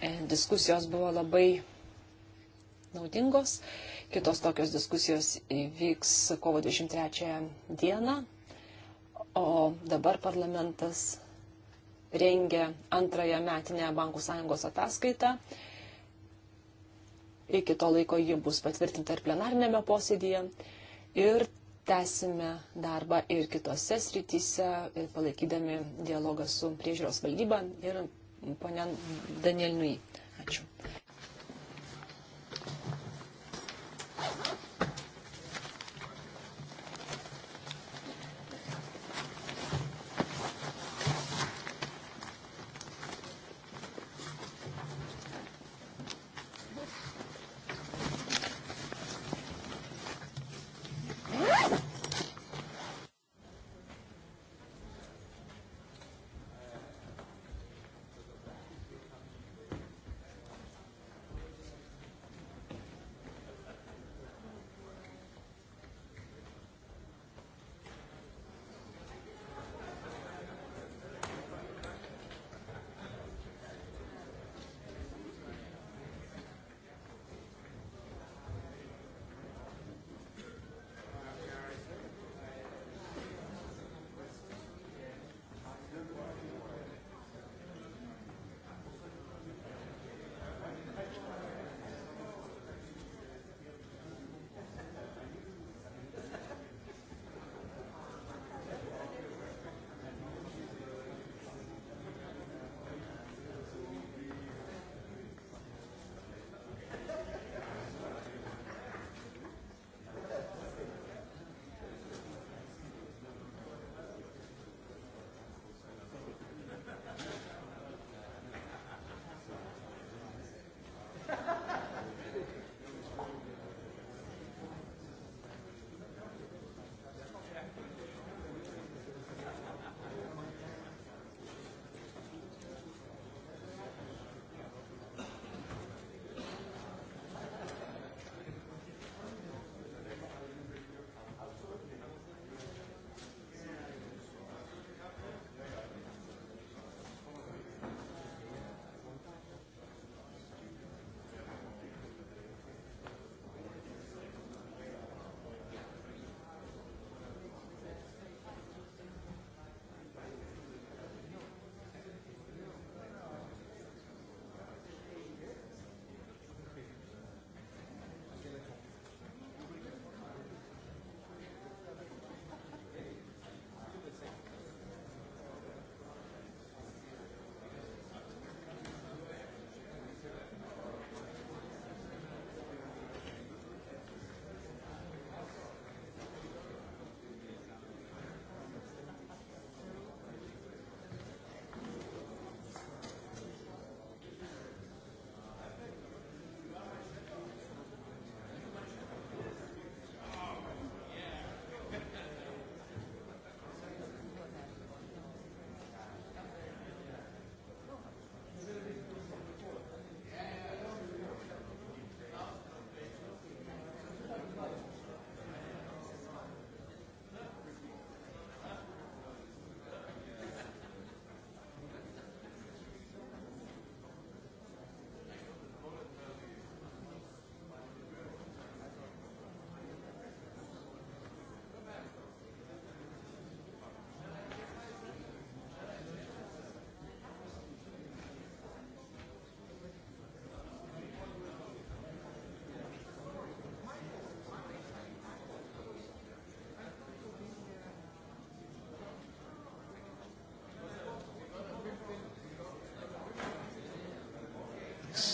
E, diskusijos buvo labai naudingos. Kitos tokios diskusijos vyks kovo 23 dieną. O dabar parlamentas rengia antrąją metinę Bankų sąjungos ataskaitą. Iki to laiko ji bus patvirtinta ir plenarinėme posėdėje. Ir tęsime darbą ir kitose srityse, e, palaikydami dialogą su priežiūros valdyba ir ponia Daniel Nui. Ačiū.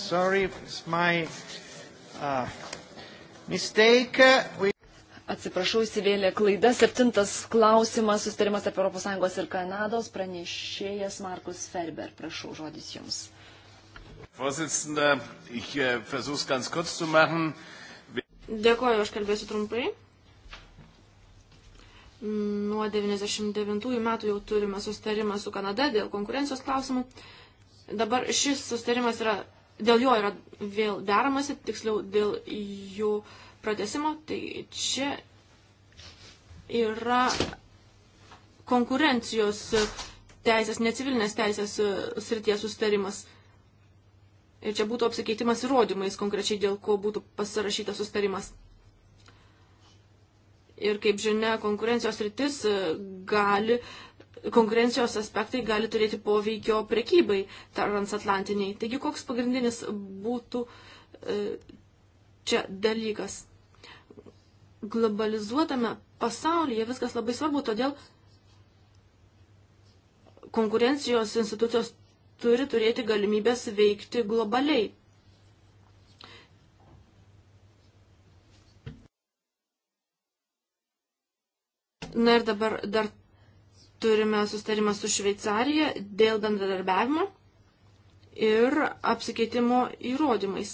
Sorry, it's my uh, mistake. We... Atsiprašau, įsivėlė klaida. Septintas klausimas, sustarimas tarp ES ir Kanados, pranešėjas Markus Ferber. Prašau, žodis jums. Vorsitzende, ich äh, versuche es ganz kurz zu machen. Dėkoju, aš kalbėsiu trumpai. Nuo 99 metų jau turime sustarimą su Kanada dėl konkurencijos klausimų. Dabar šis sustarimas yra dėl jo yra vėl deramasi, tiksliau dėl jų pratesimo, tai čia yra konkurencijos teisės, necivilinės teisės srities sustarimas. Ir čia būtų apsikeitimas įrodymais konkrečiai, dėl ko būtų pasirašytas sustarimas. Ir kaip žinia, konkurencijos rytis gali uh, konkurencijos aspektai gali turėti poveikio prekybai transatlantiniai. Taigi, koks pagrindinis būtų e, čia dalykas? Globalizuotame pasaulyje viskas labai svarbu, todėl konkurencijos institucijos turi turėti galimybės veikti globaliai. Na ir dabar dar Turime sustarimą su Šveicarija dėl bendradarbiavimo ir apsikeitimo įrodymais.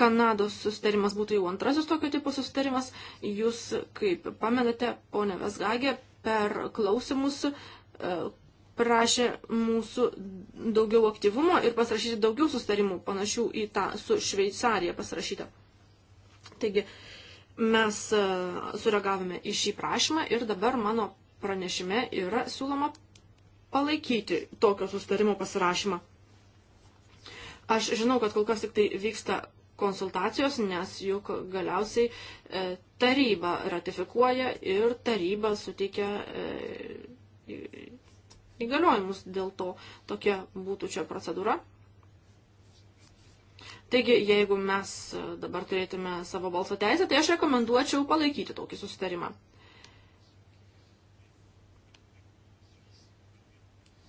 Kanados sustarimas būtų jau antrasis tokio tipo sustarimas. Jūs, kaip pamenate, ponė Vesgagė per klausimus e, prašė mūsų daugiau aktyvumo ir pasirašyti daugiau sustarimų panašių į tą su Šveicarija pasirašytą. Taigi mes e, sureagavome į šį prašymą ir dabar mano pranešime yra siūloma palaikyti tokio sustarimo pasirašymą. Aš žinau, kad kol kas tik tai vyksta konsultacijos, nes juk galiausiai e, taryba ratifikuoja ir taryba suteikia e, įgaliojimus, dėl to tokia būtų čia procedūra. Taigi, jeigu mes dabar turėtume savo balso teisę, tai aš rekomenduočiau palaikyti tokį susitarimą.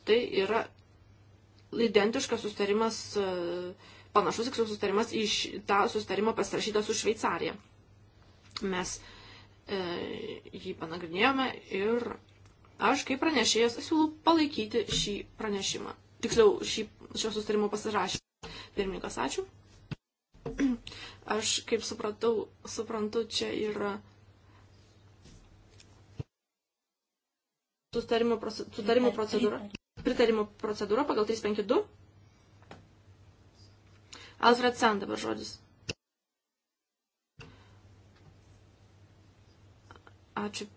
tai yra identiškas sustarimas, e, panašus tiksliau sustarimas iš tą sustarimą pasirašytą su Šveicarija. Mes e, jį panagrinėjome ir aš kaip pranešėjas siūlau palaikyti šį pranešimą. Tiksliau, šį, šio sustarimo pasirašymą. Pirmininkas, ačiū. Aš kaip supratau, suprantu, čia yra. sutarimo procedūra pritarimo procedūra pagal 352. Alfred Sand dabar žodis. Ačiū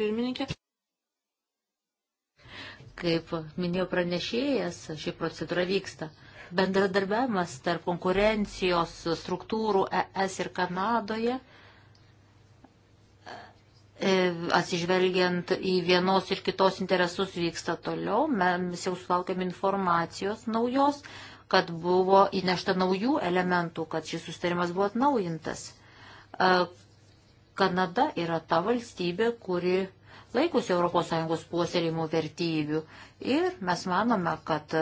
pirmininkė. Kaip minėjo pranešėjas, ši procedūra vyksta. Bendradarbiavimas tarp konkurencijos struktūrų ES ir Kanadoje – atsižvelgiant į vienos ir kitos interesus vyksta toliau. Mes jau sulaukėm informacijos naujos, kad buvo įnešta naujų elementų, kad šis sustarimas buvo atnaujintas. E, Kanada yra ta valstybė, kuri laikusi ES puoselėjimų vertybių ir mes manome, kad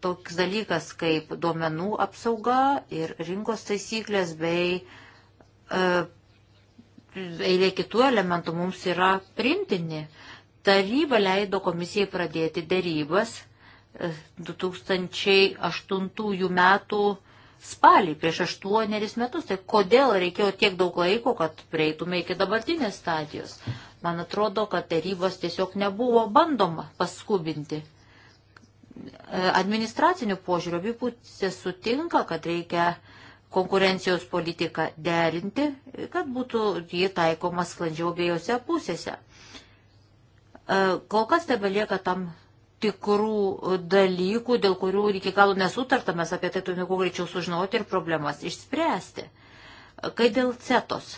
toks dalykas kaip duomenų apsauga ir rinkos taisyklės bei e, eilė kitų elementų mums yra primtini. Taryba leido komisijai pradėti dėrybas 2008 e, metų spalį, prieš aštuonerius metus. Tai kodėl reikėjo tiek daug laiko, kad prieitume iki dabartinės stadijos? Man atrodo, kad tarybos tiesiog nebuvo bandoma paskubinti. E, Administracinių požiūrių abi pusės sutinka, kad reikia konkurencijos politiką derinti, kad būtų jį taikoma sklandžiau abiejose pusėse. E, kol kas tebe lieka tam tikrų dalykų, dėl kurių iki galo nesutarta, mes apie tai turime kuo greičiau sužinoti ir problemas išspręsti. Kai dėl cetos,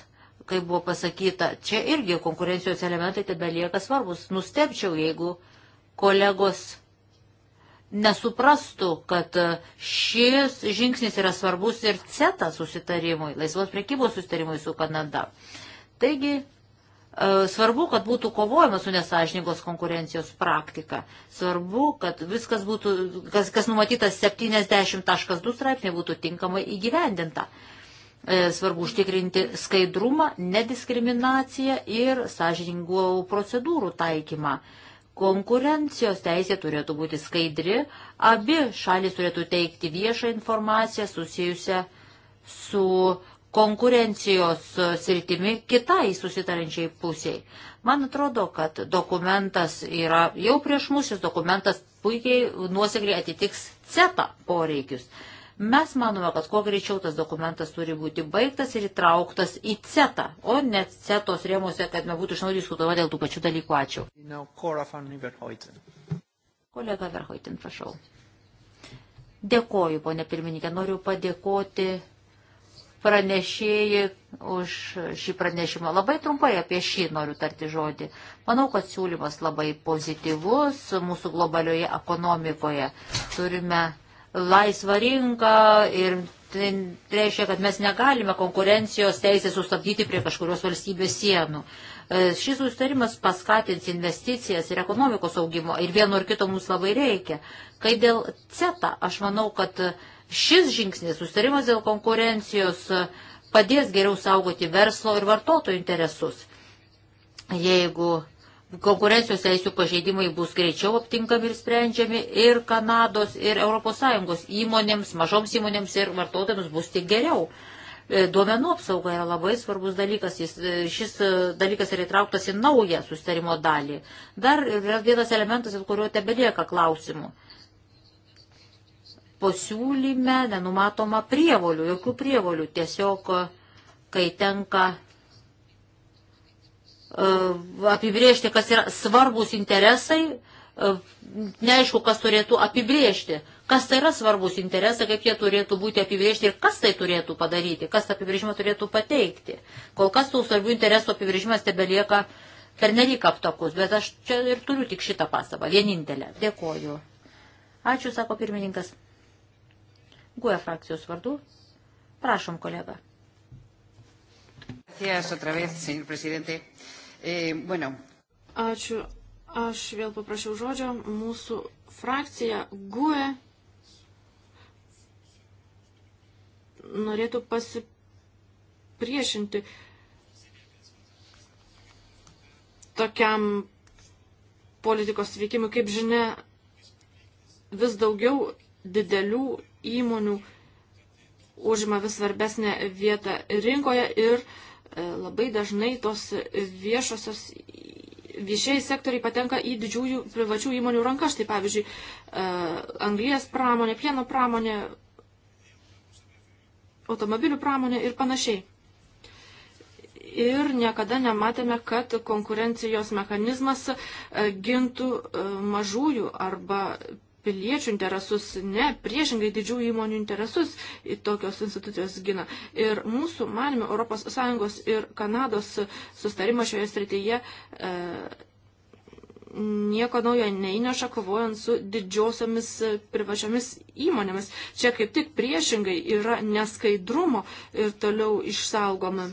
kai buvo pasakyta, čia irgi konkurencijos elementai tebe lieka svarbus. Nustepčiau, jeigu kolegos nesuprastų, kad e, šis žingsnis yra svarbus ir CETA susitarimui, laisvos prekybos susitarimui su Kanada. Taigi, e, Svarbu, kad būtų kovojama su nesažiningos konkurencijos praktika. Svarbu, kad viskas būtų, kas, kas numatytas 70.2 straipsnė būtų tinkamai įgyvendinta. E, svarbu užtikrinti skaidrumą, nediskriminaciją ir sažiningų procedūrų taikymą. Konkurencijos teisė turėtų būti skaidri, abi šalis turėtų teikti viešą informaciją susijusią su konkurencijos sritimi kitai susitarančiai pusiai. Man atrodo, kad dokumentas yra jau prieš mus, šis dokumentas puikiai nuosekliai atitiks CETA poreikius. Mes manome, kad kuo greičiau tas dokumentas turi būti baigtas ir įtrauktas į CETA, o ne CETOS rėmose, kad nebūtų iš naujo diskutuoti dėl tų pačių dalykų. Ačiū. No, Kolega Verhoitin, prašau. Dėkoju, ponė pirmininkė, noriu padėkoti pranešėjai už šį pranešimą. Labai trumpai apie šį noriu tarti žodį. Manau, kad siūlymas labai pozityvus mūsų globalioje ekonomikoje. Turime laisvą rinką ir tai reiškia, kad mes negalime konkurencijos teisės sustabdyti prie kažkurios valstybės sienų. E, šis sustarimas paskatins investicijas ir ekonomikos augimo ir vieno ir kito mums labai reikia. Kai dėl CETA, aš manau, kad šis žingsnis, sustarimas dėl konkurencijos, padės geriau saugoti verslo ir vartotojų interesus. Jeigu konkurencijos teisų pažeidimai bus greičiau aptinkami ir sprendžiami ir Kanados, ir ES įmonėms, mažoms įmonėms ir vartotojams bus tik geriau. E, duomenų apsauga yra labai svarbus dalykas, jis, e, šis e, dalykas yra įtrauktas į naują sustarimo dalį. Dar yra vienas elementas, dėl kurio tebelieka klausimų. Pasiūlyme nenumatoma prievolių, jokių prievolių, tiesiog kai tenka E, apibriežti, kas yra svarbus interesai, e, neaišku, kas turėtų apibriežti, kas tai yra svarbus interesai, kaip jie turėtų būti apibriežti ir kas tai turėtų padaryti, kas tą apibrėžimą turėtų pateikti. Kol kas tų svarbių interesų apibrėžimas tebelieka pernelyg aptakus, bet aš čia ir turiu tik šitą pastabą, vienintelę. Dėkoju. Ačiū, sako pirmininkas. Guoja frakcijos vardu. Prašom, kolega. Gracias otra vez, señor presidente. Uh, E, bueno. Ačiū. Aš vėl paprašiau žodžio. Mūsų frakcija GUE norėtų pasipriešinti tokiam politikos veikimui. Kaip žinia, vis daugiau didelių įmonių užima vis svarbesnę vietą rinkoje ir uh, E, labai dažnai tos viešosios, viešieji sektoriai patenka į didžiųjų privačių įmonių rankas. Štai pavyzdžiui, e, anglijas pramonė, pieno pramonė, automobilių pramonė ir panašiai. Ir niekada nematėme, kad konkurencijos mechanizmas e, gintų mažųjų arba piliečių interesus, ne priešingai didžių įmonių interesus tokios institucijos gina. Ir mūsų manime ES ir Kanados sustarimas šioje srityje e, nieko naujo neįneša kovojant su didžiosiomis privačiomis įmonėmis. Čia kaip tik priešingai yra neskaidrumo ir toliau išsaugoma.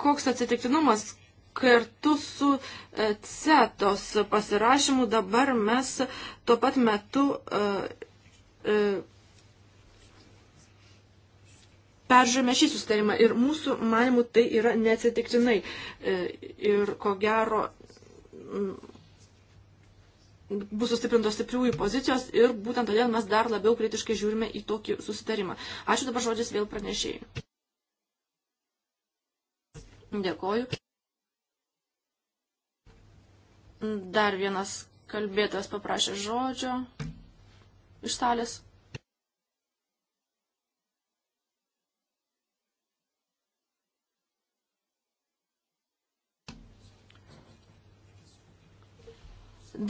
Koks atsitiktinumas, kartu su e, CETOS pasirašymu dabar mes tuo pat metu e, e, peržiūrime šį sustarimą ir mūsų manimų tai yra neatsitiktinai. Ir ko gero bus sustiprintos stipriųjų pozicijos ir būtent todėl mes dar labiau kritiškai žiūrime į tokį susitarimą. Ačiū dabar žodžius vėl pranešėjai. Dėkoju. Dar vienas kalbėtas paprašė žodžio iš salės.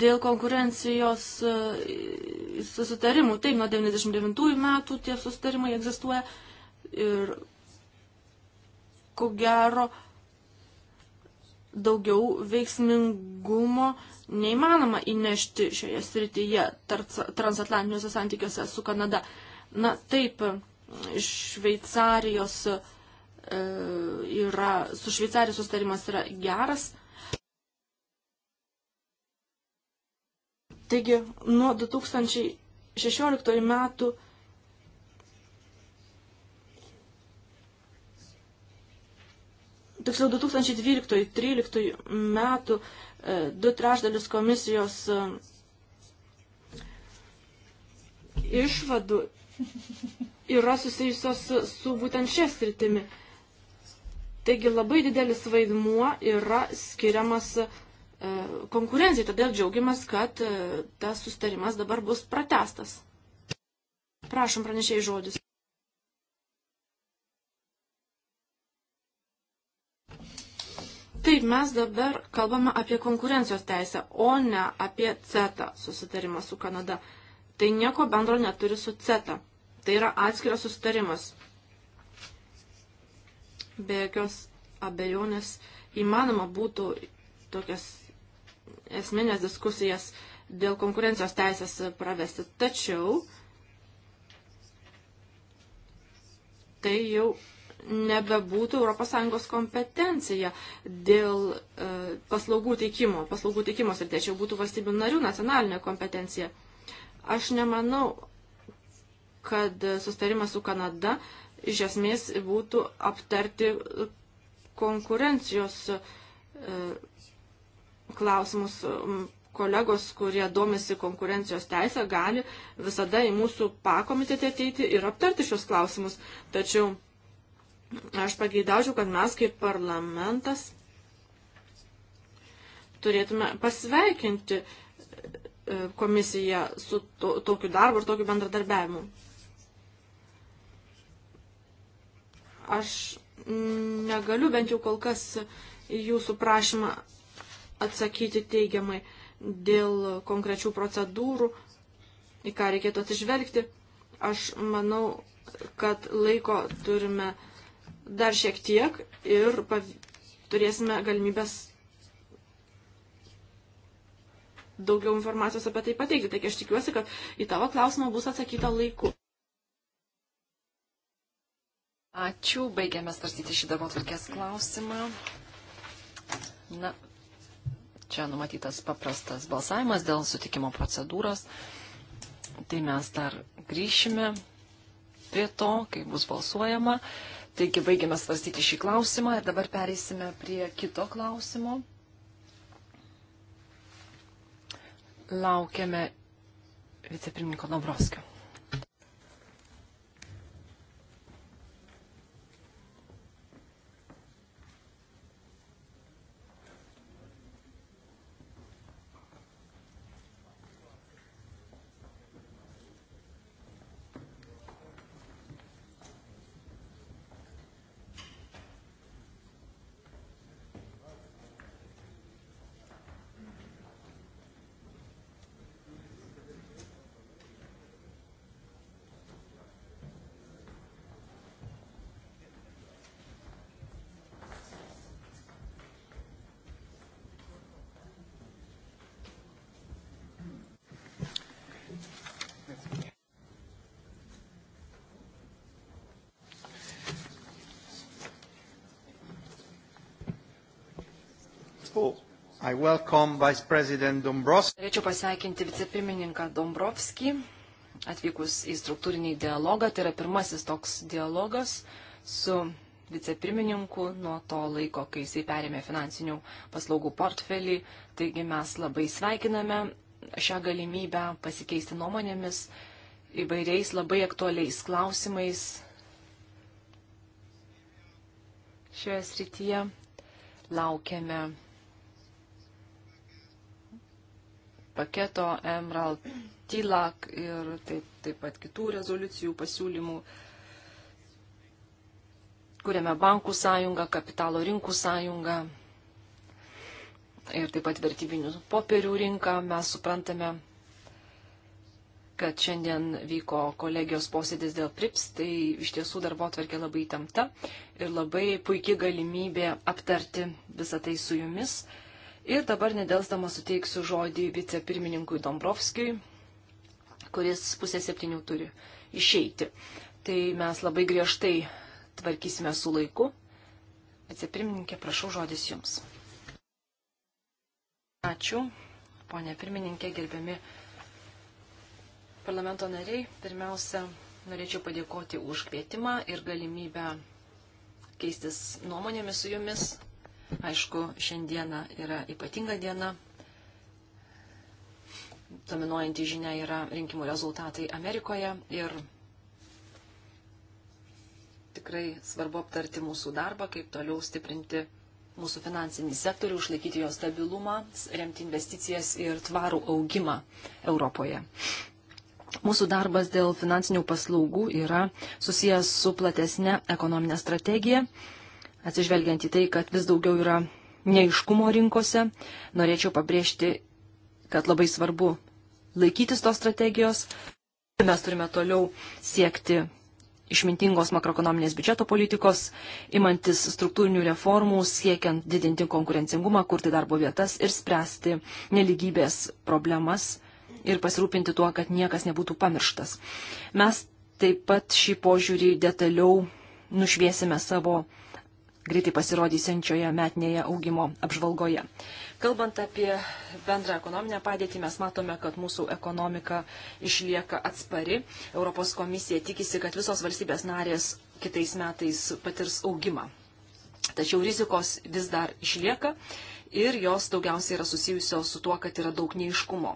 Dėl konkurencijos e, susitarimų, taip, nuo 99 metų tie susitarimai egzistuoja ir ko gero daugiau veiksmingumo neįmanoma įnešti šioje srityje transatlantiniuose santykiuose su Kanada. Na taip, Šveicarijos e, yra, su Šveicarijos sustarimas yra geras. Taigi, nuo 2016 metų tiksliau 2012-2013 metų e, du trešdalis komisijos e, išvadų yra susijusios su būtent šia sritimi. Taigi labai didelis vaidmuo yra skiriamas e, konkurencijai, todėl džiaugiamas, kad tas sustarimas dabar bus pratestas. Prašom pranešėjai žodis. Taip, mes dabar kalbame apie konkurencijos teisę, o ne apie CETA susitarimą su Kanada. Tai nieko bendro neturi su CETA. Tai yra atskiras susitarimas. Be jokios abejonės įmanoma būtų tokias esminės diskusijas dėl konkurencijos teisės pravesti. Tačiau tai jau nebebūtų ES kompetencija dėl e, paslaugų teikimo, paslaugų teikimo ir tačiau būtų valstybių narių nacionalinė kompetencija. Aš nemanau, kad sustarimas su Kanada iš esmės būtų aptarti konkurencijos e, klausimus. Kolegos, kurie domisi konkurencijos teisę, gali visada į mūsų pakomitetę ateiti ir aptarti šios klausimus. Tačiau Aš pageidaučiau, kad mes kaip parlamentas turėtume pasveikinti e, komisiją su to, tokiu darbu ir tokiu bendradarbiavimu. Aš negaliu bent jau kol kas jūsų prašymą atsakyti teigiamai dėl konkrečių procedūrų, į ką reikėtų atsižvelgti. Aš manau, kad laiko turime dar šiek tiek ir pav... turėsime galimybės daugiau informacijos apie tai pateikti. Taigi aš tikiuosi, kad į tavo klausimą bus atsakyta laiku. Ačiū, baigiame svarstyti šį darbo tvarkės klausimą. Na, čia numatytas paprastas balsavimas dėl sutikimo procedūros. Tai mes dar grįšime prie to, kai bus balsuojama. Taigi baigiame svarstyti šį klausimą ir dabar pereisime prie kito klausimo. Laukiame vicepirmininko Dombrovskio. Norėčiau pasveikinti vicepirmininką Dombrovskį, atvykus į struktūrinį dialogą. Tai yra pirmasis toks dialogas su vicepirmininku nuo to laiko, kai jisai perėmė finansinių paslaugų portfelį. Taigi mes labai sveikiname šią galimybę pasikeisti nuomonėmis įvairiais labai aktualiais klausimais šioje srityje. Laukiame paketo Emerald TILAC ir taip, taip pat kitų rezoliucijų pasiūlymų, kuriame bankų sąjunga, kapitalo rinkų sąjunga ir taip pat vertybinių popierių rinką. Mes suprantame, kad šiandien vyko kolegijos posėdis dėl PRIPS, tai iš tiesų darbo atverkė labai įtempta ir labai puikia galimybė aptarti visą tai su jumis. Ir dabar nedelsdama suteiksiu žodį vicepirmininkui Dombrovskijui, kuris pusė septynių turi išeiti. Tai mes labai griežtai tvarkysime su laiku. Vicepirmininkė, prašau žodis jums. Ačiū, ponė pirmininkė, gerbiami parlamento nariai. Pirmiausia, norėčiau padėkoti už kvietimą ir galimybę keistis nuomonėmis su jumis Aišku, šiandiena yra ypatinga diena. Dominuojanti žinia yra rinkimų rezultatai Amerikoje ir tikrai svarbu aptarti mūsų darbą, kaip toliau stiprinti mūsų finansinį sektorių, išlaikyti jo stabilumą, remti investicijas ir tvarų augimą Europoje. Mūsų darbas dėl finansinių paslaugų yra susijęs su platesnė ekonominė strategija atsižvelgiant į tai, kad vis daugiau yra neiškumo rinkose, norėčiau pabrėžti, kad labai svarbu laikytis tos strategijos. Mes turime toliau siekti išmintingos makroekonominės biudžeto politikos, imantis struktūrinių reformų, siekiant didinti konkurencingumą, kurti darbo vietas ir spręsti neligybės problemas ir pasirūpinti tuo, kad niekas nebūtų pamirštas. Mes taip pat šį požiūrį detaliau nušviesime savo greitai pasirodysiančioje metinėje augimo apžvalgoje. Kalbant apie bendrą ekonominę padėtį, mes matome, kad mūsų ekonomika išlieka atspari. Europos komisija tikisi, kad visos valstybės narės kitais metais patirs augimą. Tačiau rizikos vis dar išlieka ir jos daugiausiai yra susijusios su tuo, kad yra daug neiškumo.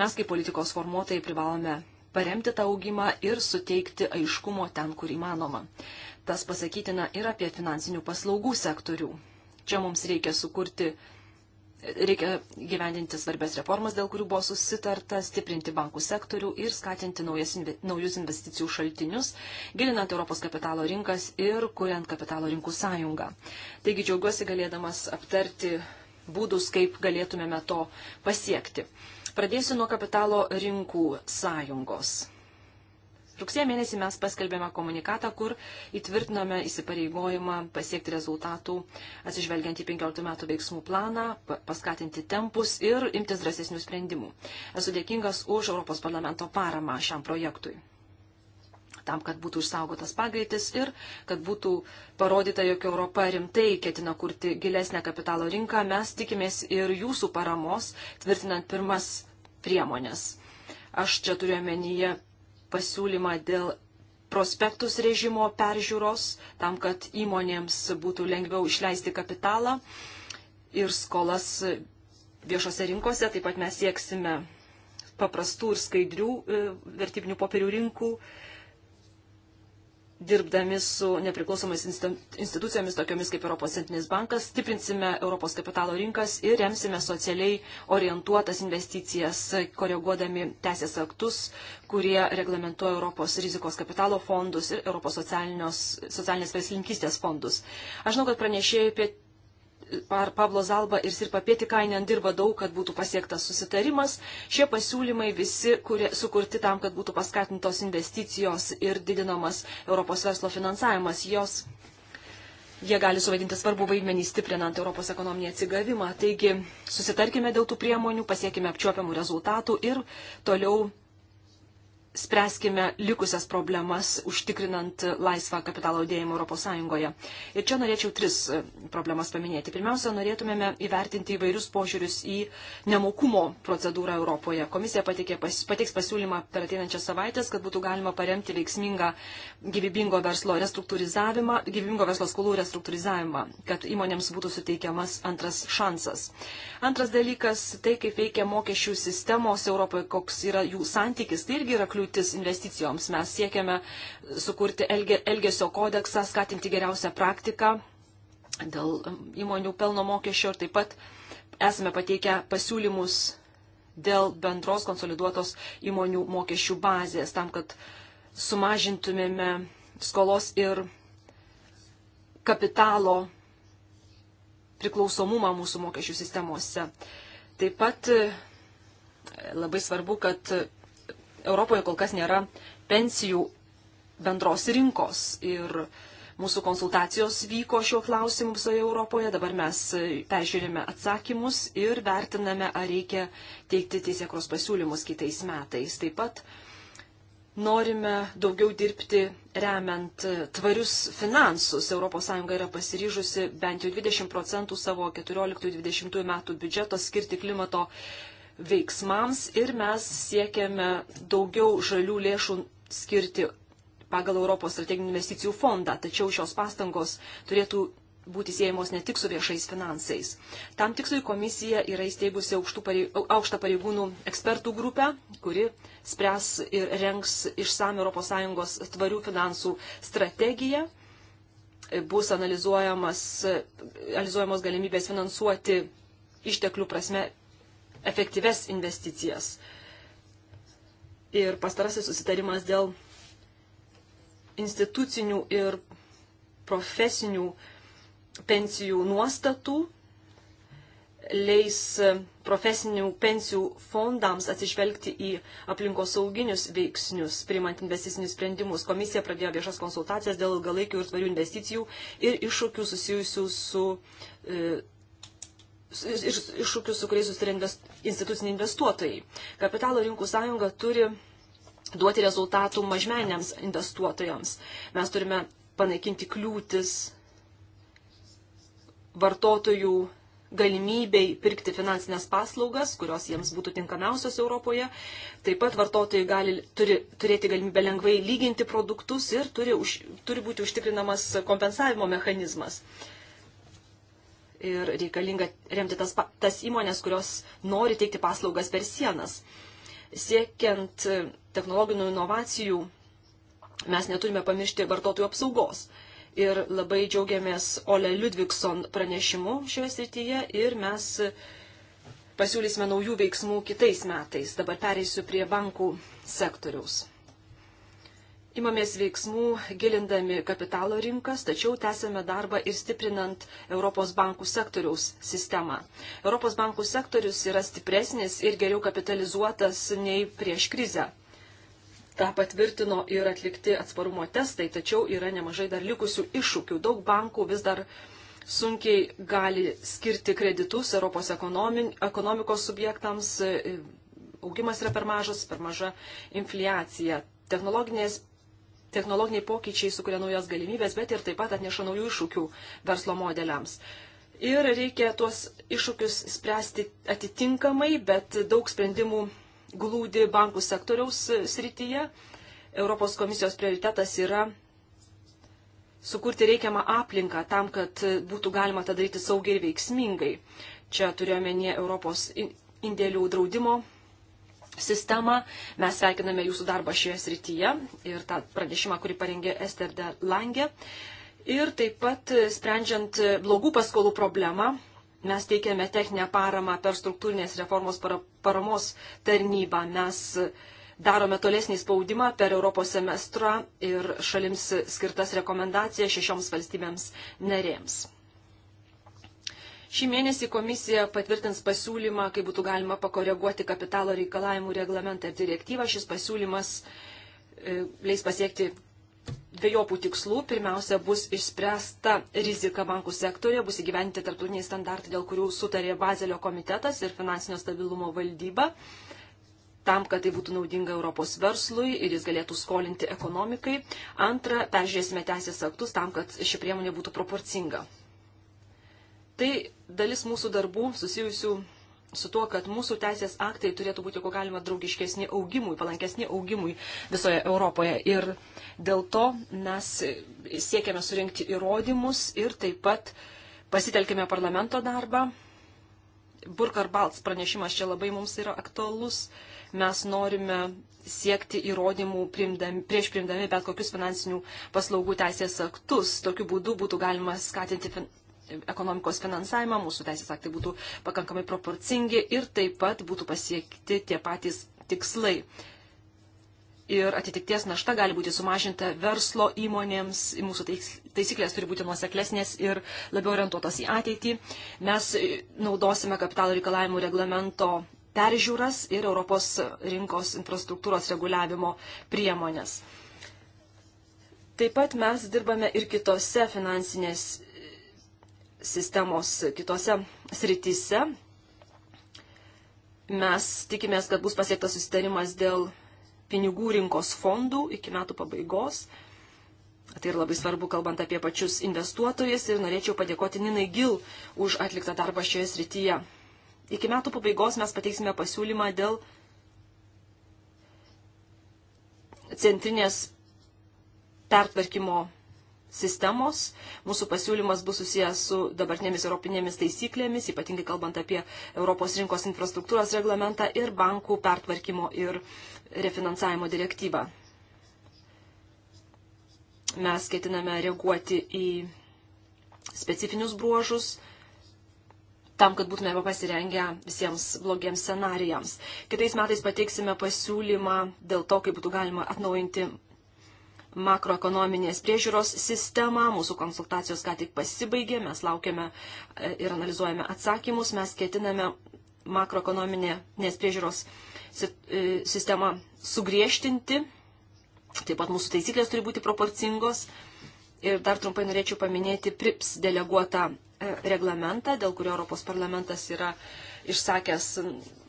Mes kaip politikos formuotojai privalome paremti tą augimą ir suteikti aiškumo ten, kur įmanoma. Tas pasakytina ir apie finansinių paslaugų sektorių. Čia mums reikia sukurti, reikia gyvendinti svarbės reformas, dėl kurių buvo susitarta, stiprinti bankų sektorių ir skatinti naujas, naujus investicijų šaltinius, gilinant Europos kapitalo rinkas ir kuriant kapitalo rinkų sąjungą. Taigi džiaugiuosi galėdamas aptarti būdus, kaip galėtumėme to pasiekti. Pradėsiu nuo kapitalo rinkų sąjungos. Rugsėjo mėnesį mes paskelbėme komunikatą, kur įtvirtinome įsipareigojimą pasiekti rezultatų, atsižvelgiant į 15 metų veiksmų planą, paskatinti tempus ir imtis drąsesnių sprendimų. Esu dėkingas už Europos parlamento paramą šiam projektui tam, kad būtų išsaugotas pagreitis ir kad būtų parodyta, jog Europa rimtai ketina kurti gilesnę kapitalo rinką, mes tikimės ir jūsų paramos, tvirtinant pirmas priemonės. Aš čia turiu omenyje pasiūlymą dėl prospektus režimo peržiūros, tam, kad įmonėms būtų lengviau išleisti kapitalą ir skolas viešose rinkose. Taip pat mes sieksime paprastų ir skaidrių e, vertybinių popierių rinkų dirbdami su nepriklausomais institucijomis, tokiomis kaip Europos centrinis bankas, stiprinsime Europos kapitalo rinkas ir remsime socialiai orientuotas investicijas, koreguodami teisės aktus, kurie reglamentuoja Europos rizikos kapitalo fondus ir Europos socialinės verslininkystės fondus. Aš žinau, kad pranešėjai Pablo Zalba ir Sirpa Pietikainen dirba daug, kad būtų pasiektas susitarimas. Šie pasiūlymai visi kurie, sukurti tam, kad būtų paskatintos investicijos ir didinamas Europos verslo finansavimas. Jos, jie gali suvaidinti svarbu vaidmenį stiprinant Europos ekonominį atsigavimą. Taigi susitarkime dėl tų priemonių, pasiekime apčiuopiamų rezultatų ir toliau spręskime likusias problemas, užtikrinant laisvą kapitalo dėjimą ES. Ir čia norėčiau tris e, problemas paminėti. Pirmiausia, norėtumėme įvertinti įvairius požiūrius į nemokumo procedūrą Europoje. Komisija patikė, pas, pateiks pasiūlymą per ateinančias savaitės, kad būtų galima paremti veiksmingą gyvybingo verslo, gyvybingo verslo skolų restruktūrizavimą, kad įmonėms būtų suteikiamas antras šansas. Antras dalykas, tai kaip veikia mokesčių sistemos Europoje, koks yra jų santykis, tai irgi yra kliūtis kliūtis investicijoms. Mes siekiame sukurti elgesio kodeksą, skatinti geriausią praktiką dėl įmonių pelno mokesčio ir taip pat esame pateikę pasiūlymus dėl bendros konsoliduotos įmonių mokesčių bazės, tam, kad sumažintumėme skolos ir kapitalo priklausomumą mūsų mokesčių sistemose. Taip pat e, labai svarbu, kad Europoje kol kas nėra pensijų bendros rinkos ir mūsų konsultacijos vyko šiuo klausimu visoje Europoje, dabar mes e, peržiūrime atsakymus ir vertiname, ar reikia teikti teisėkros pasiūlymus kitais metais. Taip pat norime daugiau dirbti remiant e, tvarius finansus. ES yra pasiryžusi bent jau 20 procentų savo 14-20 metų biudžeto skirti klimato veiksmams ir mes siekiame daugiau žalių lėšų skirti pagal Europos strateginių investicijų fondą, tačiau šios pastangos turėtų būti siejamos ne tik su viešais finansais. Tam tikslui komisija yra įsteigusi pareig... aukštą pareigūnų ekspertų grupę, kuri spręs ir rengs išsame ES tvarių finansų strategiją. Bus analizuojamas, analizuojamos galimybės finansuoti išteklių prasme efektyves investicijas. Ir pastarasis susitarimas dėl institucinių ir profesinių pensijų nuostatų leis profesinių pensijų fondams atsižvelgti į aplinkosauginius veiksnius, primant investicinius sprendimus. Komisija pradėjo viešas konsultacijas dėl ilgalaikių ir tvarių investicijų ir iššūkių susijusių su e, iššūkius, su kuriais susitarė invest, instituciniai investuotojai. Kapitalo rinkų sąjunga turi duoti rezultatų mažmeniams investuotojams. Mes turime panaikinti kliūtis vartotojų galimybei pirkti finansinės paslaugas, kurios jiems būtų tinkamiausios Europoje. Taip pat vartotojai gali, turi turėti galimybę lengvai lyginti produktus ir turi, už, turi būti užtikrinamas kompensavimo mechanizmas. Uh, ir reikalinga remti tas, tas įmonės, kurios nori teikti paslaugas per sienas. Siekiant e, technologinių inovacijų, mes neturime pamiršti vartotojų apsaugos. Ir labai džiaugiamės Ole Ludvigson pranešimu šioje srityje ir mes e, pasiūlysime naujų veiksmų kitais metais. Dabar pereisiu prie bankų sektoriaus imamės veiksmų gilindami kapitalo rinkas, tačiau tęsėme darbą ir stiprinant Europos bankų sektoriaus sistemą. Europos bankų sektorius yra stipresnis ir geriau kapitalizuotas nei prieš krizę. Ta patvirtino ir atlikti atsparumo testai, tačiau yra nemažai dar likusių iššūkių. Daug bankų vis dar sunkiai gali skirti kreditus Europos ekonomikos subjektams. Augimas yra per mažas, per maža infliacija. Technologinės technologiniai pokyčiai sukuria naujas galimybės, bet ir taip pat atneša naujų iššūkių verslo modeliams. Ir reikia tuos iššūkius spręsti atitinkamai, bet daug sprendimų glūdi bankų sektoriaus srityje. Europos komisijos prioritetas yra sukurti reikiamą aplinką tam, kad būtų galima tą daryti saugiai ir veiksmingai. Čia turiuomenė Europos indėlių draudimo sistemą. Mes sveikiname jūsų darbą šioje srityje ir tą pranešimą, kurį parengė Ester de Lange. Ir taip pat e, sprendžiant blogų paskolų problemą, mes teikiame techninę paramą per struktūrinės reformos para, paramos tarnybą. Mes e, darome tolesnį spaudimą per Europos semestrą ir šalims skirtas rekomendacijas šešioms valstybėms narėms. Šį mėnesį komisija patvirtins pasiūlymą, kaip būtų galima pakoreguoti kapitalo reikalavimų reglamentą ir direktyvą. Šis pasiūlymas e, leis pasiekti dviejopų tikslų. Pirmiausia, bus išspręsta rizika bankų sektorija, bus įgyventi tarptautiniai standartai, dėl kurių sutarė Bazelio komitetas ir finansinio stabilumo valdyba tam, kad tai būtų naudinga Europos verslui ir jis galėtų skolinti ekonomikai. Antra, peržiūrėsime teisės aktus tam, kad ši priemonė būtų proporcinga. Tai dalis mūsų darbų susijusių su tuo, kad mūsų teisės aktai turėtų būti, kuo galima, draugiškesni augimui, palankesni augimui visoje Europoje. Ir dėl to mes siekiame surinkti įrodymus ir taip pat pasitelkime parlamento darbą. Burkar Balts pranešimas čia labai mums yra aktualus. Mes norime siekti įrodymų primdami, prieš primdami bet kokius finansinių paslaugų teisės aktus. Tokiu būdu būtų galima skatinti fin ekonomikos finansavimą, mūsų teisės aktai būtų pakankamai proporcingi ir taip pat būtų pasiekti tie patys tikslai. Ir atitikties našta gali būti sumažinta verslo įmonėms, mūsų taisyklės turi būti nuoseklesnės ir labiau orientuotos į ateitį. Mes naudosime kapitalo reikalavimų reglamento peržiūras ir Europos rinkos infrastruktūros reguliavimo priemonės. Taip pat mes dirbame ir kitose finansinės sistemos kitose srityse. Mes tikimės, kad bus pasiektas susitarimas dėl pinigų rinkos fondų iki metų pabaigos. Tai ir labai svarbu, kalbant apie pačius investuotojus ir norėčiau padėkoti Ninai Gil už atliktą darbą šioje srityje. Iki metų pabaigos mes pateiksime pasiūlymą dėl centrinės pertvarkymo sistemos. Mūsų pasiūlymas bus susijęs su dabartinėmis europinėmis taisyklėmis, ypatingai kalbant apie Europos rinkos infrastruktūros reglamentą ir bankų pertvarkymo ir refinansavimo direktyvą. Mes ketiname reaguoti į specifinius bruožus tam, kad būtume pasirengę visiems blogiems scenarijams. Kitais metais pateiksime pasiūlymą dėl to, kaip būtų galima atnaujinti makroekonominės priežiūros sistemą. Mūsų konsultacijos ką tik pasibaigė, mes laukiame e, ir analizuojame atsakymus, mes ketiname makroekonominės priežiūros e, sistemą sugriežtinti. Taip pat mūsų taisyklės turi būti proporcingos. Ir dar trumpai norėčiau paminėti PRIPS deleguotą e, reglamentą, dėl kurio Europos parlamentas yra išsakęs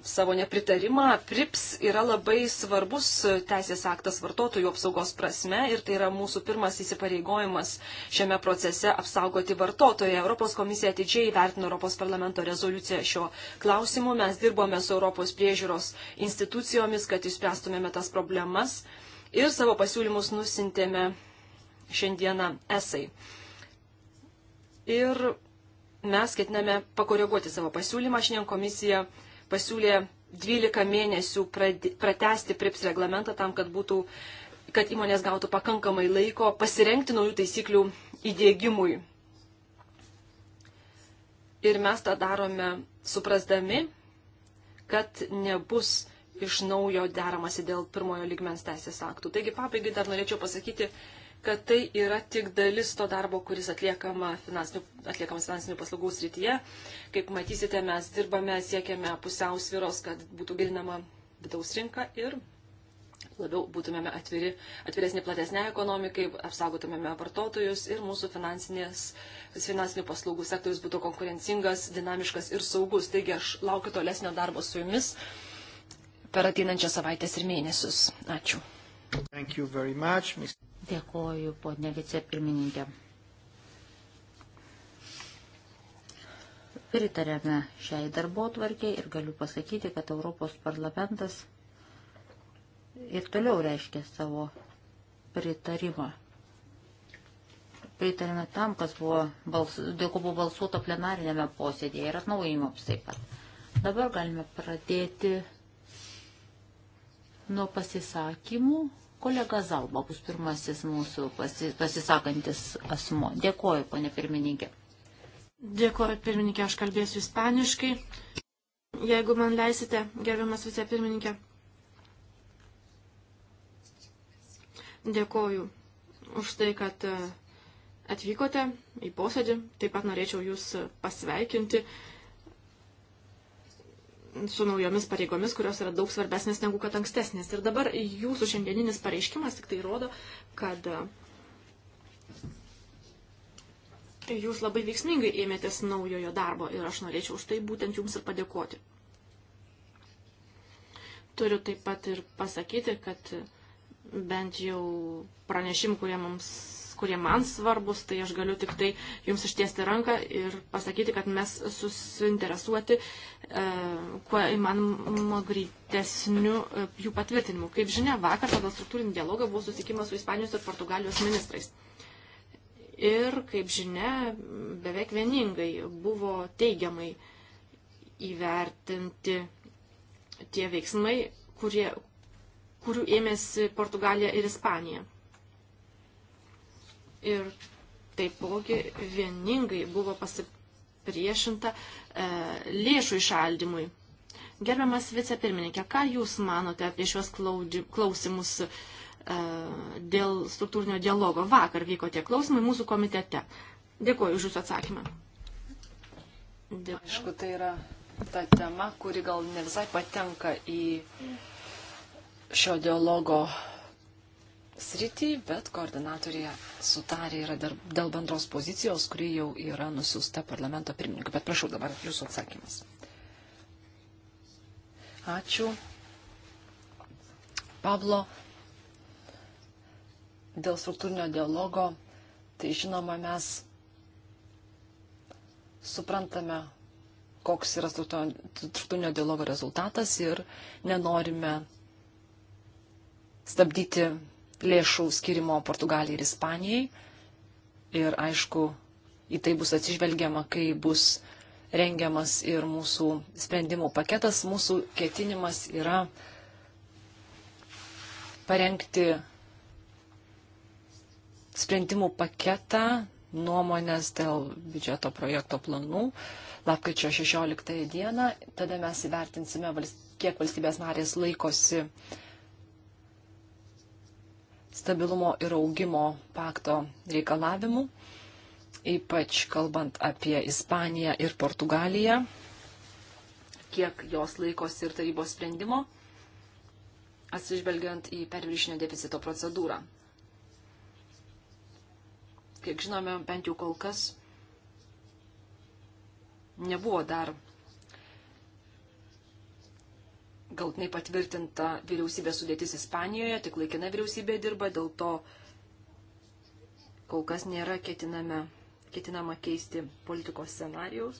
savo nepritarimą. PRIPS yra labai svarbus teisės aktas vartotojų apsaugos prasme ir tai yra mūsų pirmas įsipareigojimas šiame procese apsaugoti vartotoją. Europos komisija atidžiai vertino Europos parlamento rezoliuciją šio klausimu. Mes dirbome su Europos priežiūros institucijomis, kad išspręstumėme tas problemas ir savo pasiūlymus nusintėme šiandieną esai. Ir mes ketiname pakoreguoti savo pasiūlymą. Šiandien komisija pasiūlė 12 mėnesių pratesti PRIPS reglamentą tam, kad, būtų, kad įmonės gautų pakankamai laiko pasirengti naujų taisyklių įdėgymui. Ir mes tą darome suprasdami, kad nebus iš naujo deramasi dėl pirmojo ligmens teisės aktų. Taigi pabaigai dar norėčiau pasakyti, kad tai yra tik dalis to darbo, kuris atliekama finansinių, atliekamas finansinių paslaugų srityje. Kaip matysite, mes dirbame, siekiame pusiausviros, kad būtų gilinama vidaus rinka ir labiau būtumėme atviri, atviresni platesnė ekonomikai, apsaugotumėme vartotojus ir mūsų finansinių paslaugų sektorius būtų konkurencingas, dinamiškas ir saugus. Taigi aš laukiu tolesnio darbo su jumis per ateinančią savaitės ir mėnesius. Ačiū. Much, Dėkoju, ponė vicepirmininkė. Pritarėme šiai darbo tvarkiai ir galiu pasakyti, kad Europos parlamentas ir toliau reiškia savo pritarimą. Pritarėme tam, kas buvo, bals, dėl ko buvo balsuota plenarinėme posėdėje ir atnaujimams taip pat. Dabar galime pradėti nuo pasisakymų Kolega Zalba bus pirmasis mūsų pasi, pasisakantis asmo. Dėkoju, ponė pirmininkė. Dėkoju, pirmininkė, aš kalbėsiu ispaniškai. Jeigu man leisite, gerbiamas vicepirmininkė. Dėkoju už tai, kad e, atvykote į posėdį. Taip pat norėčiau Jūs e, pasveikinti. Uh, su naujomis pareigomis, kurios yra daug svarbesnės negu kad ankstesnės. Ir dabar jūsų šiandieninis pareiškimas tik tai rodo, kad e, jūs labai veiksmingai ėmėtės naujojo darbo ir aš norėčiau už tai būtent jums ir padėkoti. Turiu taip pat ir pasakyti, kad bent jau pranešimų, kurie mums kurie man svarbus, tai aš galiu tik tai jums ištiesti ranką ir pasakyti, kad mes susinteresuoti e, kuo įmanoma greitesniu e, jų patvirtinimu. Kaip žinia, vakar pagal struktūrinį dialogą buvo susitikimas su Ispanijos ir Portugalijos ministrais. Ir, kaip žinia, beveik vieningai buvo teigiamai įvertinti tie veiksmai, kurie, kurių ėmėsi Portugalija ir Ispanija ir taipogi vieningai buvo pasipriešinta e, lėšų išaldimui. Gerbiamas vicepirmininkė, ką Jūs manote apie šios klausimus e, dėl struktūrinio dialogo? Vakar vyko tie klausimai mūsų komitete. Dėkuoju už Jūsų atsakymą. Dėkuoju. Aišku, tai yra ta tema, kuri gal ne visai patenka į šio dialogo sritį, bet koordinatorė sutarė yra dėl bendros pozicijos, kuri jau yra nusiusta parlamento pirmininkui. Bet prašau dabar jūsų atsakymas. Ačiū. Pablo, dėl struktūrinio dialogo, tai žinoma, mes suprantame, koks yra struktūrinio dialogo rezultatas ir nenorime stabdyti lėšų skirimo Portugalijai ir Ispanijai. Ir aišku, į tai bus atsižvelgiama, kai bus rengiamas ir mūsų sprendimų paketas. Mūsų ketinimas yra parengti sprendimų paketą nuomonės dėl biudžeto projekto planų lapkričio 16 dieną. Tada mes įvertinsime, kiek valstybės narės laikosi uh, stabilumo ir augimo pakto reikalavimų, ypač kalbant apie Ispaniją ir Portugaliją, kiek jos laikosi ir tarybos sprendimo, atsižvelgiant į perviršinio deficito procedūrą. Kiek žinome, bent jau kol kas nebuvo dar galtinai patvirtinta vyriausybės sudėtis Ispanijoje, tik laikina vyriausybė dirba, dėl to kol kas nėra ketiname, ketinama keisti politikos scenarijaus.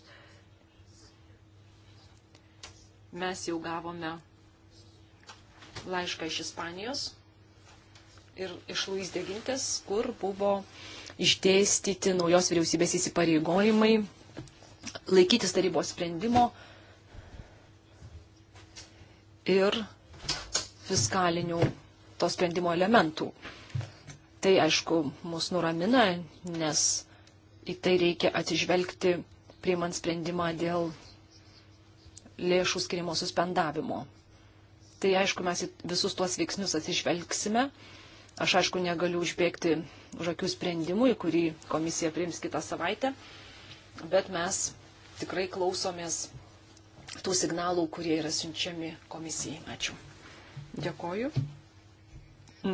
Mes jau gavome laišką iš Ispanijos ir iš Luis Degintės, kur buvo išdėstyti naujos vyriausybės įsipareigojimai laikytis tarybos sprendimo ir fiskalinių to sprendimo elementų. Tai aišku, mus nuramina, nes į tai reikia atsižvelgti priimant sprendimą dėl lėšų skirimo suspendavimo. Tai aišku, mes visus tuos veiksnius atsižvelgsime. Aš aišku, negaliu užbėgti už akių sprendimui, kurį komisija priims kitą savaitę, bet mes tikrai klausomės tų signalų, kurie yra siunčiami komisijai. Ačiū. Dėkoju.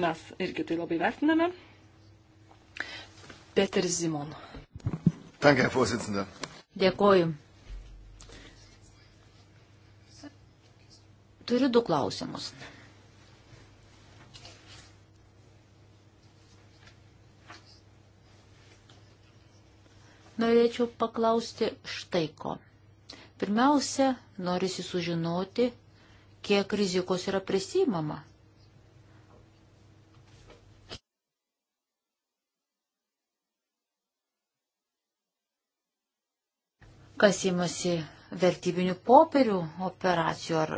Mes irgi tai labai vertiname. Peter Zimon. Danke, Herr Vorsitzender. Dėkoju. Turiu du klausimus. Norėčiau paklausti štai ko. Pirmiausia, norisi sužinoti, kiek rizikos yra prisimama. Kas įmasi vertybinių popierių operacijų ar,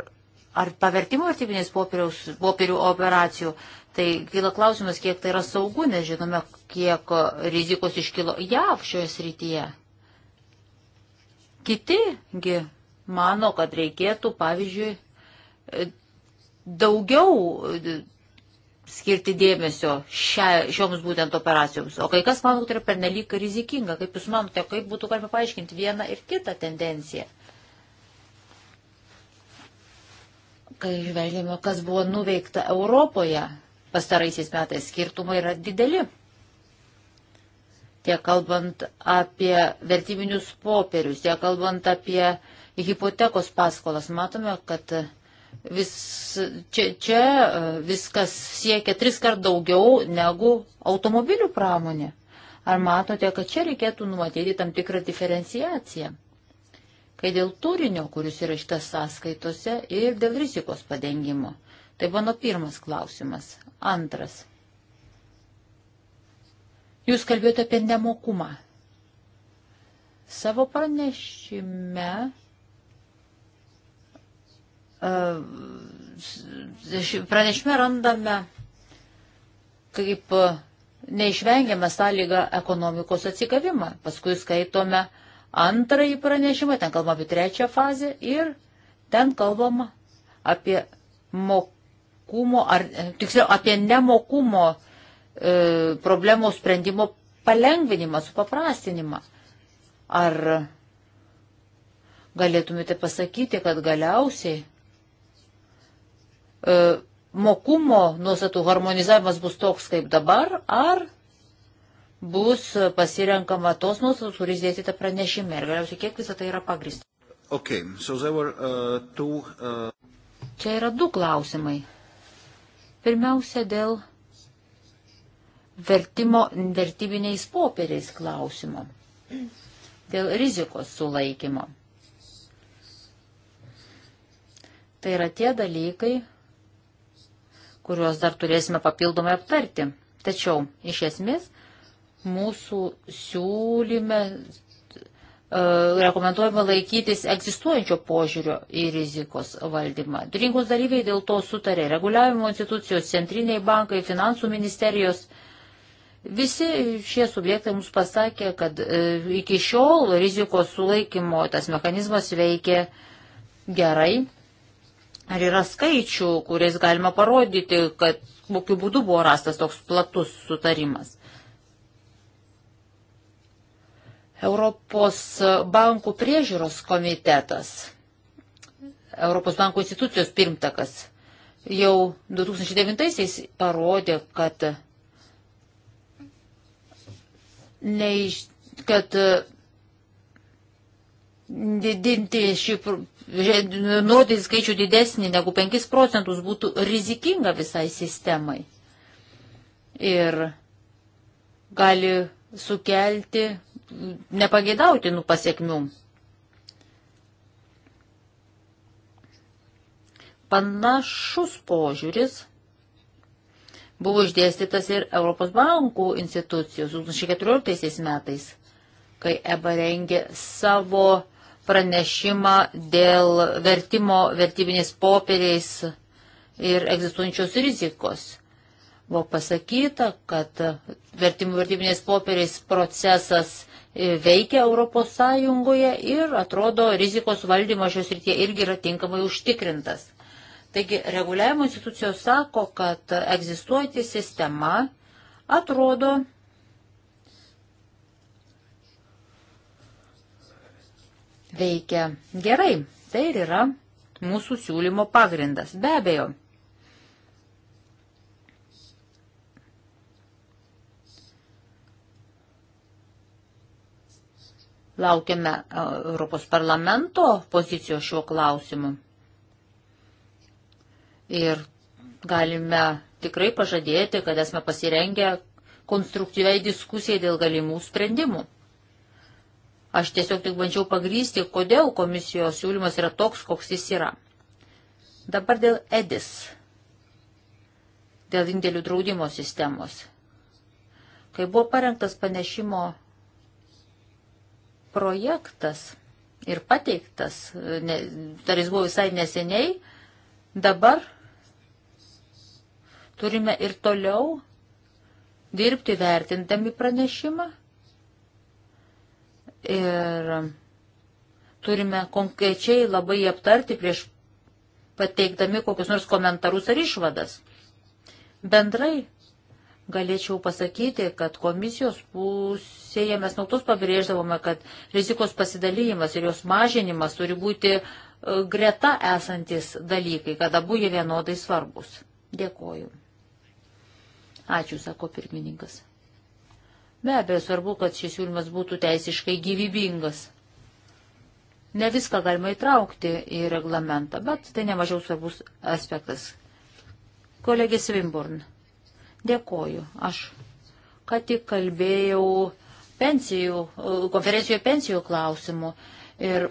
ar pavertimo vertybinės popierių operacijų, tai kyla klausimas, kiek tai yra saugu, nes žinome, kiek rizikos iškilo JAV šioje srityje. Kitigi mano, kad reikėtų, pavyzdžiui, e, daugiau e, skirti dėmesio šia, šioms būtent operacijoms. O kai kas mano, kad tai yra pernelyg rizikinga. Kaip Jūs manote, kaip būtų galima paaiškinti vieną ir kitą tendenciją? Kai žvelgėme, kas buvo nuveikta Europoje pastaraisiais metais, skirtumai yra dideli tiek kalbant apie vertybinius popierius, tiek kalbant apie hipotekos paskolas. Matome, kad vis, čia, čia e, viskas siekia tris kart daugiau negu automobilių pramonė. Ar matote, kad čia reikėtų numatyti tam tikrą diferenciaciją? Kai dėl turinio, kuris yra ištas sąskaitose ir dėl rizikos padengimo. Tai mano pirmas klausimas. Antras. Jūs kalbėjote apie nemokumą. Savo pranešime e, pranešime randame kaip e, neišvengiamą sąlygą ekonomikos atsigavimą. Paskui skaitome antrąjį pranešimą, ten kalbam apie trečią fazę ir ten kalbam apie mokumo, ar e, tiksliau apie nemokumo uh, e, problemų sprendimo palengvinimą, supaprastinimą. Ar galėtumėte pasakyti, kad galiausiai e, mokumo nuostatų harmonizavimas bus toks kaip dabar, ar bus pasirenkama tos nuostatos, kuris dėsite pranešime ir galiausiai kiek visą tai yra pagrįsta. Okay, so there were, uh, two, uh... Čia yra du klausimai. Pirmiausia, dėl vertimo vertybiniais popieriais klausimo, dėl rizikos sulaikymo. Tai yra tie dalykai, kuriuos dar turėsime papildomai aptarti. Tačiau, iš esmės, mūsų siūlyme e, rekomenduojama laikytis egzistuojančio požiūrio į rizikos valdymą. Rinkos dalyviai dėl to sutarė reguliavimo institucijos, centriniai bankai, finansų ministerijos Visi šie subjektai mums pasakė, kad e, iki šiol rizikos sulaikymo tas mechanizmas veikia gerai. Ar yra skaičių, kuriais galima parodyti, kad kokiu būdu buvo rastas toks platus sutarimas? Europos bankų priežiūros komitetas, Europos bankų institucijos pirmtakas jau 2009-aisiais parodė, kad neiš, kad e, didinti šį, nurodyti skaičių didesnį negu 5 procentus būtų rizikinga visai sistemai. Ir gali sukelti nepageidautinų pasiekmių. Panašus požiūris buvo išdėstytas ir Europos bankų institucijos 2014 metais, kai EBA rengė savo pranešimą dėl vertimo vertybiniais popieriais ir egzistuojančios rizikos. Buvo pasakyta, kad vertimų vertybiniais popieriais procesas e, veikia Europos Sąjungoje ir atrodo rizikos valdymas šios rytie irgi yra tinkamai užtikrintas. Taigi reguliavimo institucijos sako, kad egzistuojanti sistema atrodo veikia gerai. Tai ir yra mūsų siūlymo pagrindas. Be abejo. Laukiame e, Europos parlamento pozicijos šiuo klausimu. Ir galime tikrai pažadėti, kad esame pasirengę konstruktyviai diskusijai dėl galimų sprendimų. Aš tiesiog tik bandžiau pagrysti, kodėl komisijos siūlymas yra toks, koks jis yra. Dabar dėl EDIS, dėl indėlių draudimo sistemos. Kai buvo parengtas panešimo projektas ir pateiktas, ne, dar jis buvo visai neseniai, dabar Turime ir toliau dirbti vertintami pranešimą ir turime konkrečiai labai aptarti prieš pateikdami kokius nors komentarus ar išvadas. Bendrai galėčiau pasakyti, kad komisijos pusėje mes nautos pabrėždavome, kad rizikos pasidalymas ir jos mažinimas turi būti e, greta esantis dalykai, kada būjė vienodai svarbus. Dėkoju. Ačiū, sako pirmininkas. Be abejo, svarbu, kad šis siūlymas būtų teisiškai gyvybingas. Ne viską galima įtraukti į reglamentą, bet tai nemažiau svarbus aspektas. Kolegė Svimburn, dėkoju. Aš ką tik kalbėjau pensijų, konferencijoje pensijų klausimų. Ir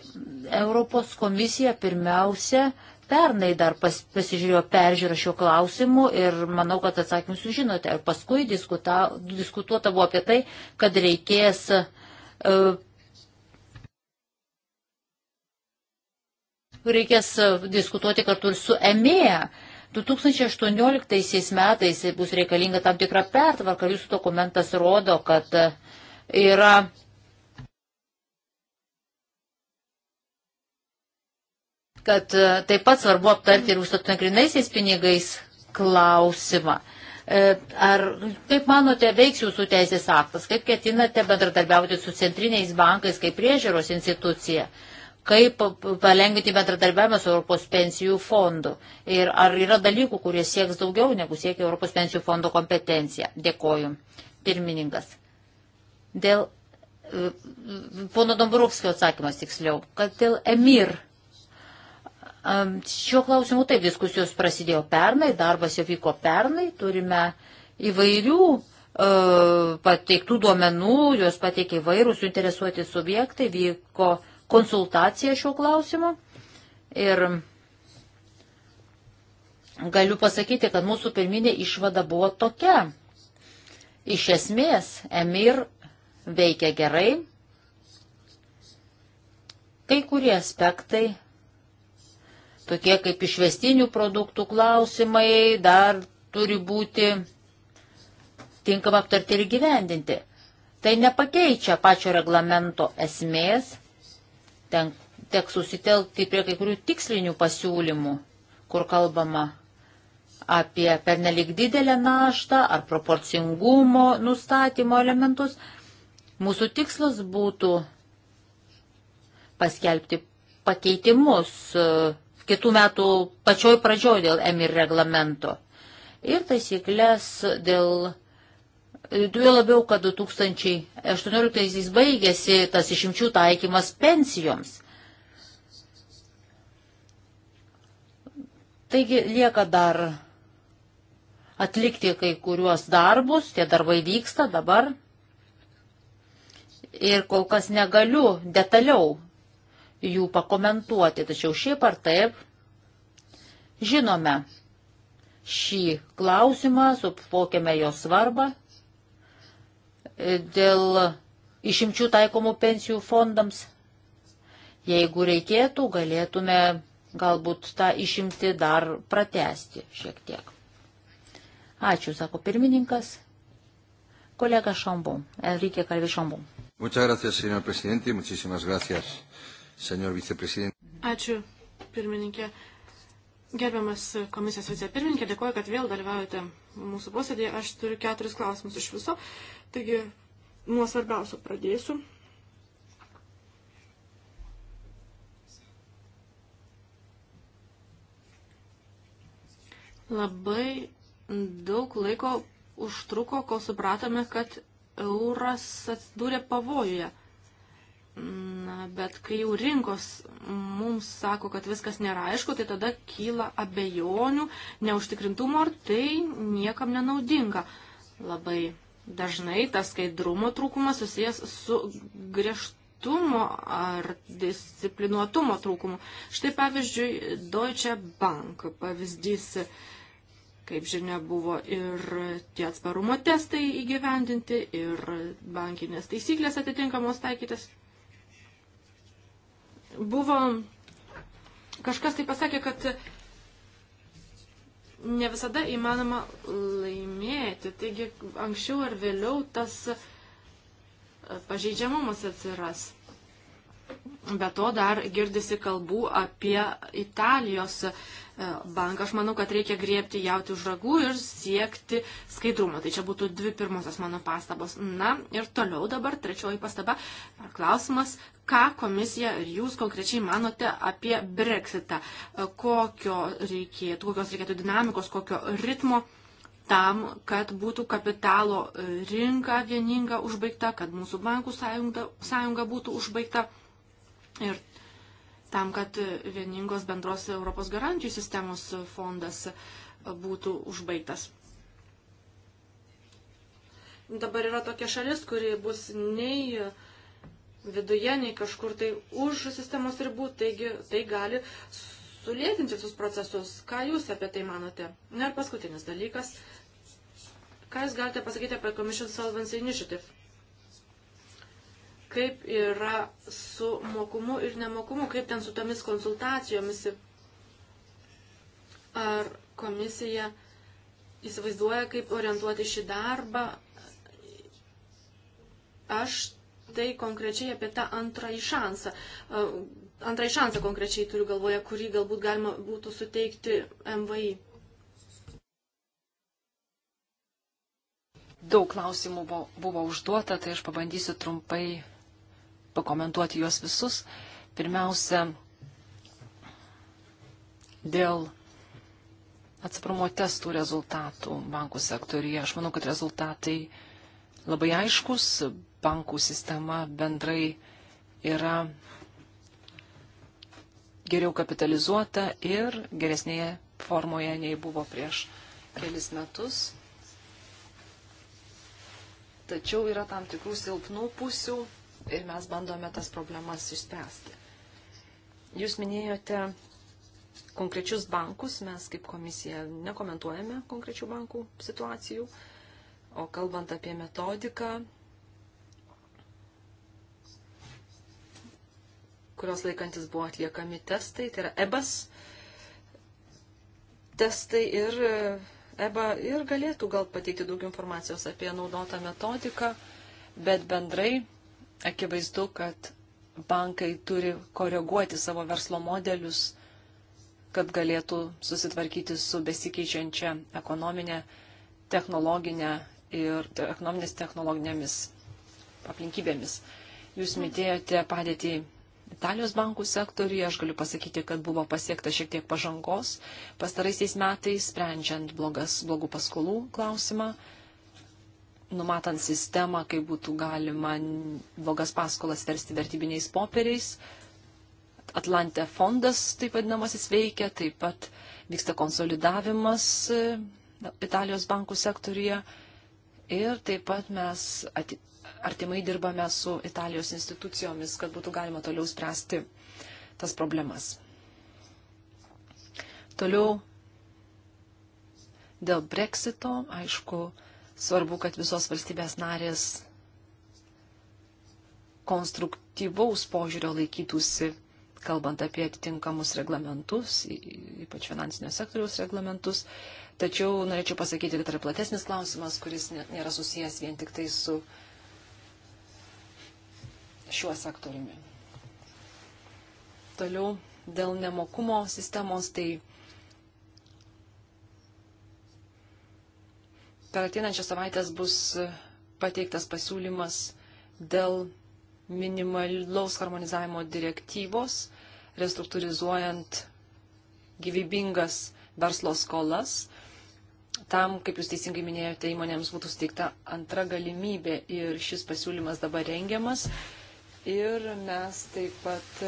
Europos komisija pirmiausia pernai dar pas, pasižiūrėjo peržiūrą šio klausimu ir manau, kad atsakymus jūs žinote. Ir paskui diskuta, diskutuota buvo apie tai, kad reikės. Uh, Reikės e, diskutuoti kartu ir su EMEA. 2018 metais bus reikalinga tam tikra pertvarka. Jūsų dokumentas rodo, kad e, yra kad e, taip pat svarbu aptarti ir užstatų negrinaisiais pinigais klausimą. E, ar, kaip manote, veiks jūsų teisės aktas? Kaip ketinate bendradarbiauti su centriniais bankais kaip priežiūros institucija? Kaip palengvinti bendradarbiavimą su Europos pensijų fondu? Ir ar yra dalykų, kurie sieks daugiau negu siekia Europos pensijų fondo kompetencija? Dėkoju. Pirmininkas. Dėl e, pono Dombrovskio atsakymas tiksliau, kad dėl emir Šiuo klausimu taip diskusijos prasidėjo pernai, darbas jau vyko pernai, turime įvairių e, pateiktų duomenų, juos pateikė įvairūs suinteresuoti subjektai, vyko konsultacija šiuo klausimu. Ir galiu pasakyti, kad mūsų pirminė išvada buvo tokia. Iš esmės, Emir veikia gerai. Kai kurie aspektai tokie kaip išvestinių produktų klausimai dar turi būti tinkamai aptarti ir gyvendinti. Tai nepakeičia pačio reglamento esmės, ten tek susitelkti prie kai kurių tikslinių pasiūlymų, kur kalbama apie pernelik didelę naštą ar proporcingumo nustatymo elementus. Mūsų tikslas būtų paskelbti pakeitimus kitų metų pačioj pradžioj dėl EMIR reglamento ir taisyklės dėl Tuo labiau, kad 2018 baigėsi tas išimčių taikymas pensijoms. Taigi lieka dar atlikti kai kuriuos darbus, tie darbai vyksta dabar. Ir kol kas negaliu detaliau jų pakomentuoti. Tačiau šiaip ar taip žinome šį klausimą, suvokiame jo svarbą dėl išimčių taikomų pensijų fondams. Jeigu reikėtų, galėtume galbūt tą išimti dar pratesti šiek tiek. Ačiū, sako pirmininkas. Kolega Šambum, Enrique Kalvi Šambum. Muchas gracias, señor presidente, muchísimas gracias senor viceprezidentė. Ačiū, pirmininkė. Gerbiamas komisijos vicepirmininkė, dėkuoju, kad vėl dalyvaujate mūsų posėdėje. Aš turiu keturis klausimus iš viso. Taigi, nuo svarbiausio pradėsiu. Labai daug laiko užtruko, kol supratome, kad euras atsidūrė pavojuje. Na, bet kai jau rinkos mums sako, kad viskas nėra aišku, tai tada kyla abejonių, neužtikrintumo ir tai niekam nenaudinga. Labai dažnai tas skaidrumo trūkumas susijęs su griežtumo ar disciplinuotumo trūkumu. Štai pavyzdžiui, Deutsche Bank pavyzdys, kaip žinia, buvo ir tie atsparumo testai įgyvendinti, ir bankinės taisyklės atitinkamos taikytis Buvo kažkas tai pasakė, kad ne visada įmanoma laimėti. Taigi anksčiau ar vėliau tas pažeidžiamumas atsiras. Be to dar girdisi kalbų apie Italijos uh, E, banką. Aš manau, kad reikia griebti jauti už ragų ir siekti skaidrumo. Tai čia būtų dvi pirmosios mano pastabos. Na ir toliau dabar trečioji pastaba. Ar klausimas, ką komisija ir jūs konkrečiai manote apie Brexitą? E, kokio reikėtų, kokios reikėtų dinamikos, kokio ritmo? tam, kad būtų kapitalo rinka vieninga užbaigta, kad mūsų bankų sąjunga, sąjunga būtų užbaigta. Ir tam, kad vieningos bendros Europos garantijų sistemos fondas būtų užbaigtas. Dabar yra tokia šalis, kuri bus nei viduje, nei kažkur tai už sistemos ribų, taigi tai gali sulėtinti visus procesus. Ką Jūs apie tai manote? Na ir paskutinis dalykas. Ką Jūs galite pasakyti apie Commission Solvency Initiative? kaip yra su mokumu ir nemokumu, kaip ten su tomis konsultacijomis. Ar komisija įsivaizduoja, kaip orientuoti šį darbą. Aš tai konkrečiai apie tą antrąjį šansą. Antrąjį šansą konkrečiai turiu galvoje, kurį galbūt galima būtų suteikti MVI. Daug klausimų buvo užduota, tai aš pabandysiu trumpai pakomentuoti juos visus. Pirmiausia, dėl atsparumo testų rezultatų bankų sektorija. Aš manau, kad rezultatai labai aiškus, bankų sistema bendrai yra geriau kapitalizuota ir geresnėje formoje nei buvo prieš kelis metus. Tačiau yra tam tikrų silpnų pusių ir mes bandome tas problemas išspręsti. Jūs minėjote konkrečius bankus, mes kaip komisija nekomentuojame konkrečių bankų situacijų, o kalbant apie metodiką, kurios laikantis buvo atliekami testai, tai yra EBAS testai ir EBA e ir galėtų gal pateikti daug informacijos apie naudotą metodiką, bet bendrai akivaizdu, kad bankai turi koreguoti savo verslo modelius, kad galėtų susitvarkyti su besikeičiančia ekonominė, technologinė ir ekonominės technologinėmis aplinkybėmis. Jūs mitėjote padėtį Italijos bankų sektoriuje, aš galiu pasakyti, kad buvo pasiekta šiek tiek pažangos pastaraisiais metais, sprendžiant blogas, blogų paskolų klausimą numatant sistemą, kaip būtų galima blogas paskolas versti vertybiniais popieriais. Atlantė fondas, taip vadinamasis, veikia, taip pat vyksta konsolidavimas e, Italijos bankų sektorija ir taip pat mes artimai dirbame su Italijos institucijomis, kad būtų galima toliau spręsti tas problemas. Toliau dėl breksito, aišku, Svarbu, kad visos valstybės narės konstruktyvaus požiūrio laikytųsi, kalbant apie atitinkamus reglamentus, ypač finansinio sektoriaus reglamentus. Tačiau norėčiau pasakyti, kad yra platesnis klausimas, kuris nėra susijęs vien tik tai su šiuo sektoriumi. Toliau dėl nemokumo sistemos, tai Per ateinančią savaitę bus pateiktas pasiūlymas dėl minimalaus harmonizavimo direktyvos, restruktūrizuojant gyvybingas verslo skolas. Tam, kaip jūs teisingai minėjote, įmonėms būtų steigta antra galimybė ir šis pasiūlymas dabar rengiamas. Ir mes taip pat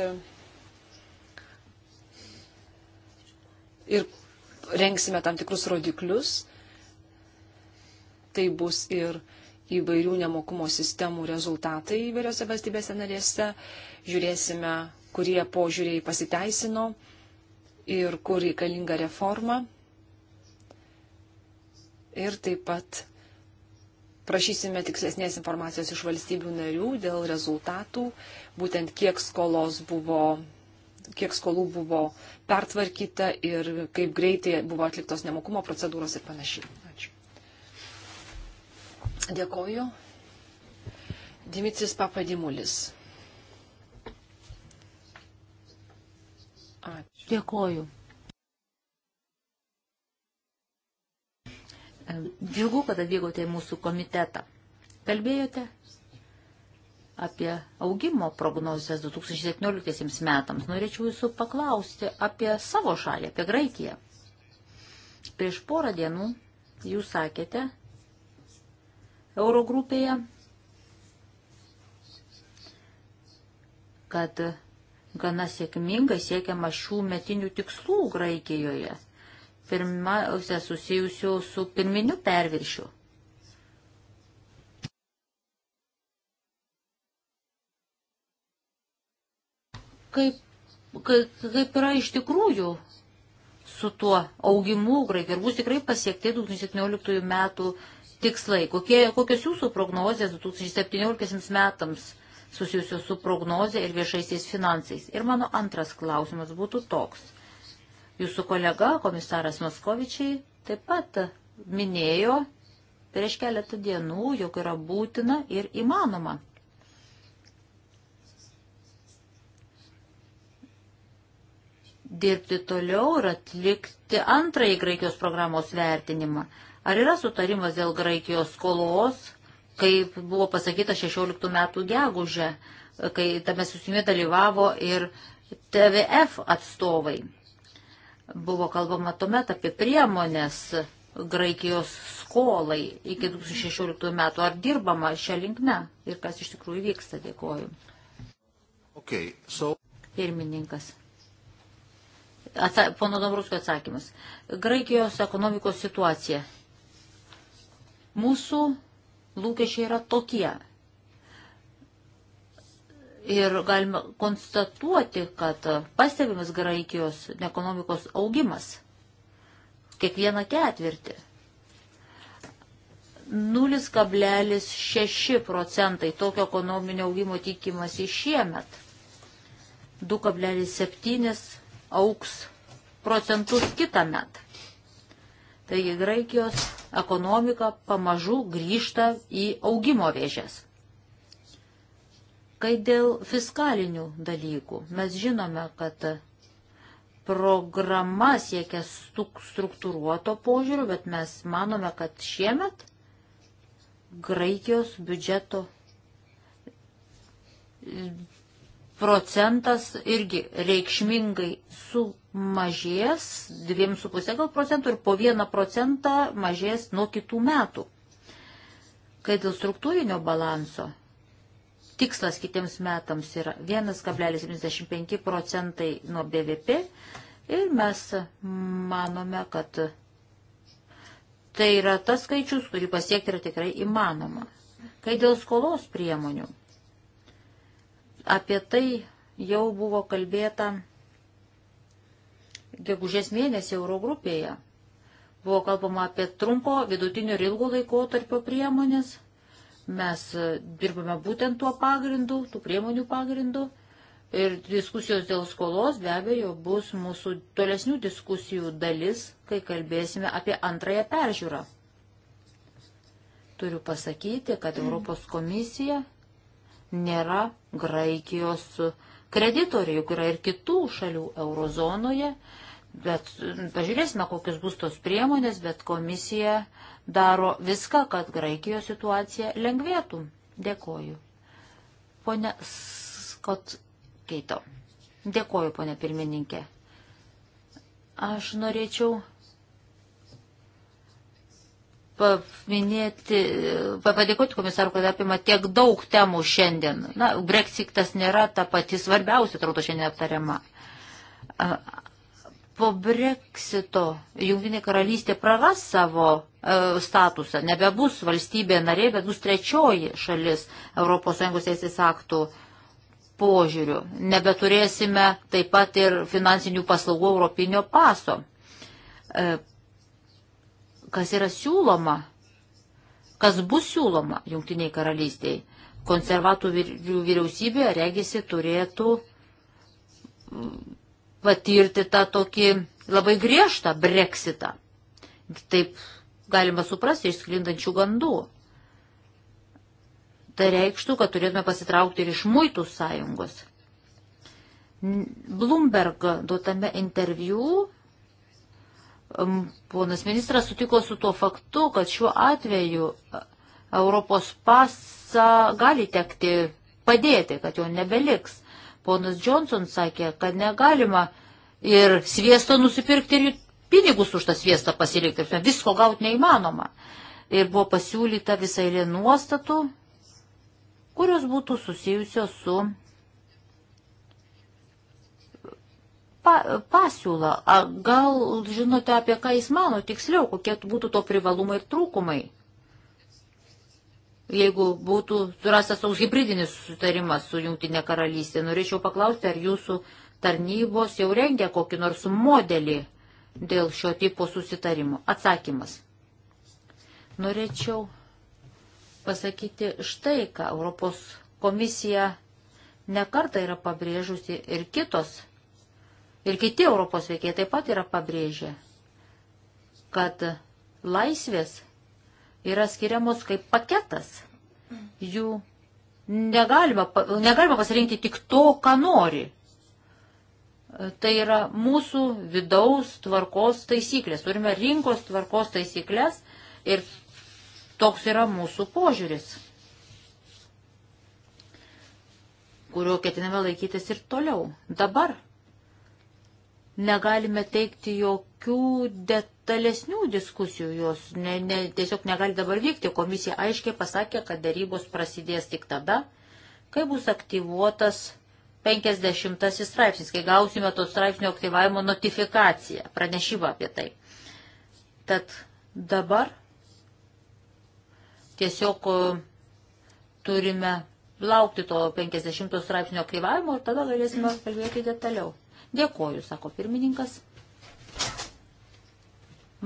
ir rengsime tam tikrus rodiklius tai bus ir įvairių nemokumo sistemų rezultatai įvairiose valstybėse narėse. Žiūrėsime, kurie požiūriai pasiteisino ir kur reikalinga reforma. Ir taip pat prašysime tikslesnės informacijos iš valstybių narių dėl rezultatų, būtent kiek skolos buvo kiek skolų buvo pertvarkyta ir kaip greitai buvo atliktos nemokumo procedūros ir panašiai. Dėkoju. Dimitris Papadimulis. Ačiū. Dėkoju. Džiugu, kad atvykote į mūsų komitetą. Kalbėjote apie augimo prognozes 2017 metams. Norėčiau jūsų paklausti apie savo šalį, apie Graikiją. Prieš porą dienų jūs sakėte, Eurogrupėje, kad gana sėkmingai siekiama šių metinių tikslų Graikijoje, pirmiausia susijusių su pirminiu perviršiu. Kaip, kaip, kaip yra iš tikrųjų su tuo augimu Graikijai ir bus tikrai pasiekti 2017 metų tikslai? Kokie, kokios jūsų prognozijas 2017 metams susijusios su prognozija ir viešaisiais finansais? Ir mano antras klausimas būtų toks. Jūsų kolega, komisaras Moskovičiai, taip pat minėjo prieš keletą dienų, jog yra būtina ir įmanoma. Dirbti toliau ir atlikti antrąjį Graikijos programos vertinimą. Ar yra sutarimas dėl Graikijos skolos, kaip buvo pasakyta 16 metų gegužę, kai tame susimė dalyvavo ir TVF atstovai. Buvo kalbama tuomet apie priemonės Graikijos skolai iki 2016 metų. Ar dirbama šią linkmę ir kas iš tikrųjų vyksta, dėkoju. Okay, so... Pirmininkas. Atsa, pono Dombruskio atsakymas. Graikijos ekonomikos situacija Mūsų lūkesčiai yra tokie. Ir galime konstatuoti, kad pastebimas Graikijos ekonomikos augimas kiekvieną ketvirtį. 0,6 procentai tokio ekonominio augimo tikimasi šiemet. 2,7 auks procentus kitą metą. Taigi Graikijos ekonomika pamažu grįžta į augimo vėžės. Kai dėl fiskalinių dalykų mes žinome, kad programa siekia struktūruoto požiūrių, bet mes manome, kad šiemet Graikijos biudžeto procentas irgi reikšmingai sumažės, 2,5 procentų ir po 1 procentą mažės nuo kitų metų. Kai dėl struktūrinio balanso tikslas kitiems metams yra 1,75 procentai nuo BVP ir mes manome, kad tai yra tas skaičius, kurį pasiekti yra tikrai įmanoma. Kai dėl skolos priemonių Apie tai jau buvo kalbėta gegužės mėnesį Eurogrupėje. Buvo kalbama apie trumpo, vidutinio ir ilgo laiko tarpio priemonės. Mes dirbame būtent tuo pagrindu, tų priemonių pagrindu. Ir diskusijos dėl skolos be abejo bus mūsų tolesnių diskusijų dalis, kai kalbėsime apie antrąją peržiūrą. Turiu pasakyti, kad Europos komisija nėra Graikijos kreditoriai, juk yra ir kitų šalių eurozonoje, bet pažiūrėsime, kokios bus tos priemonės, bet komisija daro viską, kad Graikijos situacija lengvėtų. Dėkoju. Pone Skot Keito. Dėkoju, pone pirmininkė. Aš norėčiau paminėti, padėkoti komisaru, kad apima tiek daug temų šiandien. Na, Brexitas nėra ta pati svarbiausia, atrodo, šiandien aptariama. Po Brexito Junktinė karalystė praras savo e, statusą, nebebus valstybė narė, bet bus trečioji šalis ES teisės aktų požiūrių. Nebeturėsime taip pat ir finansinių paslaugų europinio paso e, kas yra siūloma, kas bus siūloma Junktiniai karalystiai. Konservatų vyriausybė, regisi, turėtų mm, patirti tą tokį labai griežtą breksitą. Taip galima suprasti išsklindančių gandų. Tai reikštų, kad turėtume pasitraukti ir iš muitų sąjungos. Bloomberg duotame interviu Ponas ministras sutiko su tuo faktu, kad šiuo atveju e, Europos pasą gali tekti padėti, kad jo nebeliks. Ponas Johnson sakė, kad negalima ir sviesto nusipirkti ir pinigus už tą sviestą pasilikti. Visko gauti neįmanoma. Ir buvo pasiūlyta visai nuostatų, kurios būtų susijusios su pa, pasiūlą. A, gal žinote, apie ką jis mano tiksliau, kokie būtų to privalumai ir trūkumai? Jeigu būtų surastas toks hybridinis sutarimas su Junktinė karalystė, norėčiau paklausti, ar jūsų tarnybos jau rengia kokį nors modelį dėl šio tipo susitarimo. Atsakymas. Norėčiau pasakyti štai, ką Europos komisija nekarta yra pabrėžusi ir kitos ir kiti Europos veikiai taip pat yra pabrėžę, kad laisvės yra skiriamos kaip paketas. Jų negalima, negalima pasirinkti tik to, ką nori. Tai yra mūsų vidaus tvarkos taisyklės. Turime rinkos tvarkos taisyklės ir toks yra mūsų požiūris, kurio ketiname laikytis ir toliau. Dabar negalime teikti jokių detalesnių diskusijų, jos ne, ne, tiesiog negali dabar vykti. Komisija aiškiai pasakė, kad darybos prasidės tik tada, kai bus aktyvuotas 50 straipsnis, kai gausime to straipsnio aktyvavimo notifikaciją, pranešimą apie tai. Tad dabar tiesiog e, turime laukti to 50 straipsnio aktyvavimo ir tada galėsime kalbėti detaliau. Dėkoju, sako pirmininkas.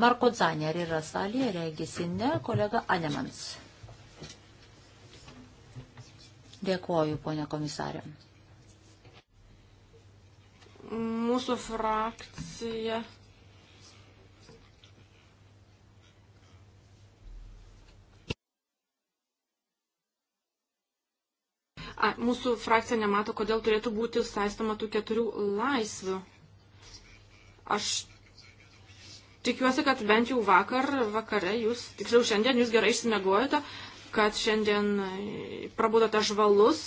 Marko Dzanė, ar yra salėje, regisi ne, kolega Anemans. Dėkoju, ponia komisarė. Mūsų frakcija A, mūsų frakcija nemato, kodėl turėtų būti saistama tų keturių laisvių. Aš tikiuosi, kad bent jau vakar, vakare jūs, tiksliau šiandien jūs gerai išsimiegojate, kad šiandien prabudote žvalus,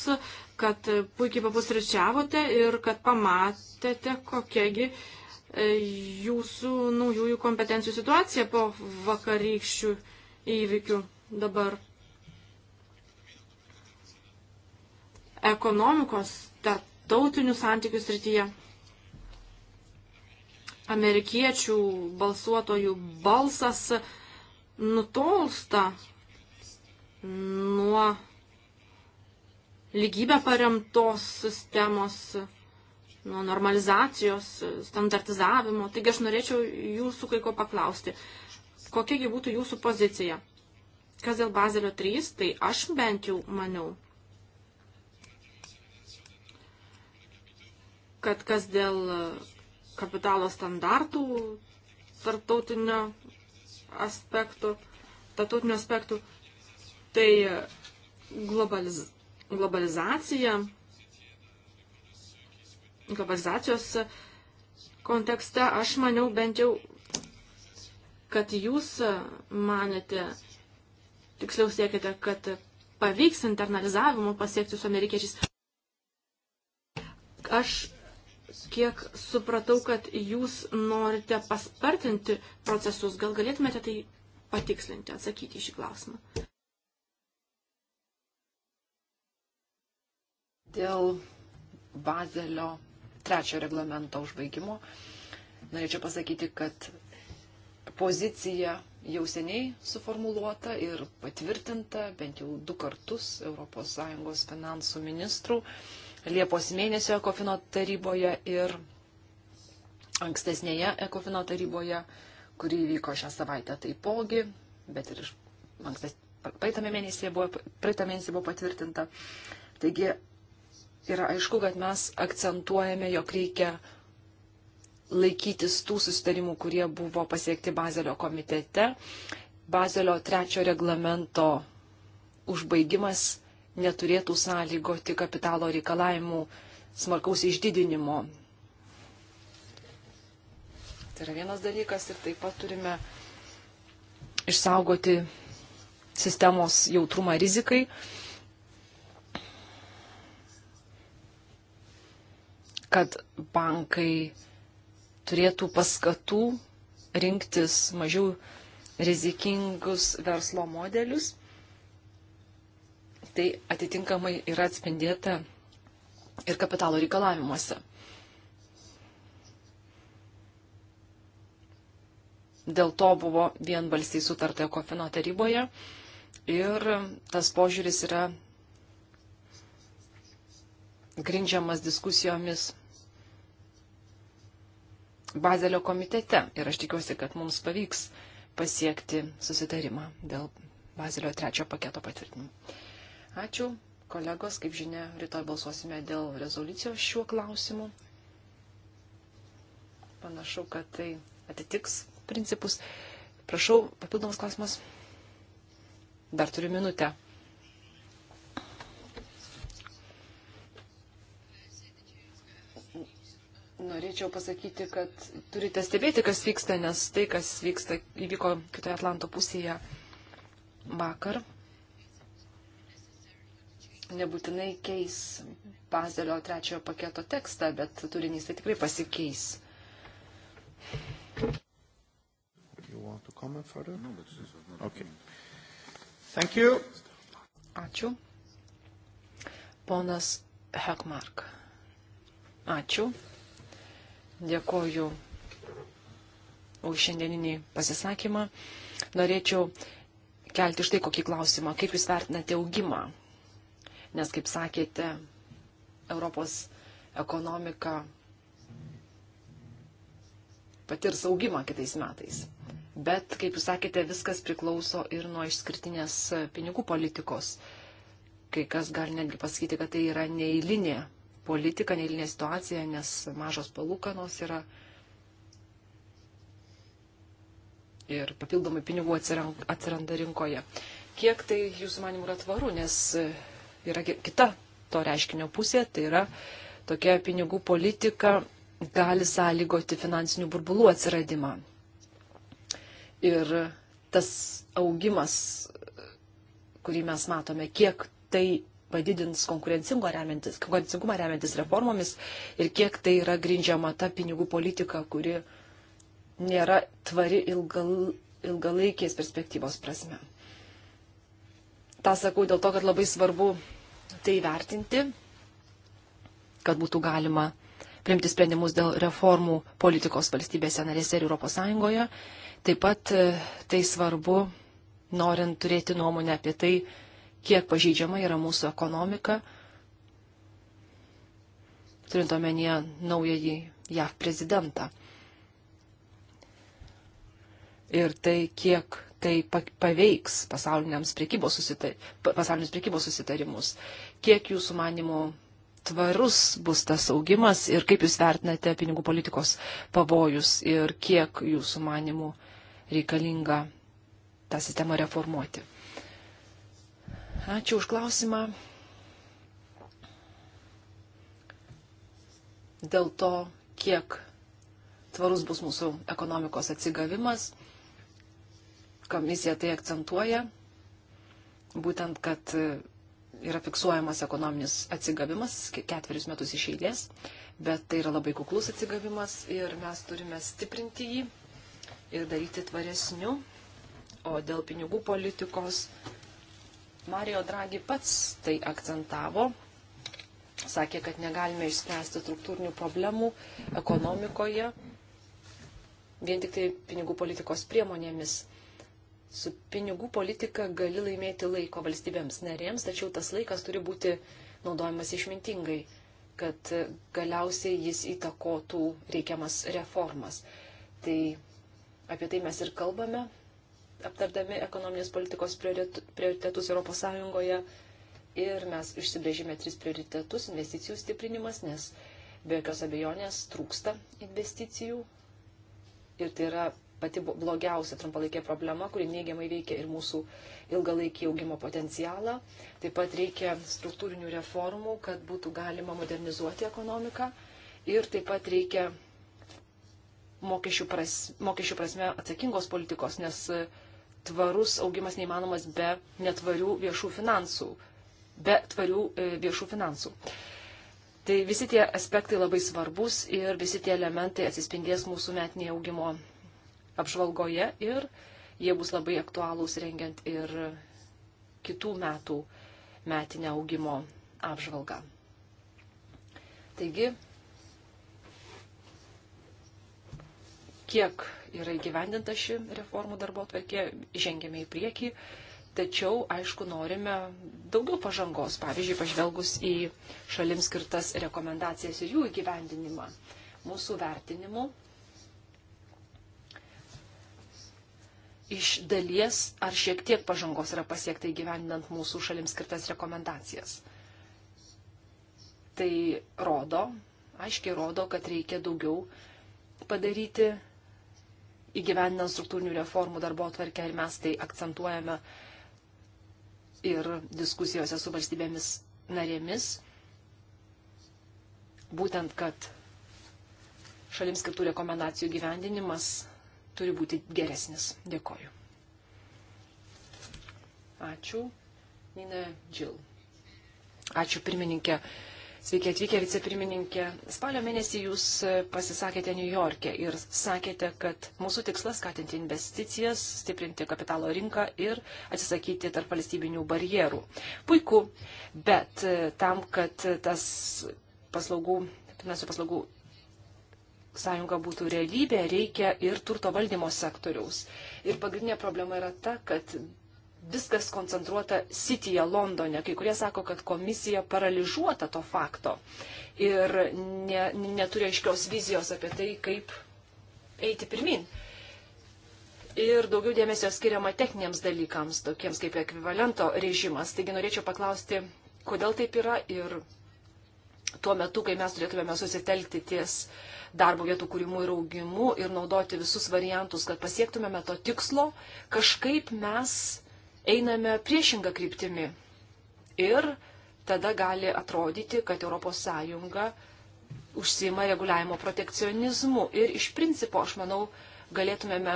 kad puikiai papusryčiavote ir kad pamatėte, kokiegi e, jūsų naujųjų kompetencijų situacija po vakarykščių įvykių dabar. ekonomikos, tarptautinių santykių srityje. Amerikiečių balsuotojų balsas nutolsta nuo lygybę paremtos sistemos, nuo normalizacijos, standartizavimo. Taigi aš norėčiau jūsų kai ko paklausti. Kokiagi būtų jūsų pozicija? Kas dėl Bazelio 3, tai aš bent jau maniau, kad kas dėl kapitalo standartų tarptautinio aspektų, tarptautinių aspektų, tai globaliz, globalizacija, globalizacijos kontekste aš maniau bent jau, kad jūs manėte, tiksliau siekite, kad pavyks internalizavimo pasiekti su amerikiečiais. Aš kiek supratau, kad jūs norite paspartinti procesus. Gal galėtumėte tai patikslinti, atsakyti į šį klausimą? Dėl Bazelio trečio reglamento užbaigimo norėčiau pasakyti, kad pozicija jau seniai suformuluota ir patvirtinta bent jau du kartus ES finansų ministrų. Uh, Liepos mėnesio Ekofino taryboje ir ankstesnėje Ekofino taryboje, kuri vyko šią savaitę taipogi, bet ir iš ankstes, praeitame mėnesį buvo, praeitą mėnesį buvo patvirtinta. Taigi yra aišku, kad mes akcentuojame, jog reikia laikytis tų susitarimų, kurie buvo pasiekti Bazelio komitete. Bazelio trečio reglamento užbaigimas neturėtų sąlygoti kapitalo reikalavimų smarkaus išdidinimo. Tai yra vienas dalykas ir taip pat turime išsaugoti sistemos jautrumą rizikai. kad bankai turėtų paskatų rinktis mažiau rizikingus verslo modelius tai atitinkamai yra atspindėta ir kapitalo reikalavimuose. Dėl to buvo vienbalsiai sutarta Kofino taryboje ir tas požiūris yra grindžiamas diskusijomis Bazelio komitete ir aš tikiuosi, kad mums pavyks pasiekti susitarimą dėl Bazelio trečio paketo patvirtinimo. Ačiū, kolegos, kaip žinia, rytoj balsuosime dėl rezoliucijos šiuo klausimu. Panašu, kad tai atitiks principus. Prašau, papildomas klausimas. Dar turiu minutę. Norėčiau pasakyti, kad turite stebėti, kas vyksta, nes tai, kas vyksta, įvyko kitoje Atlanto pusėje vakar, nebūtinai keis Bazelio trečiojo paketo tekstą, bet turinys tai tikrai pasikeis. Okay. Ačiū. Ponas Hekmark. Ačiū. Dėkoju už šiandieninį pasisakymą. Norėčiau kelti štai kokį klausimą. Kaip Jūs vertinate augimą nes, kaip sakėte, Europos ekonomika patirs augimą kitais metais. Bet, kaip jūs sakėte, viskas priklauso ir nuo išskirtinės pinigų politikos. Kai kas gali netgi pasakyti, kad tai yra neįlinė politika, neįlinė situacija, nes mažos palūkanos yra ir papildomai pinigų atsiranda rinkoje. Kiek tai jūsų manimų yra tvaru, nes yra kita to reiškinio pusė, tai yra tokia pinigų politika gali sąlygoti finansinių burbulų atsiradimą. Ir tas augimas, kurį mes matome, kiek tai padidins konkurencingumą remiantis, konkurencingumą remiantis reformomis ir kiek tai yra grindžiama ta pinigų politika, kuri nėra tvari ilgal, ilgalaikės perspektyvos prasme tą sakau dėl to, kad labai svarbu tai vertinti, kad būtų galima priimti sprendimus dėl reformų politikos valstybėse narėse ir ES. Taip pat e, tai svarbu, norint turėti nuomonę apie tai, kiek pažydžiama yra mūsų ekonomika, turint omenyje naująjį JAV prezidentą. Ir tai, kiek tai paveiks pasauliniams priekybos, susitar, pasaulinius priekybos susitarimus. Kiek jūsų manimų tvarus bus tas augimas ir kaip jūs vertinate pinigų politikos pavojus ir kiek jūsų manimų reikalinga tą sistemą reformuoti. Ačiū už klausimą. Dėl to, kiek tvarus bus mūsų ekonomikos atsigavimas Komisija tai akcentuoja, būtent, kad e, yra fiksuojamas ekonominis atsigavimas ketverius metus iš eilės, bet tai yra labai kuklus atsigavimas ir mes turime stiprinti jį ir daryti tvaresniu. O dėl pinigų politikos Mario Draghi pats tai akcentavo, sakė, kad negalime išspręsti struktūrinių problemų ekonomikoje vien tik tai pinigų politikos priemonėmis. Su pinigų politika gali laimėti laiko valstybėms narėms, tačiau tas laikas turi būti naudojamas išmintingai, kad e, galiausiai jis įtakotų reikiamas reformas. Tai apie tai mes ir kalbame, aptardami ekonominės politikos prioritetus ES ir mes išsibrėžėme tris prioritetus - investicijų stiprinimas, nes be jokios abejonės trūksta investicijų ir tai yra pati blogiausia trumpalaikė problema, kuri neigiamai veikia ir mūsų ilgalaikį augimo potencialą. Taip pat reikia struktūrinių reformų, kad būtų galima modernizuoti ekonomiką ir taip pat reikia mokesčių, pras, mokesčių prasme atsakingos politikos, nes e, tvarus augimas neįmanomas be netvarių viešų finansų. Be tvarių e, viešų finansų. Tai visi tie aspektai labai svarbus ir visi tie elementai atsispindės mūsų metinėje augimo apžvalgoje ir jie bus labai aktualūs rengiant ir kitų metų metinę augimo apžvalgą. Taigi, kiek yra įgyvendinta ši reformų darbo atverkė, žengėme į priekį, tačiau, aišku, norime daugiau pažangos, pavyzdžiui, pažvelgus į šalims skirtas rekomendacijas ir jų įgyvendinimą. Mūsų vertinimu iš dalies ar šiek tiek pažangos yra pasiekta įgyvendinant mūsų šalims skirtas rekomendacijas. Tai rodo, aiškiai rodo, kad reikia daugiau padaryti įgyvendinant struktūrinių reformų darbo atverkę ir mes tai akcentuojame ir diskusijose su valstybėmis narėmis. Būtent, kad šalims skirtų rekomendacijų gyvendinimas turi būti geresnis. Dėkoju. Ačiū. Nina Džil. Ačiū pirmininkė. Sveiki atvykę vicepirmininkė. Spalio mėnesį jūs pasisakėte New York'e ir sakėte, kad mūsų tikslas skatinti investicijas, stiprinti kapitalo rinką ir atsisakyti tarp valstybinių barjerų. Puiku, bet tam, kad tas paslaugų, finansų paslaugų sąjunga būtų realybė, reikia ir turto valdymo sektoriaus. Ir pagrindinė problema yra ta, kad viskas koncentruota Cityje, Londone. Kai kurie sako, kad komisija paralyžiuota to fakto ir ne, neturi aiškios vizijos apie tai, kaip eiti pirmin. Ir daugiau dėmesio skiriama techniniams dalykams, tokiems kaip ekvivalento režimas. Taigi norėčiau paklausti, kodėl taip yra ir tuo metu, kai mes turėtumėme susitelkti ties darbo vietų kūrimu ir augimu ir naudoti visus variantus, kad pasiektumėme to tikslo, kažkaip mes einame priešingą kryptimį. Ir tada gali atrodyti, kad ES užsima reguliavimo protekcionizmu. Ir iš principo, aš manau, galėtumėme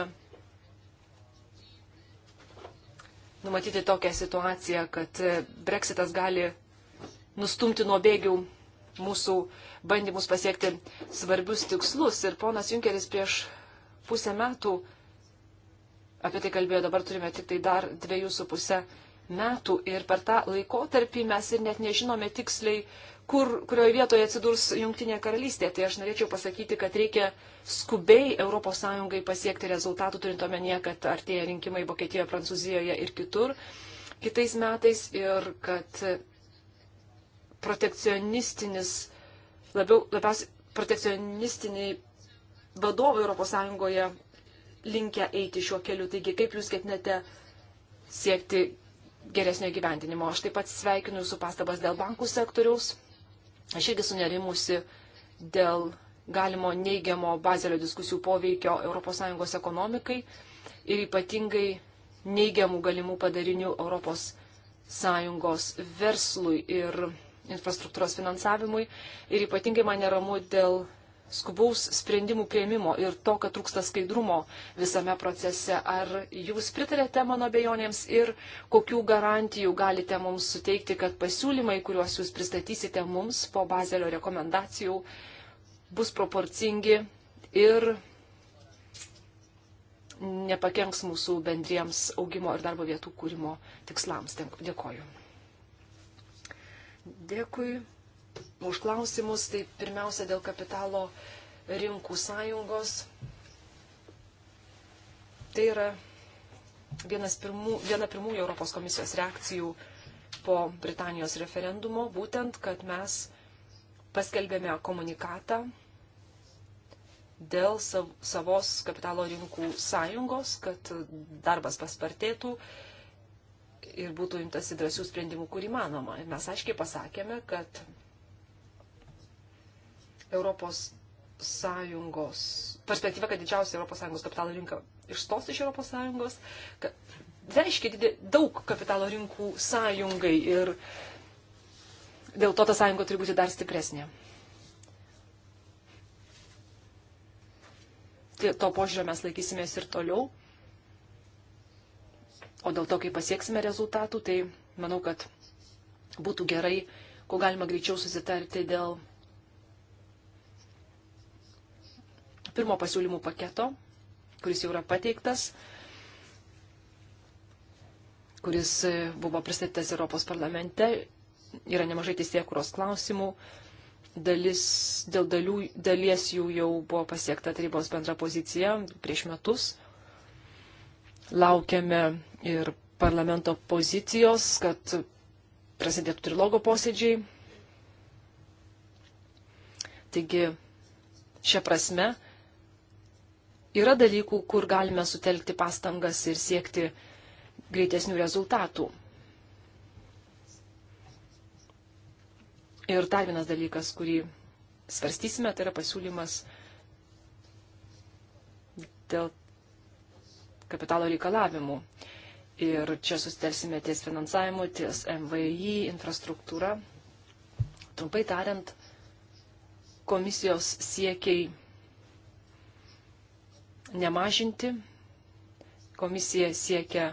numatyti tokią situaciją, kad breksitas gali nustumti nuo bėgių mūsų bandymus pasiekti svarbius tikslus. Ir ponas Junkeris prieš pusę metų apie tai kalbėjo, dabar turime tik tai dar dviejus su pusę metų ir per tą laikotarpį mes ir net nežinome tiksliai, kur, kurioje vietoje atsidurs Junktinė karalystė. Tai aš norėčiau pasakyti, kad reikia skubiai ES pasiekti rezultatų, turint omenyje, kad artėja rinkimai Vokietijoje, Prancūzijoje ir kitur kitais metais ir kad protekcionistinis, labiau, labiausiai protekcionistiniai vadovai ES linkia eiti šiuo keliu. Taigi, kaip jūs ketinate siekti geresnio gyvendinimo? Aš taip pat sveikinu jūsų pastabas dėl bankų sektoriaus. Aš irgi sunerimusi dėl galimo neigiamo bazelio diskusijų poveikio ES ekonomikai ir ypatingai neigiamų galimų padarinių ES sąjungos verslui ir infrastruktūros finansavimui ir ypatingai man neramu dėl skubaus sprendimų prieimimo ir to, kad trūksta skaidrumo visame procese. Ar jūs pritarėte mano bejonėms ir kokių garantijų galite mums suteikti, kad pasiūlymai, kuriuos jūs pristatysite mums po bazelio rekomendacijų, bus proporcingi ir nepakenks mūsų bendriems augimo ir darbo vietų kūrimo tikslams. Dėkoju. Dėkui už klausimus. Tai pirmiausia dėl kapitalo rinkų sąjungos. Tai yra pirmų, viena pirmųjų Europos komisijos reakcijų po Britanijos referendumo, būtent, kad mes paskelbėme komunikatą dėl savos kapitalo rinkų sąjungos, kad darbas paspartėtų, ir būtų imtasi drąsių sprendimų, kur įmanoma. Ir mes aiškiai pasakėme, kad Europos Sąjungos, perspektyva, kad didžiausia Europos Sąjungos kapitalo rinka išstos iš Europos Sąjungos, kad tai reiškia didė, daug kapitalo rinkų sąjungai ir dėl to ta sąjunga turi būti dar stipresnė. to požiūrio mes laikysimės ir toliau. O dėl to, kai pasieksime rezultatų, tai manau, kad būtų gerai, kuo galima greičiau susitarti dėl pirmo pasiūlymų paketo, kuris jau yra pateiktas, kuris buvo pristatytas Europos parlamente. Yra nemažai teisėkuros klausimų. Dalis, dėl dalių, dalies jų jau buvo pasiekta tarybos bendra pozicija prieš metus. Laukiame ir parlamento pozicijos, kad prasidėtų trilogo posėdžiai. Taigi, šia prasme, yra dalykų, kur galime sutelkti pastangas ir siekti greitesnių rezultatų. Ir dar vienas dalykas, kurį svarstysime, tai yra pasiūlymas dėl kapitalo reikalavimų. Ir čia susitelsime ties finansavimu, ties MVI, infrastruktūra. Trumpai tariant, komisijos siekiai nemažinti, komisija siekia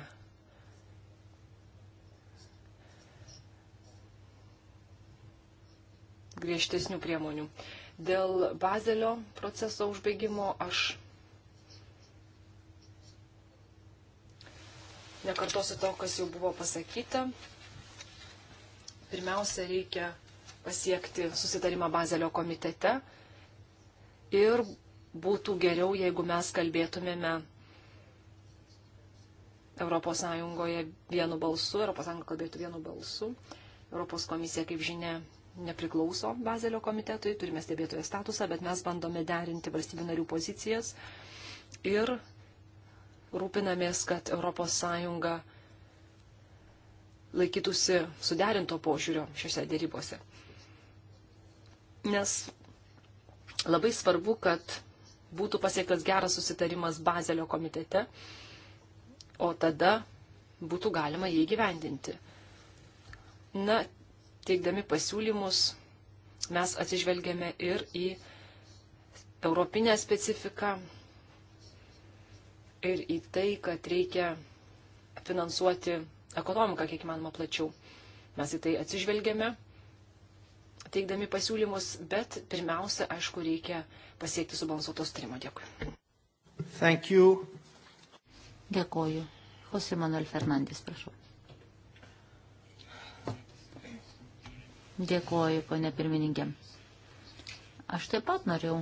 griežtesnių priemonių. Dėl bazelio proceso užbaigimo aš Nekartosiu to, kas jau buvo pasakyta. Pirmiausia, reikia pasiekti susitarimą Bazelio komitete ir būtų geriau, jeigu mes kalbėtumėme ES vienu balsu, ES kalbėtų vienu balsu. Europos komisija, kaip žinia, nepriklauso Bazelio komitetui, turime stebėtojo statusą, bet mes bandome derinti valstybių narių pozicijas ir rūpinamės, kad ES laikytųsi suderinto požiūrio šiuose dėrybose. Nes labai svarbu, kad būtų pasiektas geras susitarimas Bazelio komitete, o tada būtų galima jį gyvendinti. Na, teikdami pasiūlymus, mes atsižvelgėme ir į europinę specifiką, ir į tai, kad reikia finansuoti ekonomiką kiek įmanoma plačiau. Mes į tai atsižvelgiame, teikdami pasiūlymus, bet pirmiausia, aišku, reikia pasiekti subalansuoto strimo. Dėkui. Thank you. Dėkoju. Jose Manuel Fernandės, prašau. Dėkoju, ponė pirmininkė. Aš taip pat norėjau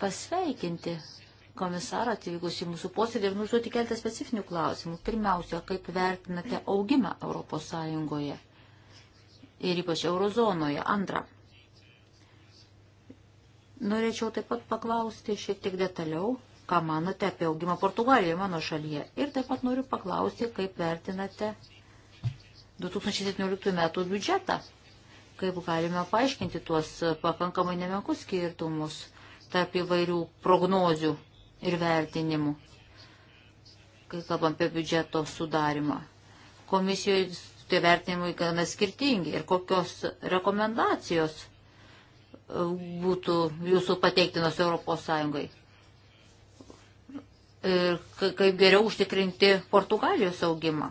pasveikinti komisarą atvykus į mūsų posėdį ir nužuoti keltą specifinių klausimų. Pirmiausia, kaip vertinate augimą ES ir ypač eurozonoje? Antra. Norėčiau taip pat paklausti šiek tiek detaliau, ką manote apie augimą Portugalijoje, mano šalyje. Ir taip pat noriu paklausti, kaip vertinate 2017 metų biudžetą, kaip galime paaiškinti tuos pakankamai nemenkus skirtumus tarp įvairių prognozių ir vertinimų, kai kalbam apie biudžeto sudarimą. Komisijoje tie vertinimai gana skirtingi ir kokios rekomendacijos e, būtų jūsų pateiktinos Europos Sąjungai. Ir kaip geriau užtikrinti Portugalijos augimą.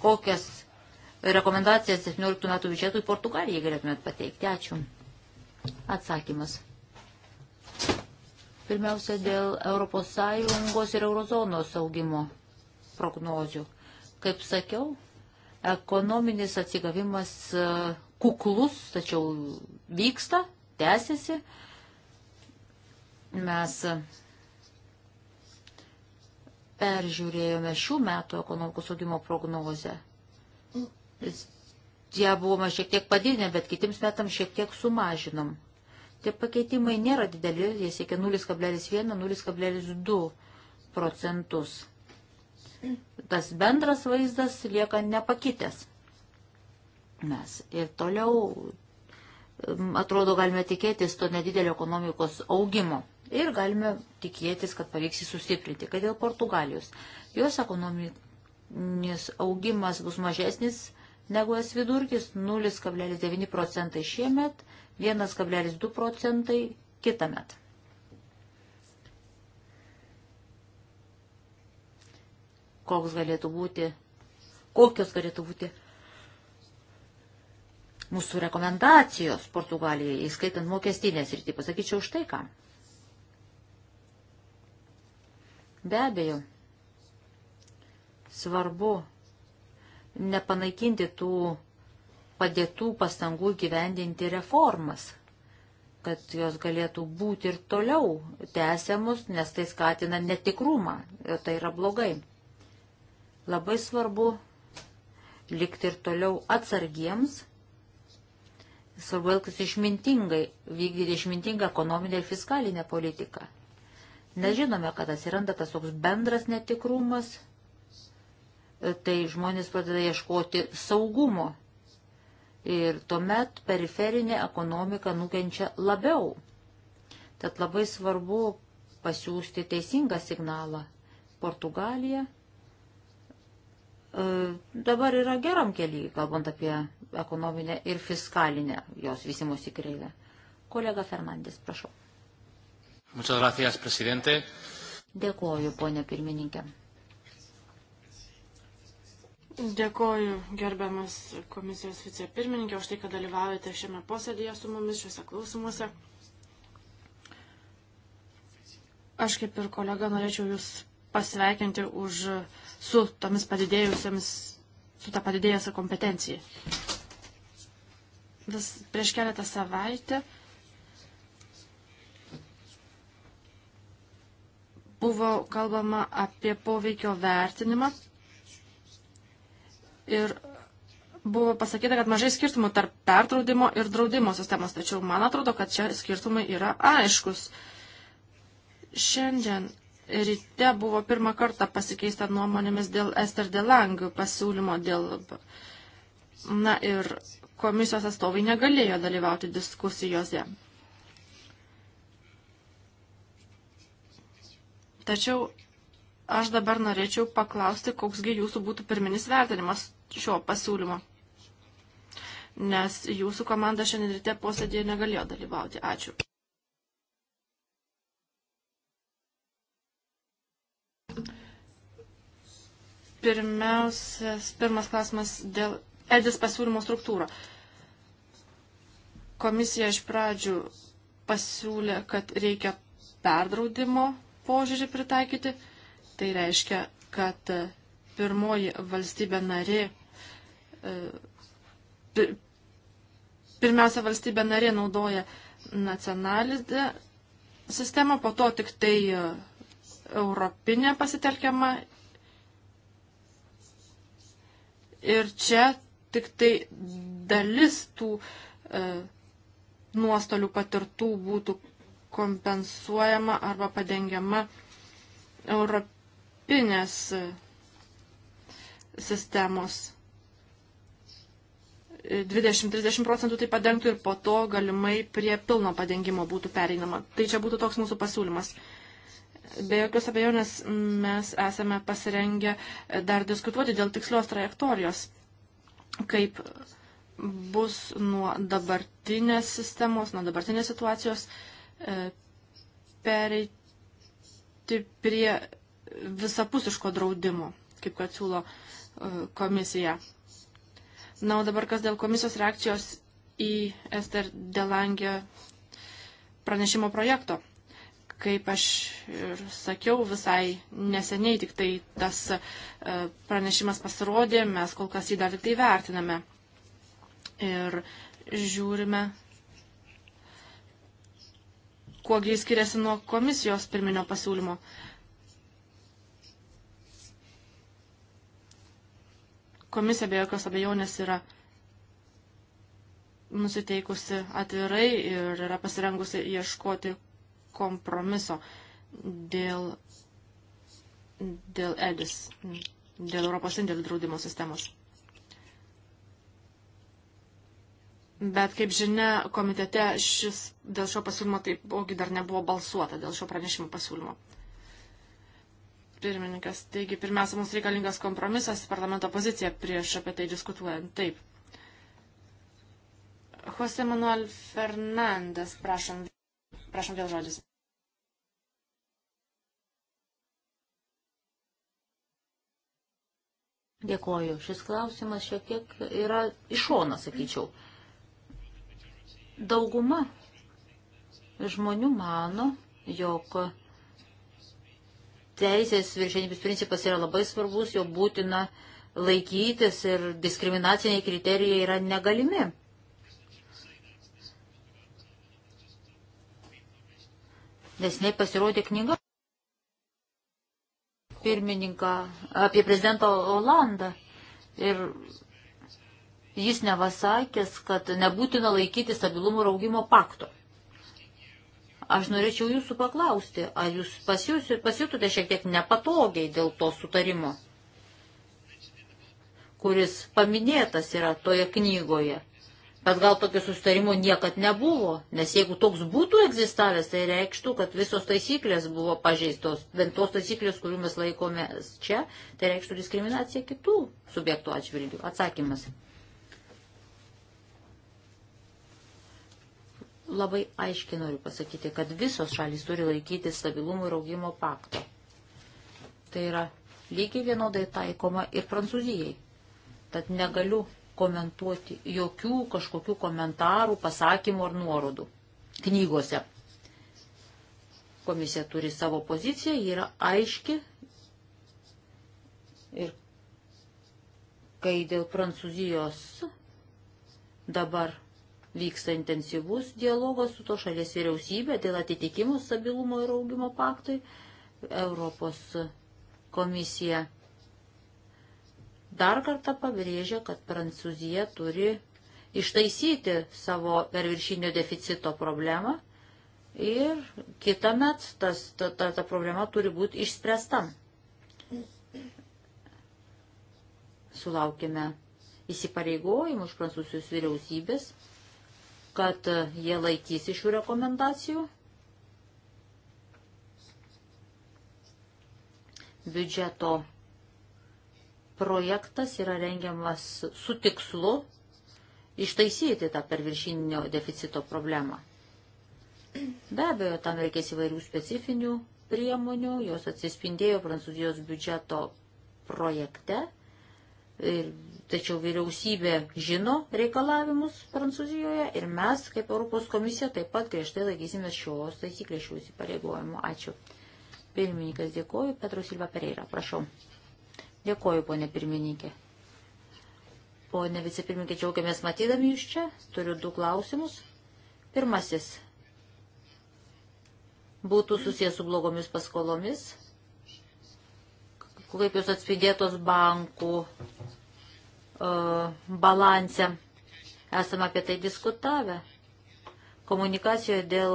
Kokias rekomendacijas 17 metų biudžetui Portugalijai galėtumėt pateikti? Ačiū. Atsakymas. Pirmiausia, dėl ES ir eurozonos augimo prognozių. Kaip sakiau, ekonominis atsigavimas e, kuklus, tačiau vyksta, tęsiasi. Mes peržiūrėjome šių metų ekonomikos augimo prognozę. Ja buvome šiek tiek padidinę, bet kitiems metams šiek tiek sumažinom. Tie pakeitimai nėra dideli, jie siekia 0,1-0,2 procentus. Tas bendras vaizdas lieka nepakitęs. Mes ir toliau, atrodo, galime tikėtis to nedidelio ekonomikos augimo ir galime tikėtis, kad pavyks jį sustiprinti, kad dėl Portugalijos. Jos ekonominis augimas bus mažesnis negu es vidurkis 0,9 procentai šiemet 1,2 procentai kitą metą. Koks galėtų būti, kokios galėtų būti mūsų rekomendacijos Portugalijai, įskaitant mokestinės rytį, pasakyčiau štai ką. Be abejo, svarbu nepanaikinti tų padėtų pastangų gyvendinti reformas, kad jos galėtų būti ir toliau tęsiamus, nes tai skatina netikrumą, tai yra blogai. Labai svarbu likti ir toliau atsargiems, svarbu elgtis išmintingai, vykdyti išmintingą ekonominę ir fiskalinę politiką. Nežinome, kad atsiranda tas toks bendras netikrumas, tai žmonės pradeda ieškoti saugumo ir tuomet periferinė ekonomika nukenčia labiau. Tad labai svarbu pasiūsti teisingą signalą. Portugalija e, dabar yra geram keliui, kalbant apie ekonominę ir fiskalinę jos visimosi kreivę. Kolega Fernandės, prašau. Muchas gracias, presidente. Dėkuoju, ponė pirmininkė. Dėkoju gerbiamas komisijos vicepirmininkė už tai, kad dalyvaujate šiame posėdėje su mumis, šiuose klausimuose. Aš kaip ir kolega norėčiau Jūs pasveikinti už su tomis padidėjusiamis, su tą padidėjusią kompetenciją. Vis prieš keletą savaitę buvo kalbama apie poveikio vertinimą ir buvo pasakyta, kad mažai skirtumų tarp perdraudimo ir draudimo sistemos, tačiau man atrodo, kad čia skirtumai yra aiškus. Šiandien ryte buvo pirmą kartą pasikeista nuomonėmis dėl Ester Delangių pasiūlymo dėl. Na ir komisijos atstovai negalėjo dalyvauti diskusijose. Tačiau aš dabar norėčiau paklausti, koksgi jūsų būtų pirminis vertinimas šio pasiūlymo. Nes jūsų komanda šiandien ryte posėdėje negalėjo dalyvauti. Ačiū. Pirmiausias, pirmas klausimas dėl Edis pasiūlymo struktūro. Komisija iš pradžių pasiūlė, kad reikia perdraudimo požiūrį pritaikyti. Tai reiškia, kad pirmoji valstybė narė, e, pirmiausia valstybė narė naudoja nacionalinę sistemą, po to tik tai e, europinė pasitelkiama. Ir čia tik tai dalis tų e, nuostolių patirtų būtų kompensuojama arba padengiama europinės sistemos. 20-30 procentų tai padengtų ir po to galimai prie pilno padengimo būtų pereinama. Tai čia būtų toks mūsų pasiūlymas. Be jokios abejonės mes esame pasirengę dar diskutuoti dėl tikslios trajektorijos, kaip bus nuo dabartinės sistemos, nuo dabartinės situacijos e, pereiti prie visapusiško draudimo, kaip kad siūlo uh, komisiją. Na, o dabar kas dėl komisijos reakcijos į Ester Delangę pranešimo projekto. Kaip aš ir sakiau, visai neseniai tik tai tas e, pranešimas pasirodė, mes kol kas jį dar tik tai vertiname. Ir žiūrime, kuogi jis skiriasi nuo komisijos pirminio pasiūlymo. Uh, Komisija be jokios abejonės yra nusiteikusi atvirai ir yra pasirengusi ieškoti kompromiso dėl, dėl EDIS, dėl Europos indėlių draudimo sistemos. Bet, kaip žinia, komitete šis, dėl šio pasiūlymo taipogi dar nebuvo balsuota, dėl šio pranešimo pasiūlymo. Pirmininkas, taigi pirmiausia, mums reikalingas kompromisas, parlamento pozicija prieš apie tai diskutuojant. Taip. Jose Manuel Fernandes, prašom, prašom vėl žodis. Dėkoju. Šis klausimas šiek tiek yra iš šona, sakyčiau. Dauguma žmonių mano, jog teisės viršenybės principas yra labai svarbus, jo būtina laikytis ir diskriminaciniai kriterijai yra negalimi. Nesnei pasirodė knyga pirmininką apie prezidentą Olandą ir jis nevasakęs, kad nebūtina laikyti stabilumo ir augimo pakto. Aš norėčiau jūsų paklausti, ar jūs pasijutote šiek tiek nepatogiai dėl to sutarimo, kuris paminėtas yra toje knygoje. Bet gal tokio sustarimo niekad nebuvo, nes jeigu toks būtų egzistavęs, tai reikštų, kad visos taisyklės buvo pažeistos, bent tos taisyklės, kurių mes laikomės čia, tai reikštų diskriminaciją kitų subjektų atžvilgių. Atsakymas. Labai aiškiai noriu pasakyti, kad visos šalis turi laikyti stabilumo ir augimo pakto. Tai yra lygiai vienodai taikoma ir Prancūzijai. Tad negaliu komentuoti jokių kažkokių komentarų, pasakymų ar nuorodų knygose. Komisija turi savo poziciją, ji yra aiški ir kai dėl Prancūzijos dabar Vyksta intensyvus dialogas su to šalies vyriausybė dėl atitikimų stabilumo ir augimo paktui. Europos komisija dar kartą pabrėžia, kad Prancūzija turi ištaisyti savo perviršinio deficito problemą ir kitą met tas, ta, ta, ta problema turi būti išspręsta. Sulaukime įsipareigojimų iš prancūzijos vyriausybės kad e, jie laikysi šių rekomendacijų. Biudžeto projektas yra rengiamas su tikslu ištaisyti tą perviršinio deficito problemą. Be abejo, tam reikės įvairių specifinių priemonių, jos atsispindėjo Prancūzijos biudžeto projekte Ir, tačiau vyriausybė žino reikalavimus Prancūzijoje ir mes, kaip Europos komisija, taip pat griežtai laikysime šios taisyklės, šių įsipareigojimų. Ačiū. Pirmininkas dėkoju, Petro Silva Pereira, prašau. Dėkoju, ponė pirmininkė. Pone vicepirmininkė, džiaugiamės matydami jūs čia. Turiu du klausimus. Pirmasis būtų susijęs su blogomis paskolomis kaip jūs atspidėtos bankų uh, balanse. Esame apie tai diskutavę. Komunikacijoje dėl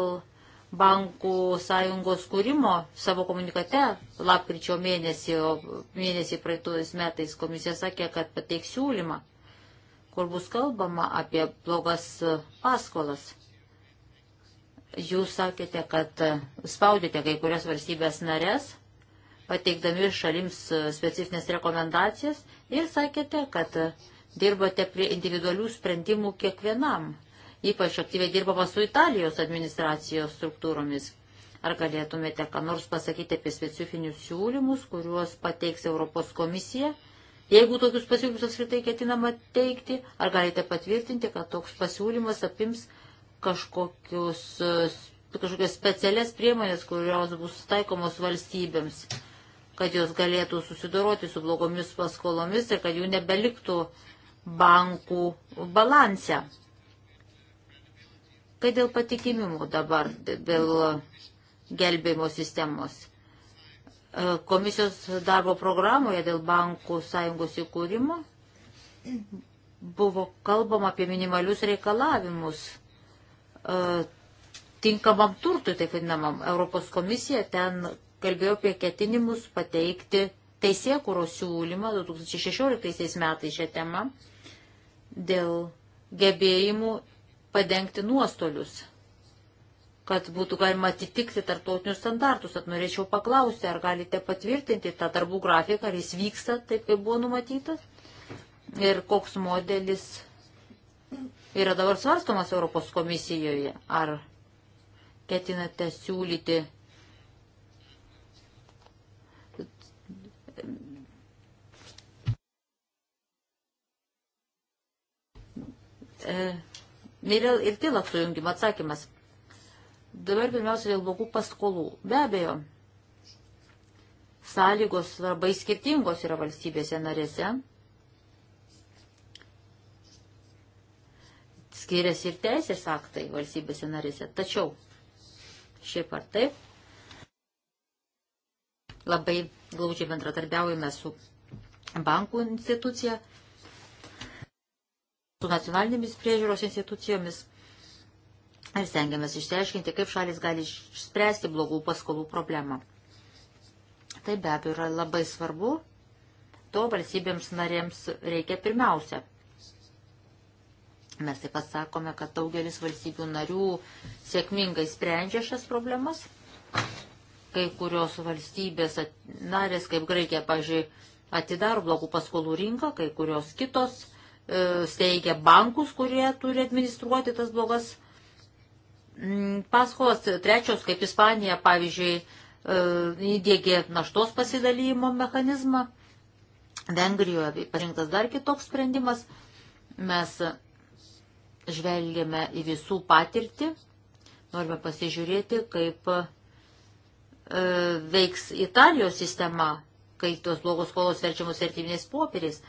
bankų sąjungos kūrimo savo komunikate lapkričio mėnesį, mėnesį praeitais metais komisija sakė, kad pateiks siūlymą, kur bus kalbama apie blogas paskolas. Jūs sakėte, kad spaudėte kai kurias valstybės narės pateikdami šalims e, specifines rekomendacijas ir sakėte, kad e, dirbate prie individualių sprendimų kiekvienam. Ypač aktyviai dirbama su Italijos administracijos struktūromis. Ar galėtumėte ką nors pasakyti apie specifinius siūlymus, kuriuos pateiks Europos komisija? Jeigu tokius pasiūlymus apskritai ketinama teikti, ar galite patvirtinti, kad toks pasiūlymas apims kažkokius, e, kažkokias specialias priemonės, kurios bus taikomos valstybėms? kad jos galėtų susidoroti su blogomis paskolomis ir kad jų nebeliktų bankų balanse. Kai dėl patikimimų dabar, dėl gelbėjimo sistemos. E, komisijos darbo programoje dėl bankų sąjungos įkūrimo buvo kalbama apie minimalius reikalavimus e, tinkamam turtui, taip vadinamam. Europos komisija ten kalbėjo apie ketinimus pateikti teisėkūros siūlymą 2016 metais šią temą dėl gebėjimų padengti nuostolius, kad būtų galima atitikti tarptautinius standartus. Tad norėčiau paklausti, ar galite patvirtinti tą darbų grafiką, ar jis vyksta taip, kaip buvo numatyta ir koks modelis yra dabar svarstomas Europos komisijoje, ar ketinate siūlyti Mirel ir Tilak sujungimo atsakymas. Dabar pirmiausia dėl blogų paskolų. Be abejo, sąlygos labai skirtingos yra valstybėse narėse. Skiriasi ir teisės aktai valstybėse narėse. Tačiau, šiaip ar taip, labai glaudžiai bendratarbiaujame su bankų institucija su nacionalinėmis priežiūros institucijomis ir stengiamės išsiaiškinti, kaip šalis gali išspręsti blogų paskolų problemą. Tai be abejo yra labai svarbu, to valstybėms narėms reikia pirmiausia. Mes taip pat sakome, kad daugelis valstybių narių sėkmingai sprendžia šias problemas. Kai kurios valstybės narės, kaip Graikija, pažiūrėjau, atidaro blogų paskolų rinką, kai kurios kitos E, steigia bankus, kurie turi administruoti tas blogas mm, paskolas. Trečios, kaip Ispanija, pavyzdžiui, e, įdėgė naštos pasidalymo mechanizmą. Vengrijoje tai pasirinktas dar kitoks sprendimas. Mes žvelgėme į visų patirtį, norime pasižiūrėti, kaip e, veiks Italijos sistema, kai tos blogos skolos verčiamos vertybiniais popieriais.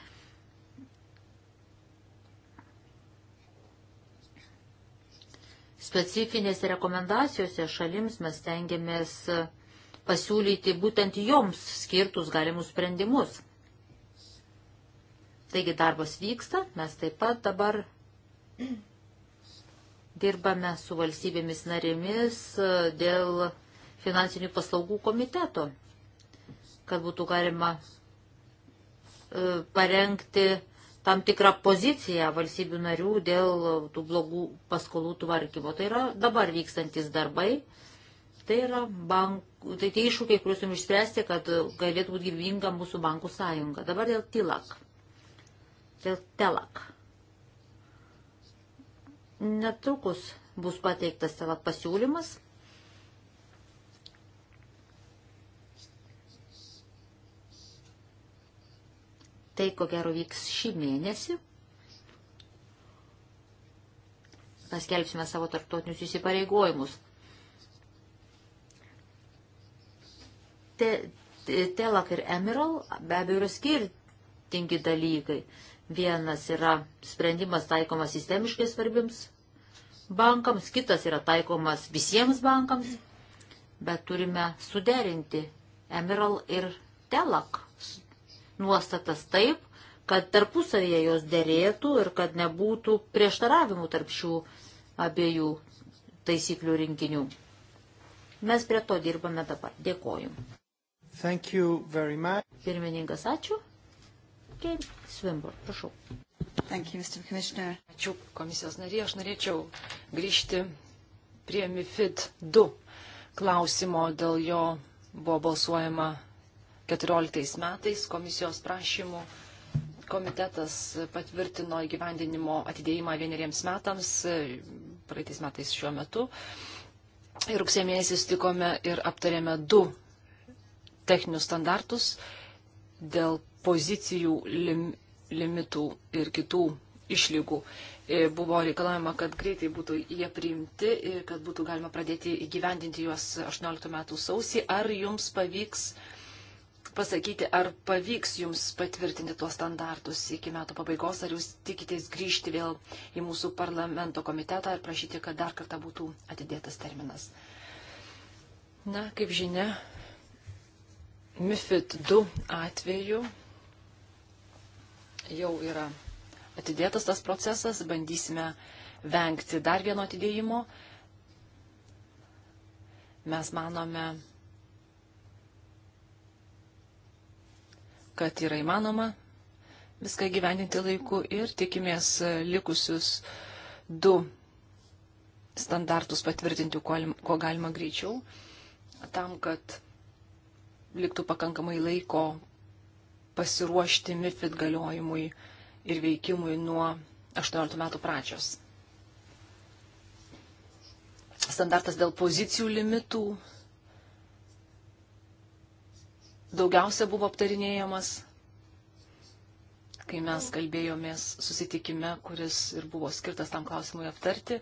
specifinėse rekomendacijose šalims mes tengiamės pasiūlyti būtent joms skirtus galimus sprendimus. Taigi darbas vyksta, mes taip pat dabar dirbame su valstybėmis narėmis e, dėl finansinių paslaugų komiteto, kad būtų galima e, parengti tam tikrą poziciją valstybių narių dėl tų blogų paskolų tvarkymo. Tai yra dabar vykstantis darbai, tai yra bank, tai tie iššūkiai, kuriuos jums išspręsti, kad galėtų būti gyvinga mūsų bankų sąjunga. Dabar dėl tilak. Dėl telak. Netrukus bus pateiktas telak pasiūlymas Tai ko gero vyks šį mėnesį. Paskelbsime savo tarptautinius įsipareigojimus. Te, te, telak ir Emerald be abejo yra skirtingi dalykai. Vienas yra sprendimas taikomas sistemiškai svarbiams bankams, kitas yra taikomas visiems bankams, bet turime suderinti Emerald ir Telak nuostatas taip, kad tarpusavėje jos dėrėtų ir kad nebūtų prieštaravimų tarp šių abiejų taisyklių rinkinių. Mes prie to dirbame dabar. Dėkoju. Pirmininkas, ačiū. Okay. Svimbor, prašau. Thank you, Mr. Commissioner. Ačiū komisijos narė. Aš norėčiau grįžti prie MIFID 2 klausimo. Dėl jo buvo balsuojama 2014 metais komisijos prašymų komitetas patvirtino įgyvendinimo atidėjimą vieneriems metams, praeitais metais šiuo metu. Ir rugsėjo mėnesį sutikome ir aptarėme du techninius standartus dėl pozicijų lim, limitų ir kitų išlygų. E, buvo reikalavima, kad greitai būtų jie priimti ir kad būtų galima pradėti įgyvendinti juos 18 metų sausį. Ar jums pavyks uh, pasakyti, ar pavyks jums patvirtinti tuos standartus iki metų pabaigos, ar jūs tikitės grįžti vėl į mūsų parlamento komitetą ir prašyti, kad dar kartą būtų atidėtas terminas. Na, kaip žinia, MIFID 2 atveju jau yra atidėtas tas procesas, bandysime vengti dar vieno atidėjimo. Mes manome, kad yra įmanoma viską gyveninti laiku ir tikimės e, likusius du standartus patvirtinti, kuo galima greičiau, tam, kad liktų pakankamai laiko pasiruošti MIFID galiojimui ir veikimui nuo 18 metų pradžios. Standartas dėl pozicijų limitų daugiausia buvo aptarinėjamas, kai mes kalbėjomės susitikime, kuris ir buvo skirtas tam klausimui aptarti.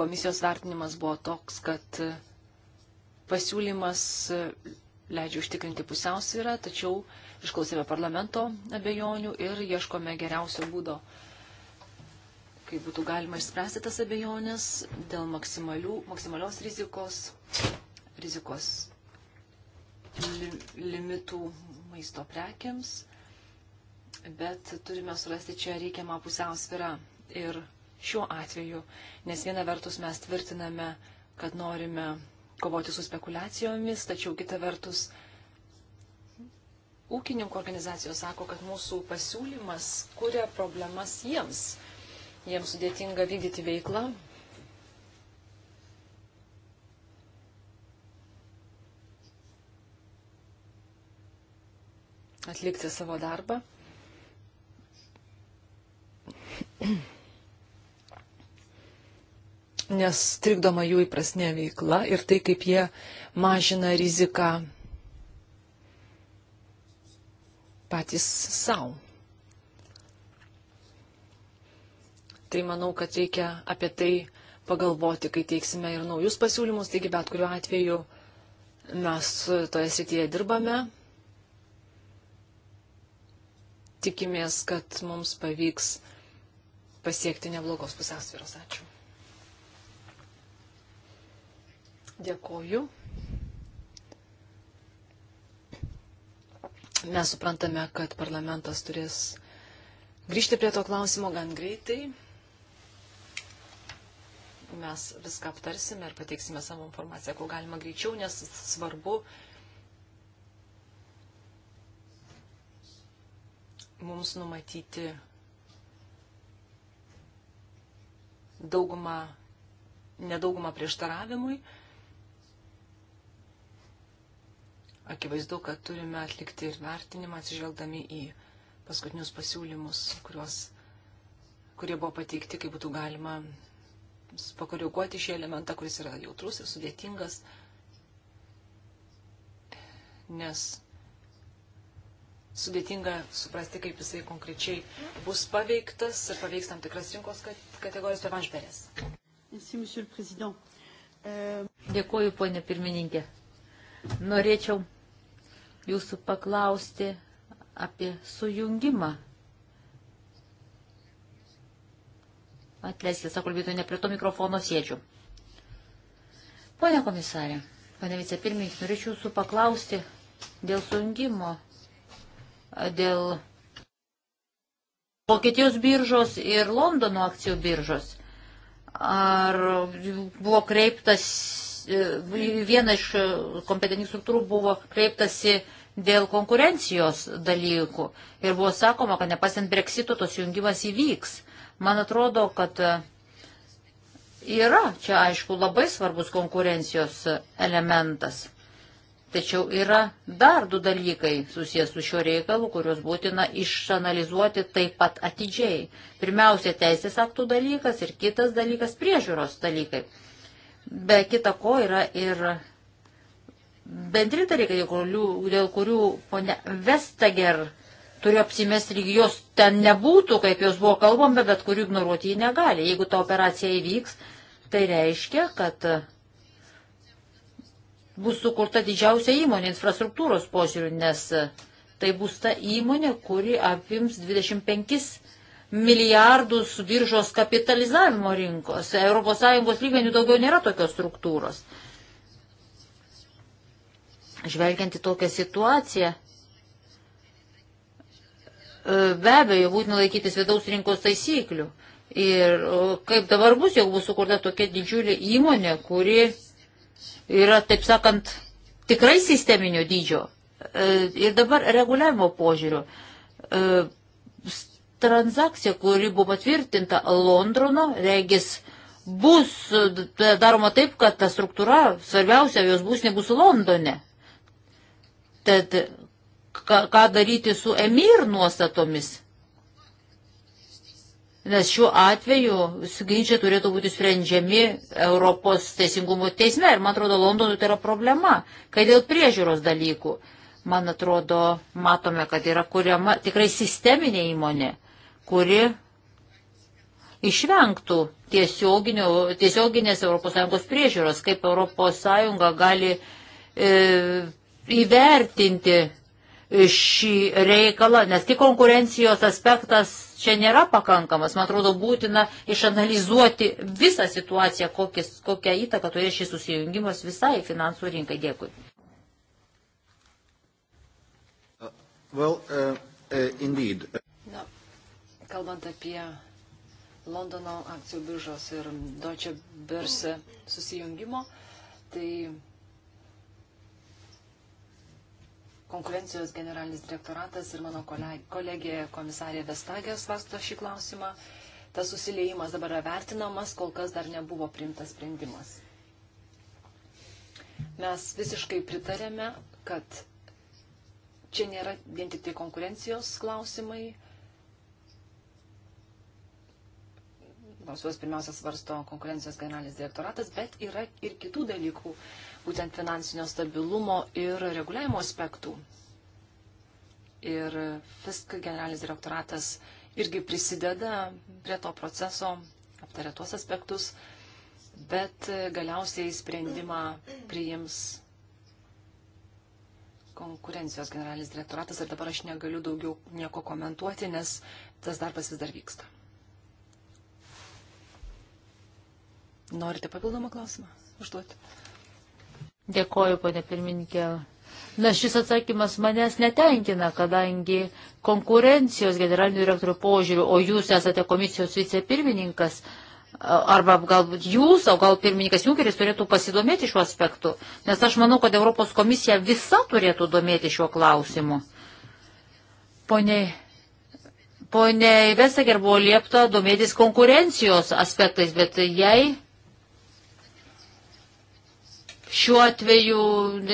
Komisijos vertinimas buvo toks, kad pasiūlymas leidžia užtikrinti pusiausvyrą, tačiau išklausėme parlamento abejonių ir ieškome geriausio būdo, kaip būtų galima išspręsti tas abejonės dėl maksimalios rizikos, rizikos limitų maisto prekiams, bet turime surasti čia reikiamą pusiausvirą. Ir šiuo atveju, nes viena vertus mes tvirtiname, kad norime kovoti su spekulacijomis, tačiau kita vertus ūkininkų organizacijos sako, kad mūsų pasiūlymas kuria problemas jiems. Jiems sudėtinga vykdyti veiklą, atlikti savo darbą. Nes trikdoma jų įprasnė veikla ir tai, kaip jie mažina riziką patys savo. Tai manau, kad reikia apie tai pagalvoti, kai teiksime ir naujus pasiūlymus, taigi bet kuriuo atveju mes toje srityje dirbame, tikimės, kad mums pavyks pasiekti neblogos pusiausvėros. Ačiū. Dėkoju. Mes suprantame, kad parlamentas turės grįžti prie to klausimo gan greitai. Mes viską aptarsime ir pateiksime savo informaciją, kuo galima greičiau, nes svarbu, mums numatyti daugumą, nedaugumą prieštaravimui. Akivaizdu, kad turime atlikti ir vertinimą atsižvelgdami į paskutinius pasiūlymus, kuriuos, kurie buvo pateikti, kaip būtų galima pakoreguoti šį elementą, kuris yra jautrus ir sudėtingas, nes sudėtinga suprasti, kaip jisai konkrečiai bus paveiktas ir paveiks tam tikras rinkos kategorijas per mažberės. Euh, Dėkuoju, ponė pirmininkė. Norėčiau jūsų paklausti apie sujungimą. Atleiskite, sako kalbėtoju, ne prie to mikrofono sėdžiu. Pone komisarė, pane vicepirmininkė, norėčiau jūsų paklausti dėl sujungimo dėl Vokietijos biržos ir Londono akcijų biržos. Ar buvo kreiptas, e, viena iš kompetentingų struktūrų buvo kreiptasi dėl konkurencijos dalykų ir buvo sakoma, kad nepasint breksito tos jungimas įvyks. Man atrodo, kad yra čia aišku labai svarbus konkurencijos elementas. Tačiau yra dar du dalykai susijęs su šiuo reikalu, kuriuos būtina išanalizuoti taip pat atidžiai. Pirmiausia, teisės aktų dalykas ir kitas dalykas priežiūros dalykai. Be kita ko yra ir bendri dalykai, dėl kurių ponia Vestager turiu apsimesti, lyg jos ten nebūtų, kaip jos buvo kalbama, bet kurių ignoruoti ji negali. Jeigu ta operacija įvyks, tai reiškia, kad bus sukurta didžiausia įmonė infrastruktūros požiūrių, nes e, tai bus ta įmonė, kuri apims 25 milijardus biržos kapitalizavimo rinkos. ES lygmenių daugiau nėra tokios struktūros. Žvelgiant į tokią situaciją, e, be abejo, būtina laikytis vidaus rinkos taisyklių. Ir kaip dabar bus, jeigu bus sukurta tokia didžiulė įmonė, kuri yra, taip sakant, tikrai sisteminio dydžio. E, ir dabar reguliavimo požiūriu. E, transakcija, kuri buvo patvirtinta Londrono, regis, bus daroma taip, kad ta struktūra, svarbiausia, jos bus nebus Londone. Tad ką daryti su emir nuostatomis? Nes šiuo atveju ginčiai turėtų būti sprendžiami Europos teisingumo teisme ir, man atrodo, Londonui tai yra problema, kai dėl priežiūros dalykų, man atrodo, matome, kad yra kuriama tikrai sisteminė įmonė, kuri išvengtų tiesioginės ES priežiūros, kaip ES gali e, įvertinti šį reikalą, nes tik konkurencijos aspektas čia nėra pakankamas. Man atrodo, būtina išanalizuoti visą situaciją, kokis, kokią įtaką turės šis susijungimas visai finansų rinkai. Dėkui. Uh, well, uh, uh, indeed. Na, kalbant apie Londono akcijų biržos ir Deutsche Börse susijungimo, tai konkurencijos generalinis direktoratas ir mano kolegė komisarė Vestagė svarsto šį klausimą. Tas susiliejimas dabar yra vertinamas, kol kas dar nebuvo priimtas sprendimas. Mes visiškai pritarėme, kad čia nėra vien tik tai konkurencijos klausimai. Nors juos pirmiausia svarsto konkurencijos generalinis direktoratas, bet yra ir kitų dalykų, būtent finansinio stabilumo ir reguliavimo aspektų. Ir FISK generalinis direktoratas irgi prisideda prie to proceso, aptarė tuos aspektus, bet galiausiai sprendimą priims konkurencijos generalinis direktoratas ir dabar aš negaliu daugiau nieko komentuoti, nes tas darbas vis dar vyksta. Norite papildomą klausimą užduoti? Dėkoju, ponė pirmininkė. Na, šis atsakymas manęs netenkina, kadangi konkurencijos generalinių direktorių požiūrių, o jūs esate komisijos vicepirmininkas, arba galbūt jūs, o gal pirmininkas Junkeris turėtų pasidomėti šiuo aspektu, nes aš manau, kad Europos komisija visa turėtų domėti šiuo klausimu. Pone, pone Veseger buvo liepta domėtis konkurencijos aspektais, bet jai šiuo atveju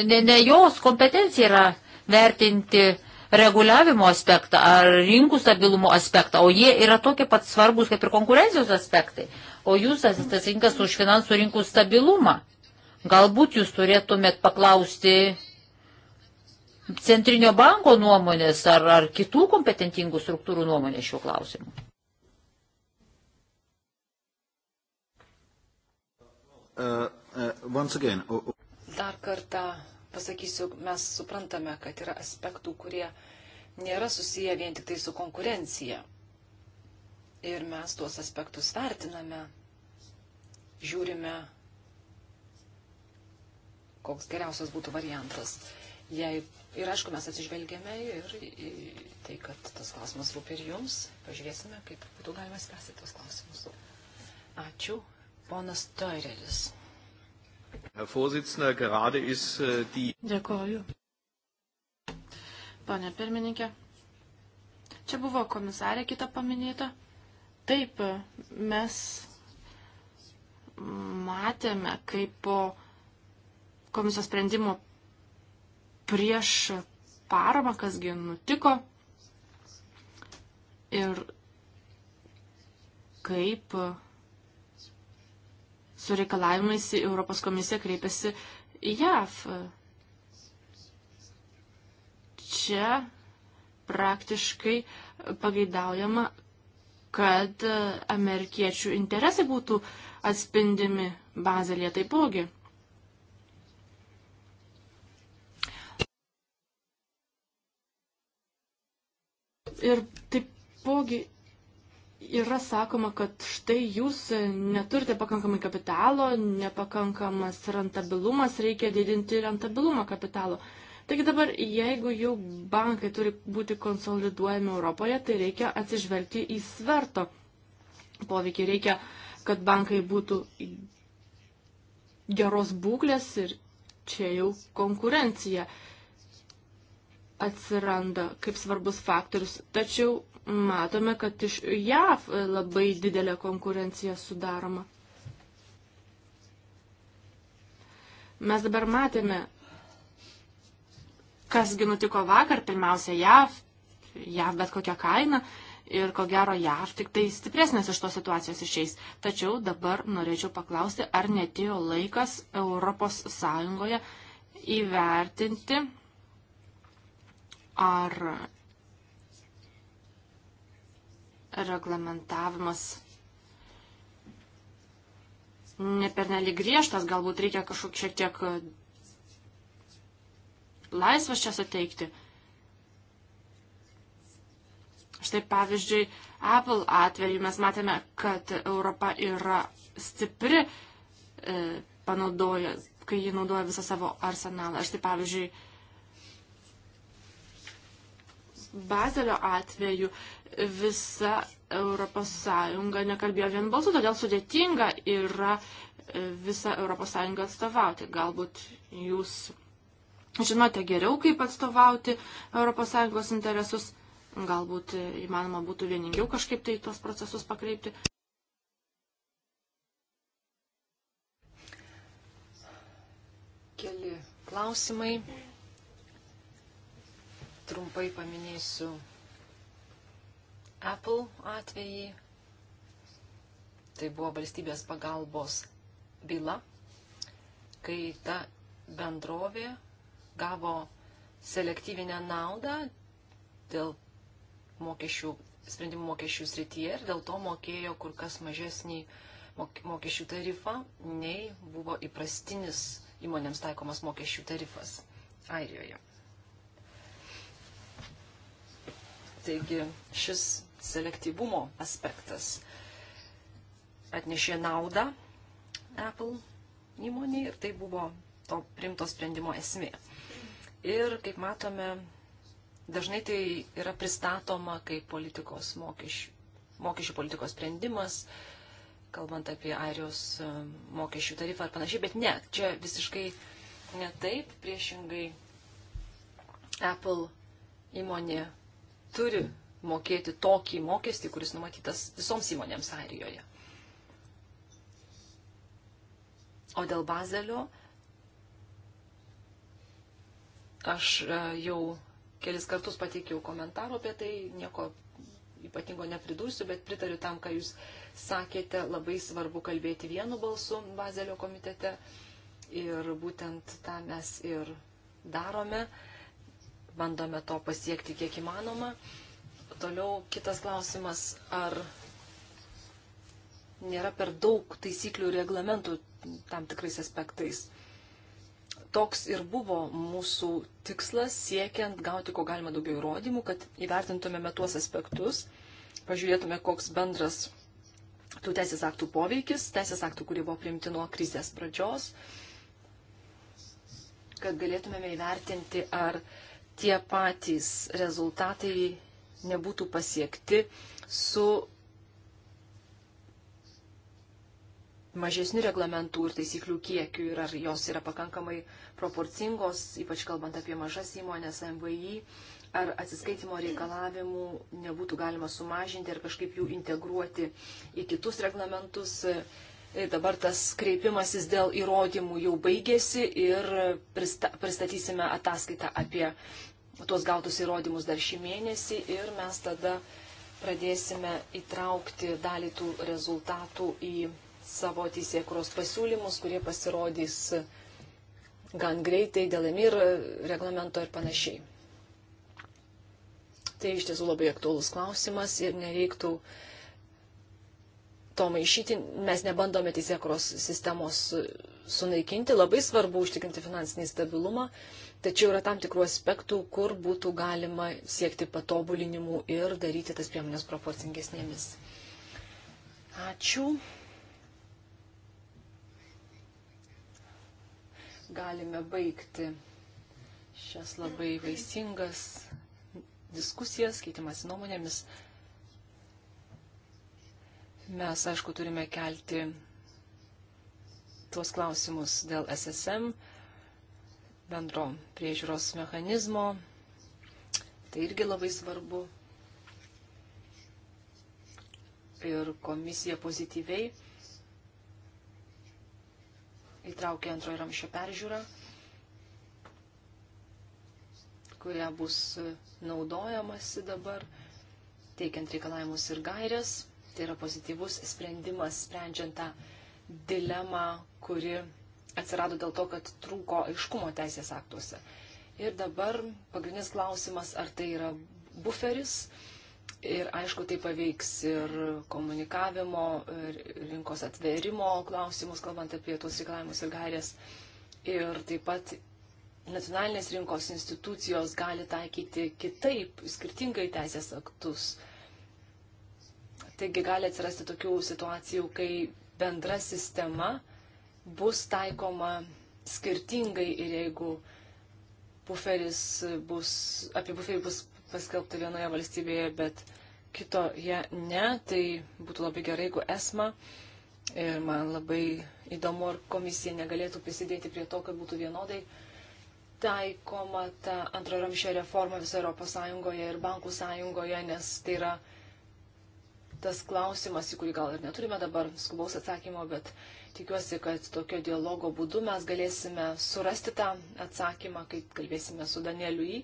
ne, ne jos kompetencija yra vertinti reguliavimo aspektą ar rinkų stabilumo aspektą, o jie yra tokie pat svarbus kaip ir konkurencijos aspektai. O jūs esate atsakingas už finansų rinkų stabilumą. Galbūt jūs turėtumėt paklausti Centrinio banko nuomonės ar, ar kitų kompetentingų struktūrų nuomonės šiuo klausimu. Uh, Uh, once again. Dar kartą pasakysiu, mes suprantame, kad yra aspektų, kurie nėra susiję vien tik tai su konkurencija. Ir mes tuos aspektus vertiname, žiūrime, koks geriausias būtų variantas. Jei, ir aišku, mes atsižvelgėme ir į tai, kad tas klausimas rūpi ir jums. Pažiūrėsime, kaip būtų galima spręsti tos klausimus. Ačiū. Ponas Toirelis. Äh, Dėkoju. Pane pirmininkė, čia buvo komisarė kita paminėta. Taip, mes matėme, kaip po komisijos sprendimo prieš paramą, kasgi nutiko ir kaip su reikalavimais į Europos komisiją kreipiasi JAV. Čia praktiškai pageidaujama, kad amerikiečių interesai būtų atspindimi bazelėje taipogi. Ir taipogi yra sakoma, kad štai jūs neturite pakankamai kapitalo, nepakankamas rentabilumas, reikia didinti rentabilumą kapitalo. Taigi dabar, jeigu jau bankai turi būti konsoliduojami Europoje, tai reikia atsižvelgti į sverto poveikį. Reikia, kad bankai būtų geros būklės ir čia jau konkurencija atsiranda kaip svarbus faktorius. Tačiau matome, kad iš JAV labai didelė konkurencija sudaroma. Mes dabar matėme, kasgi nutiko vakar, pirmiausia JAV, JAV bet kokią kainą ir ko gero JAV tik tai stipresnės iš tos situacijos išeis. Tačiau dabar norėčiau paklausti, ar netėjo laikas ES įvertinti, ar reglamentavimas nepernelį griežtas, galbūt reikia kažkok šiek tiek e, laisvas čia suteikti. Štai pavyzdžiui, Apple atveju mes matėme, kad Europa yra stipri, e, panaudoja, kai ji naudoja visą savo arsenalą. Štai pavyzdžiui, Bazelio atveju visa ES nekalbėjo vien balsu, todėl sudėtinga yra e, visą ES atstovauti. Galbūt jūs žinote geriau, kaip atstovauti ES interesus, galbūt įmanoma būtų vieningiau kažkaip tai tuos procesus pakreipti. Keli klausimai trumpai paminėsiu Apple atvejį. Tai buvo valstybės pagalbos byla, kai ta bendrovė gavo selektyvinę naudą dėl mokesčių, sprendimų mokesčių srityje ir dėl to mokėjo kur kas mažesnį mokesčių tarifą, nei buvo įprastinis įmonėms taikomas mokesčių tarifas Airijoje. Taigi šis selektyvumo aspektas atnešė naudą Apple įmonį ir tai buvo to primto sprendimo esmė. Ir, kaip matome, dažnai tai yra pristatoma kaip politikos mokesčių, mokesčių politikos sprendimas, kalbant apie airijos mokesčių tarifą ar panašiai, bet ne, čia visiškai ne taip, priešingai Apple įmonė turi mokėti tokį mokestį, kuris numatytas visoms įmonėms Airijoje. O dėl bazelio aš e, jau kelis kartus pateikiau komentarų apie tai, nieko ypatingo nepridursiu, bet pritariu tam, ką jūs sakėte, labai svarbu kalbėti vienu balsu Bazelio komitete ir būtent tą mes ir darome bandome to pasiekti kiek įmanoma. Toliau kitas klausimas, ar nėra per daug taisyklių ir reglamentų tam tikrais aspektais. Toks ir buvo mūsų tikslas, siekiant gauti ko galima daugiau įrodymų, kad įvertintumėme tuos aspektus, pažiūrėtume, koks bendras tų teisės aktų poveikis, teisės aktų, kurie buvo priimti nuo krizės pradžios, kad galėtumėme įvertinti, ar uh, tie patys rezultatai nebūtų pasiekti su mažesniu reglamentų ir taisyklių kiekiu ir ar jos yra pakankamai proporcingos, ypač kalbant apie mažas įmonės MVI, ar atsiskaitimo reikalavimų nebūtų galima sumažinti ar kažkaip jų integruoti į kitus reglamentus, E, dabar tas kreipimasis dėl įrodymų jau baigėsi ir pristatysime ataskaitą apie tuos gautus įrodymus dar šį mėnesį ir mes tada pradėsime įtraukti dalį tų rezultatų į savo teisėkuros pasiūlymus, kurie pasirodys gan greitai dėl emir reglamento ir panašiai. Tai iš tiesų labai aktuolus klausimas ir nereiktų uh, to maišyti, mes nebandome teisėkros sistemos sunaikinti, labai svarbu užtikrinti finansinį stabilumą, tačiau yra tam tikrų aspektų, kur būtų galima siekti patobulinimų ir daryti tas priemonės proporcingesnėmis. Ačiū. Galime baigti šias labai vaisingas diskusijas, keitimas nuomonėmis. Mes, aišku, turime kelti tuos klausimus dėl SSM, bendro priežiūros mechanizmo. Tai irgi labai svarbu. Ir komisija pozityviai įtraukė antrojo ramščio peržiūrą, kuria bus naudojamasi dabar, teikiant reikalavimus ir gairias. Tai yra pozityvus sprendimas sprendžiant tą dilemą, kuri atsirado dėl to, kad trūko aiškumo teisės aktuose. Ir dabar pagrindinis klausimas, ar tai yra buferis. Ir aišku, tai paveiks ir komunikavimo, ir rinkos atvėrimo klausimus, kalbant apie tuos reikalavimus ir gairės. Ir taip pat nacionalinės rinkos institucijos gali taikyti kitaip, skirtingai teisės aktus Taigi gali atsirasti tokių situacijų, kai bendra sistema bus taikoma skirtingai ir jeigu buferis bus, apie buferį bus paskelbta vienoje valstybėje, bet kitoje ne, tai būtų labai gerai, jeigu esma ir man labai įdomu, ar komisija negalėtų prisidėti prie to, kad būtų vienodai taikoma ta antroramšė reforma visoje Europos Sąjungoje ir bankų sąjungoje, nes tai yra tas klausimas, į kurį gal ir neturime dabar skubaus atsakymo, bet tikiuosi, kad tokio dialogo būdu mes galėsime surasti tą atsakymą, kai kalbėsime su Danieliu į.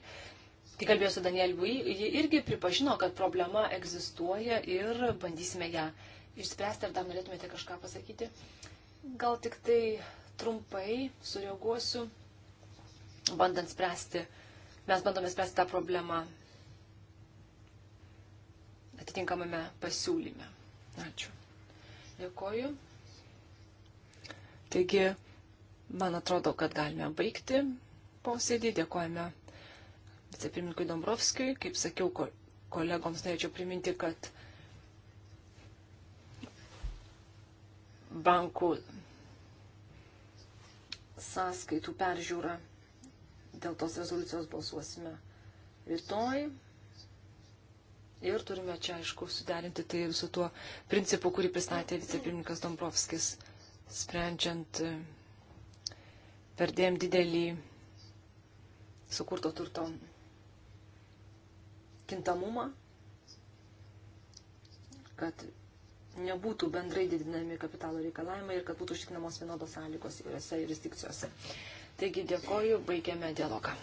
Kai kalbėjau su Danieliu į, ji irgi pripažino, kad problema egzistuoja ir bandysime ją išspręsti. Ar dar norėtumėte kažką pasakyti? Gal tik tai trumpai sureaguosiu, bandant spręsti. Mes bandome spręsti tą problemą atitinkamame pasiūlyme. Ačiū. Dėkoju. Taigi, man atrodo, kad galime baigti posėdį. Dėkojame vicepirmininkui Dombrovskijui. Kaip sakiau, kolegoms norėčiau priminti, kad bankų sąskaitų peržiūrą dėl tos rezoliucijos balsuosime rytoj. Ir turime čia, aišku, suderinti tai su tuo principu, kurį pristatė vicepirmininkas Dombrovskis, sprendžiant e, perdėm didelį sukurto turto kintamumą, kad nebūtų bendrai didinami kapitalo reikalavimai ir kad būtų užtikrinamos vienodos sąlygos įvairiose jurisdikcijose. Taigi dėkoju, baigiame dialogą.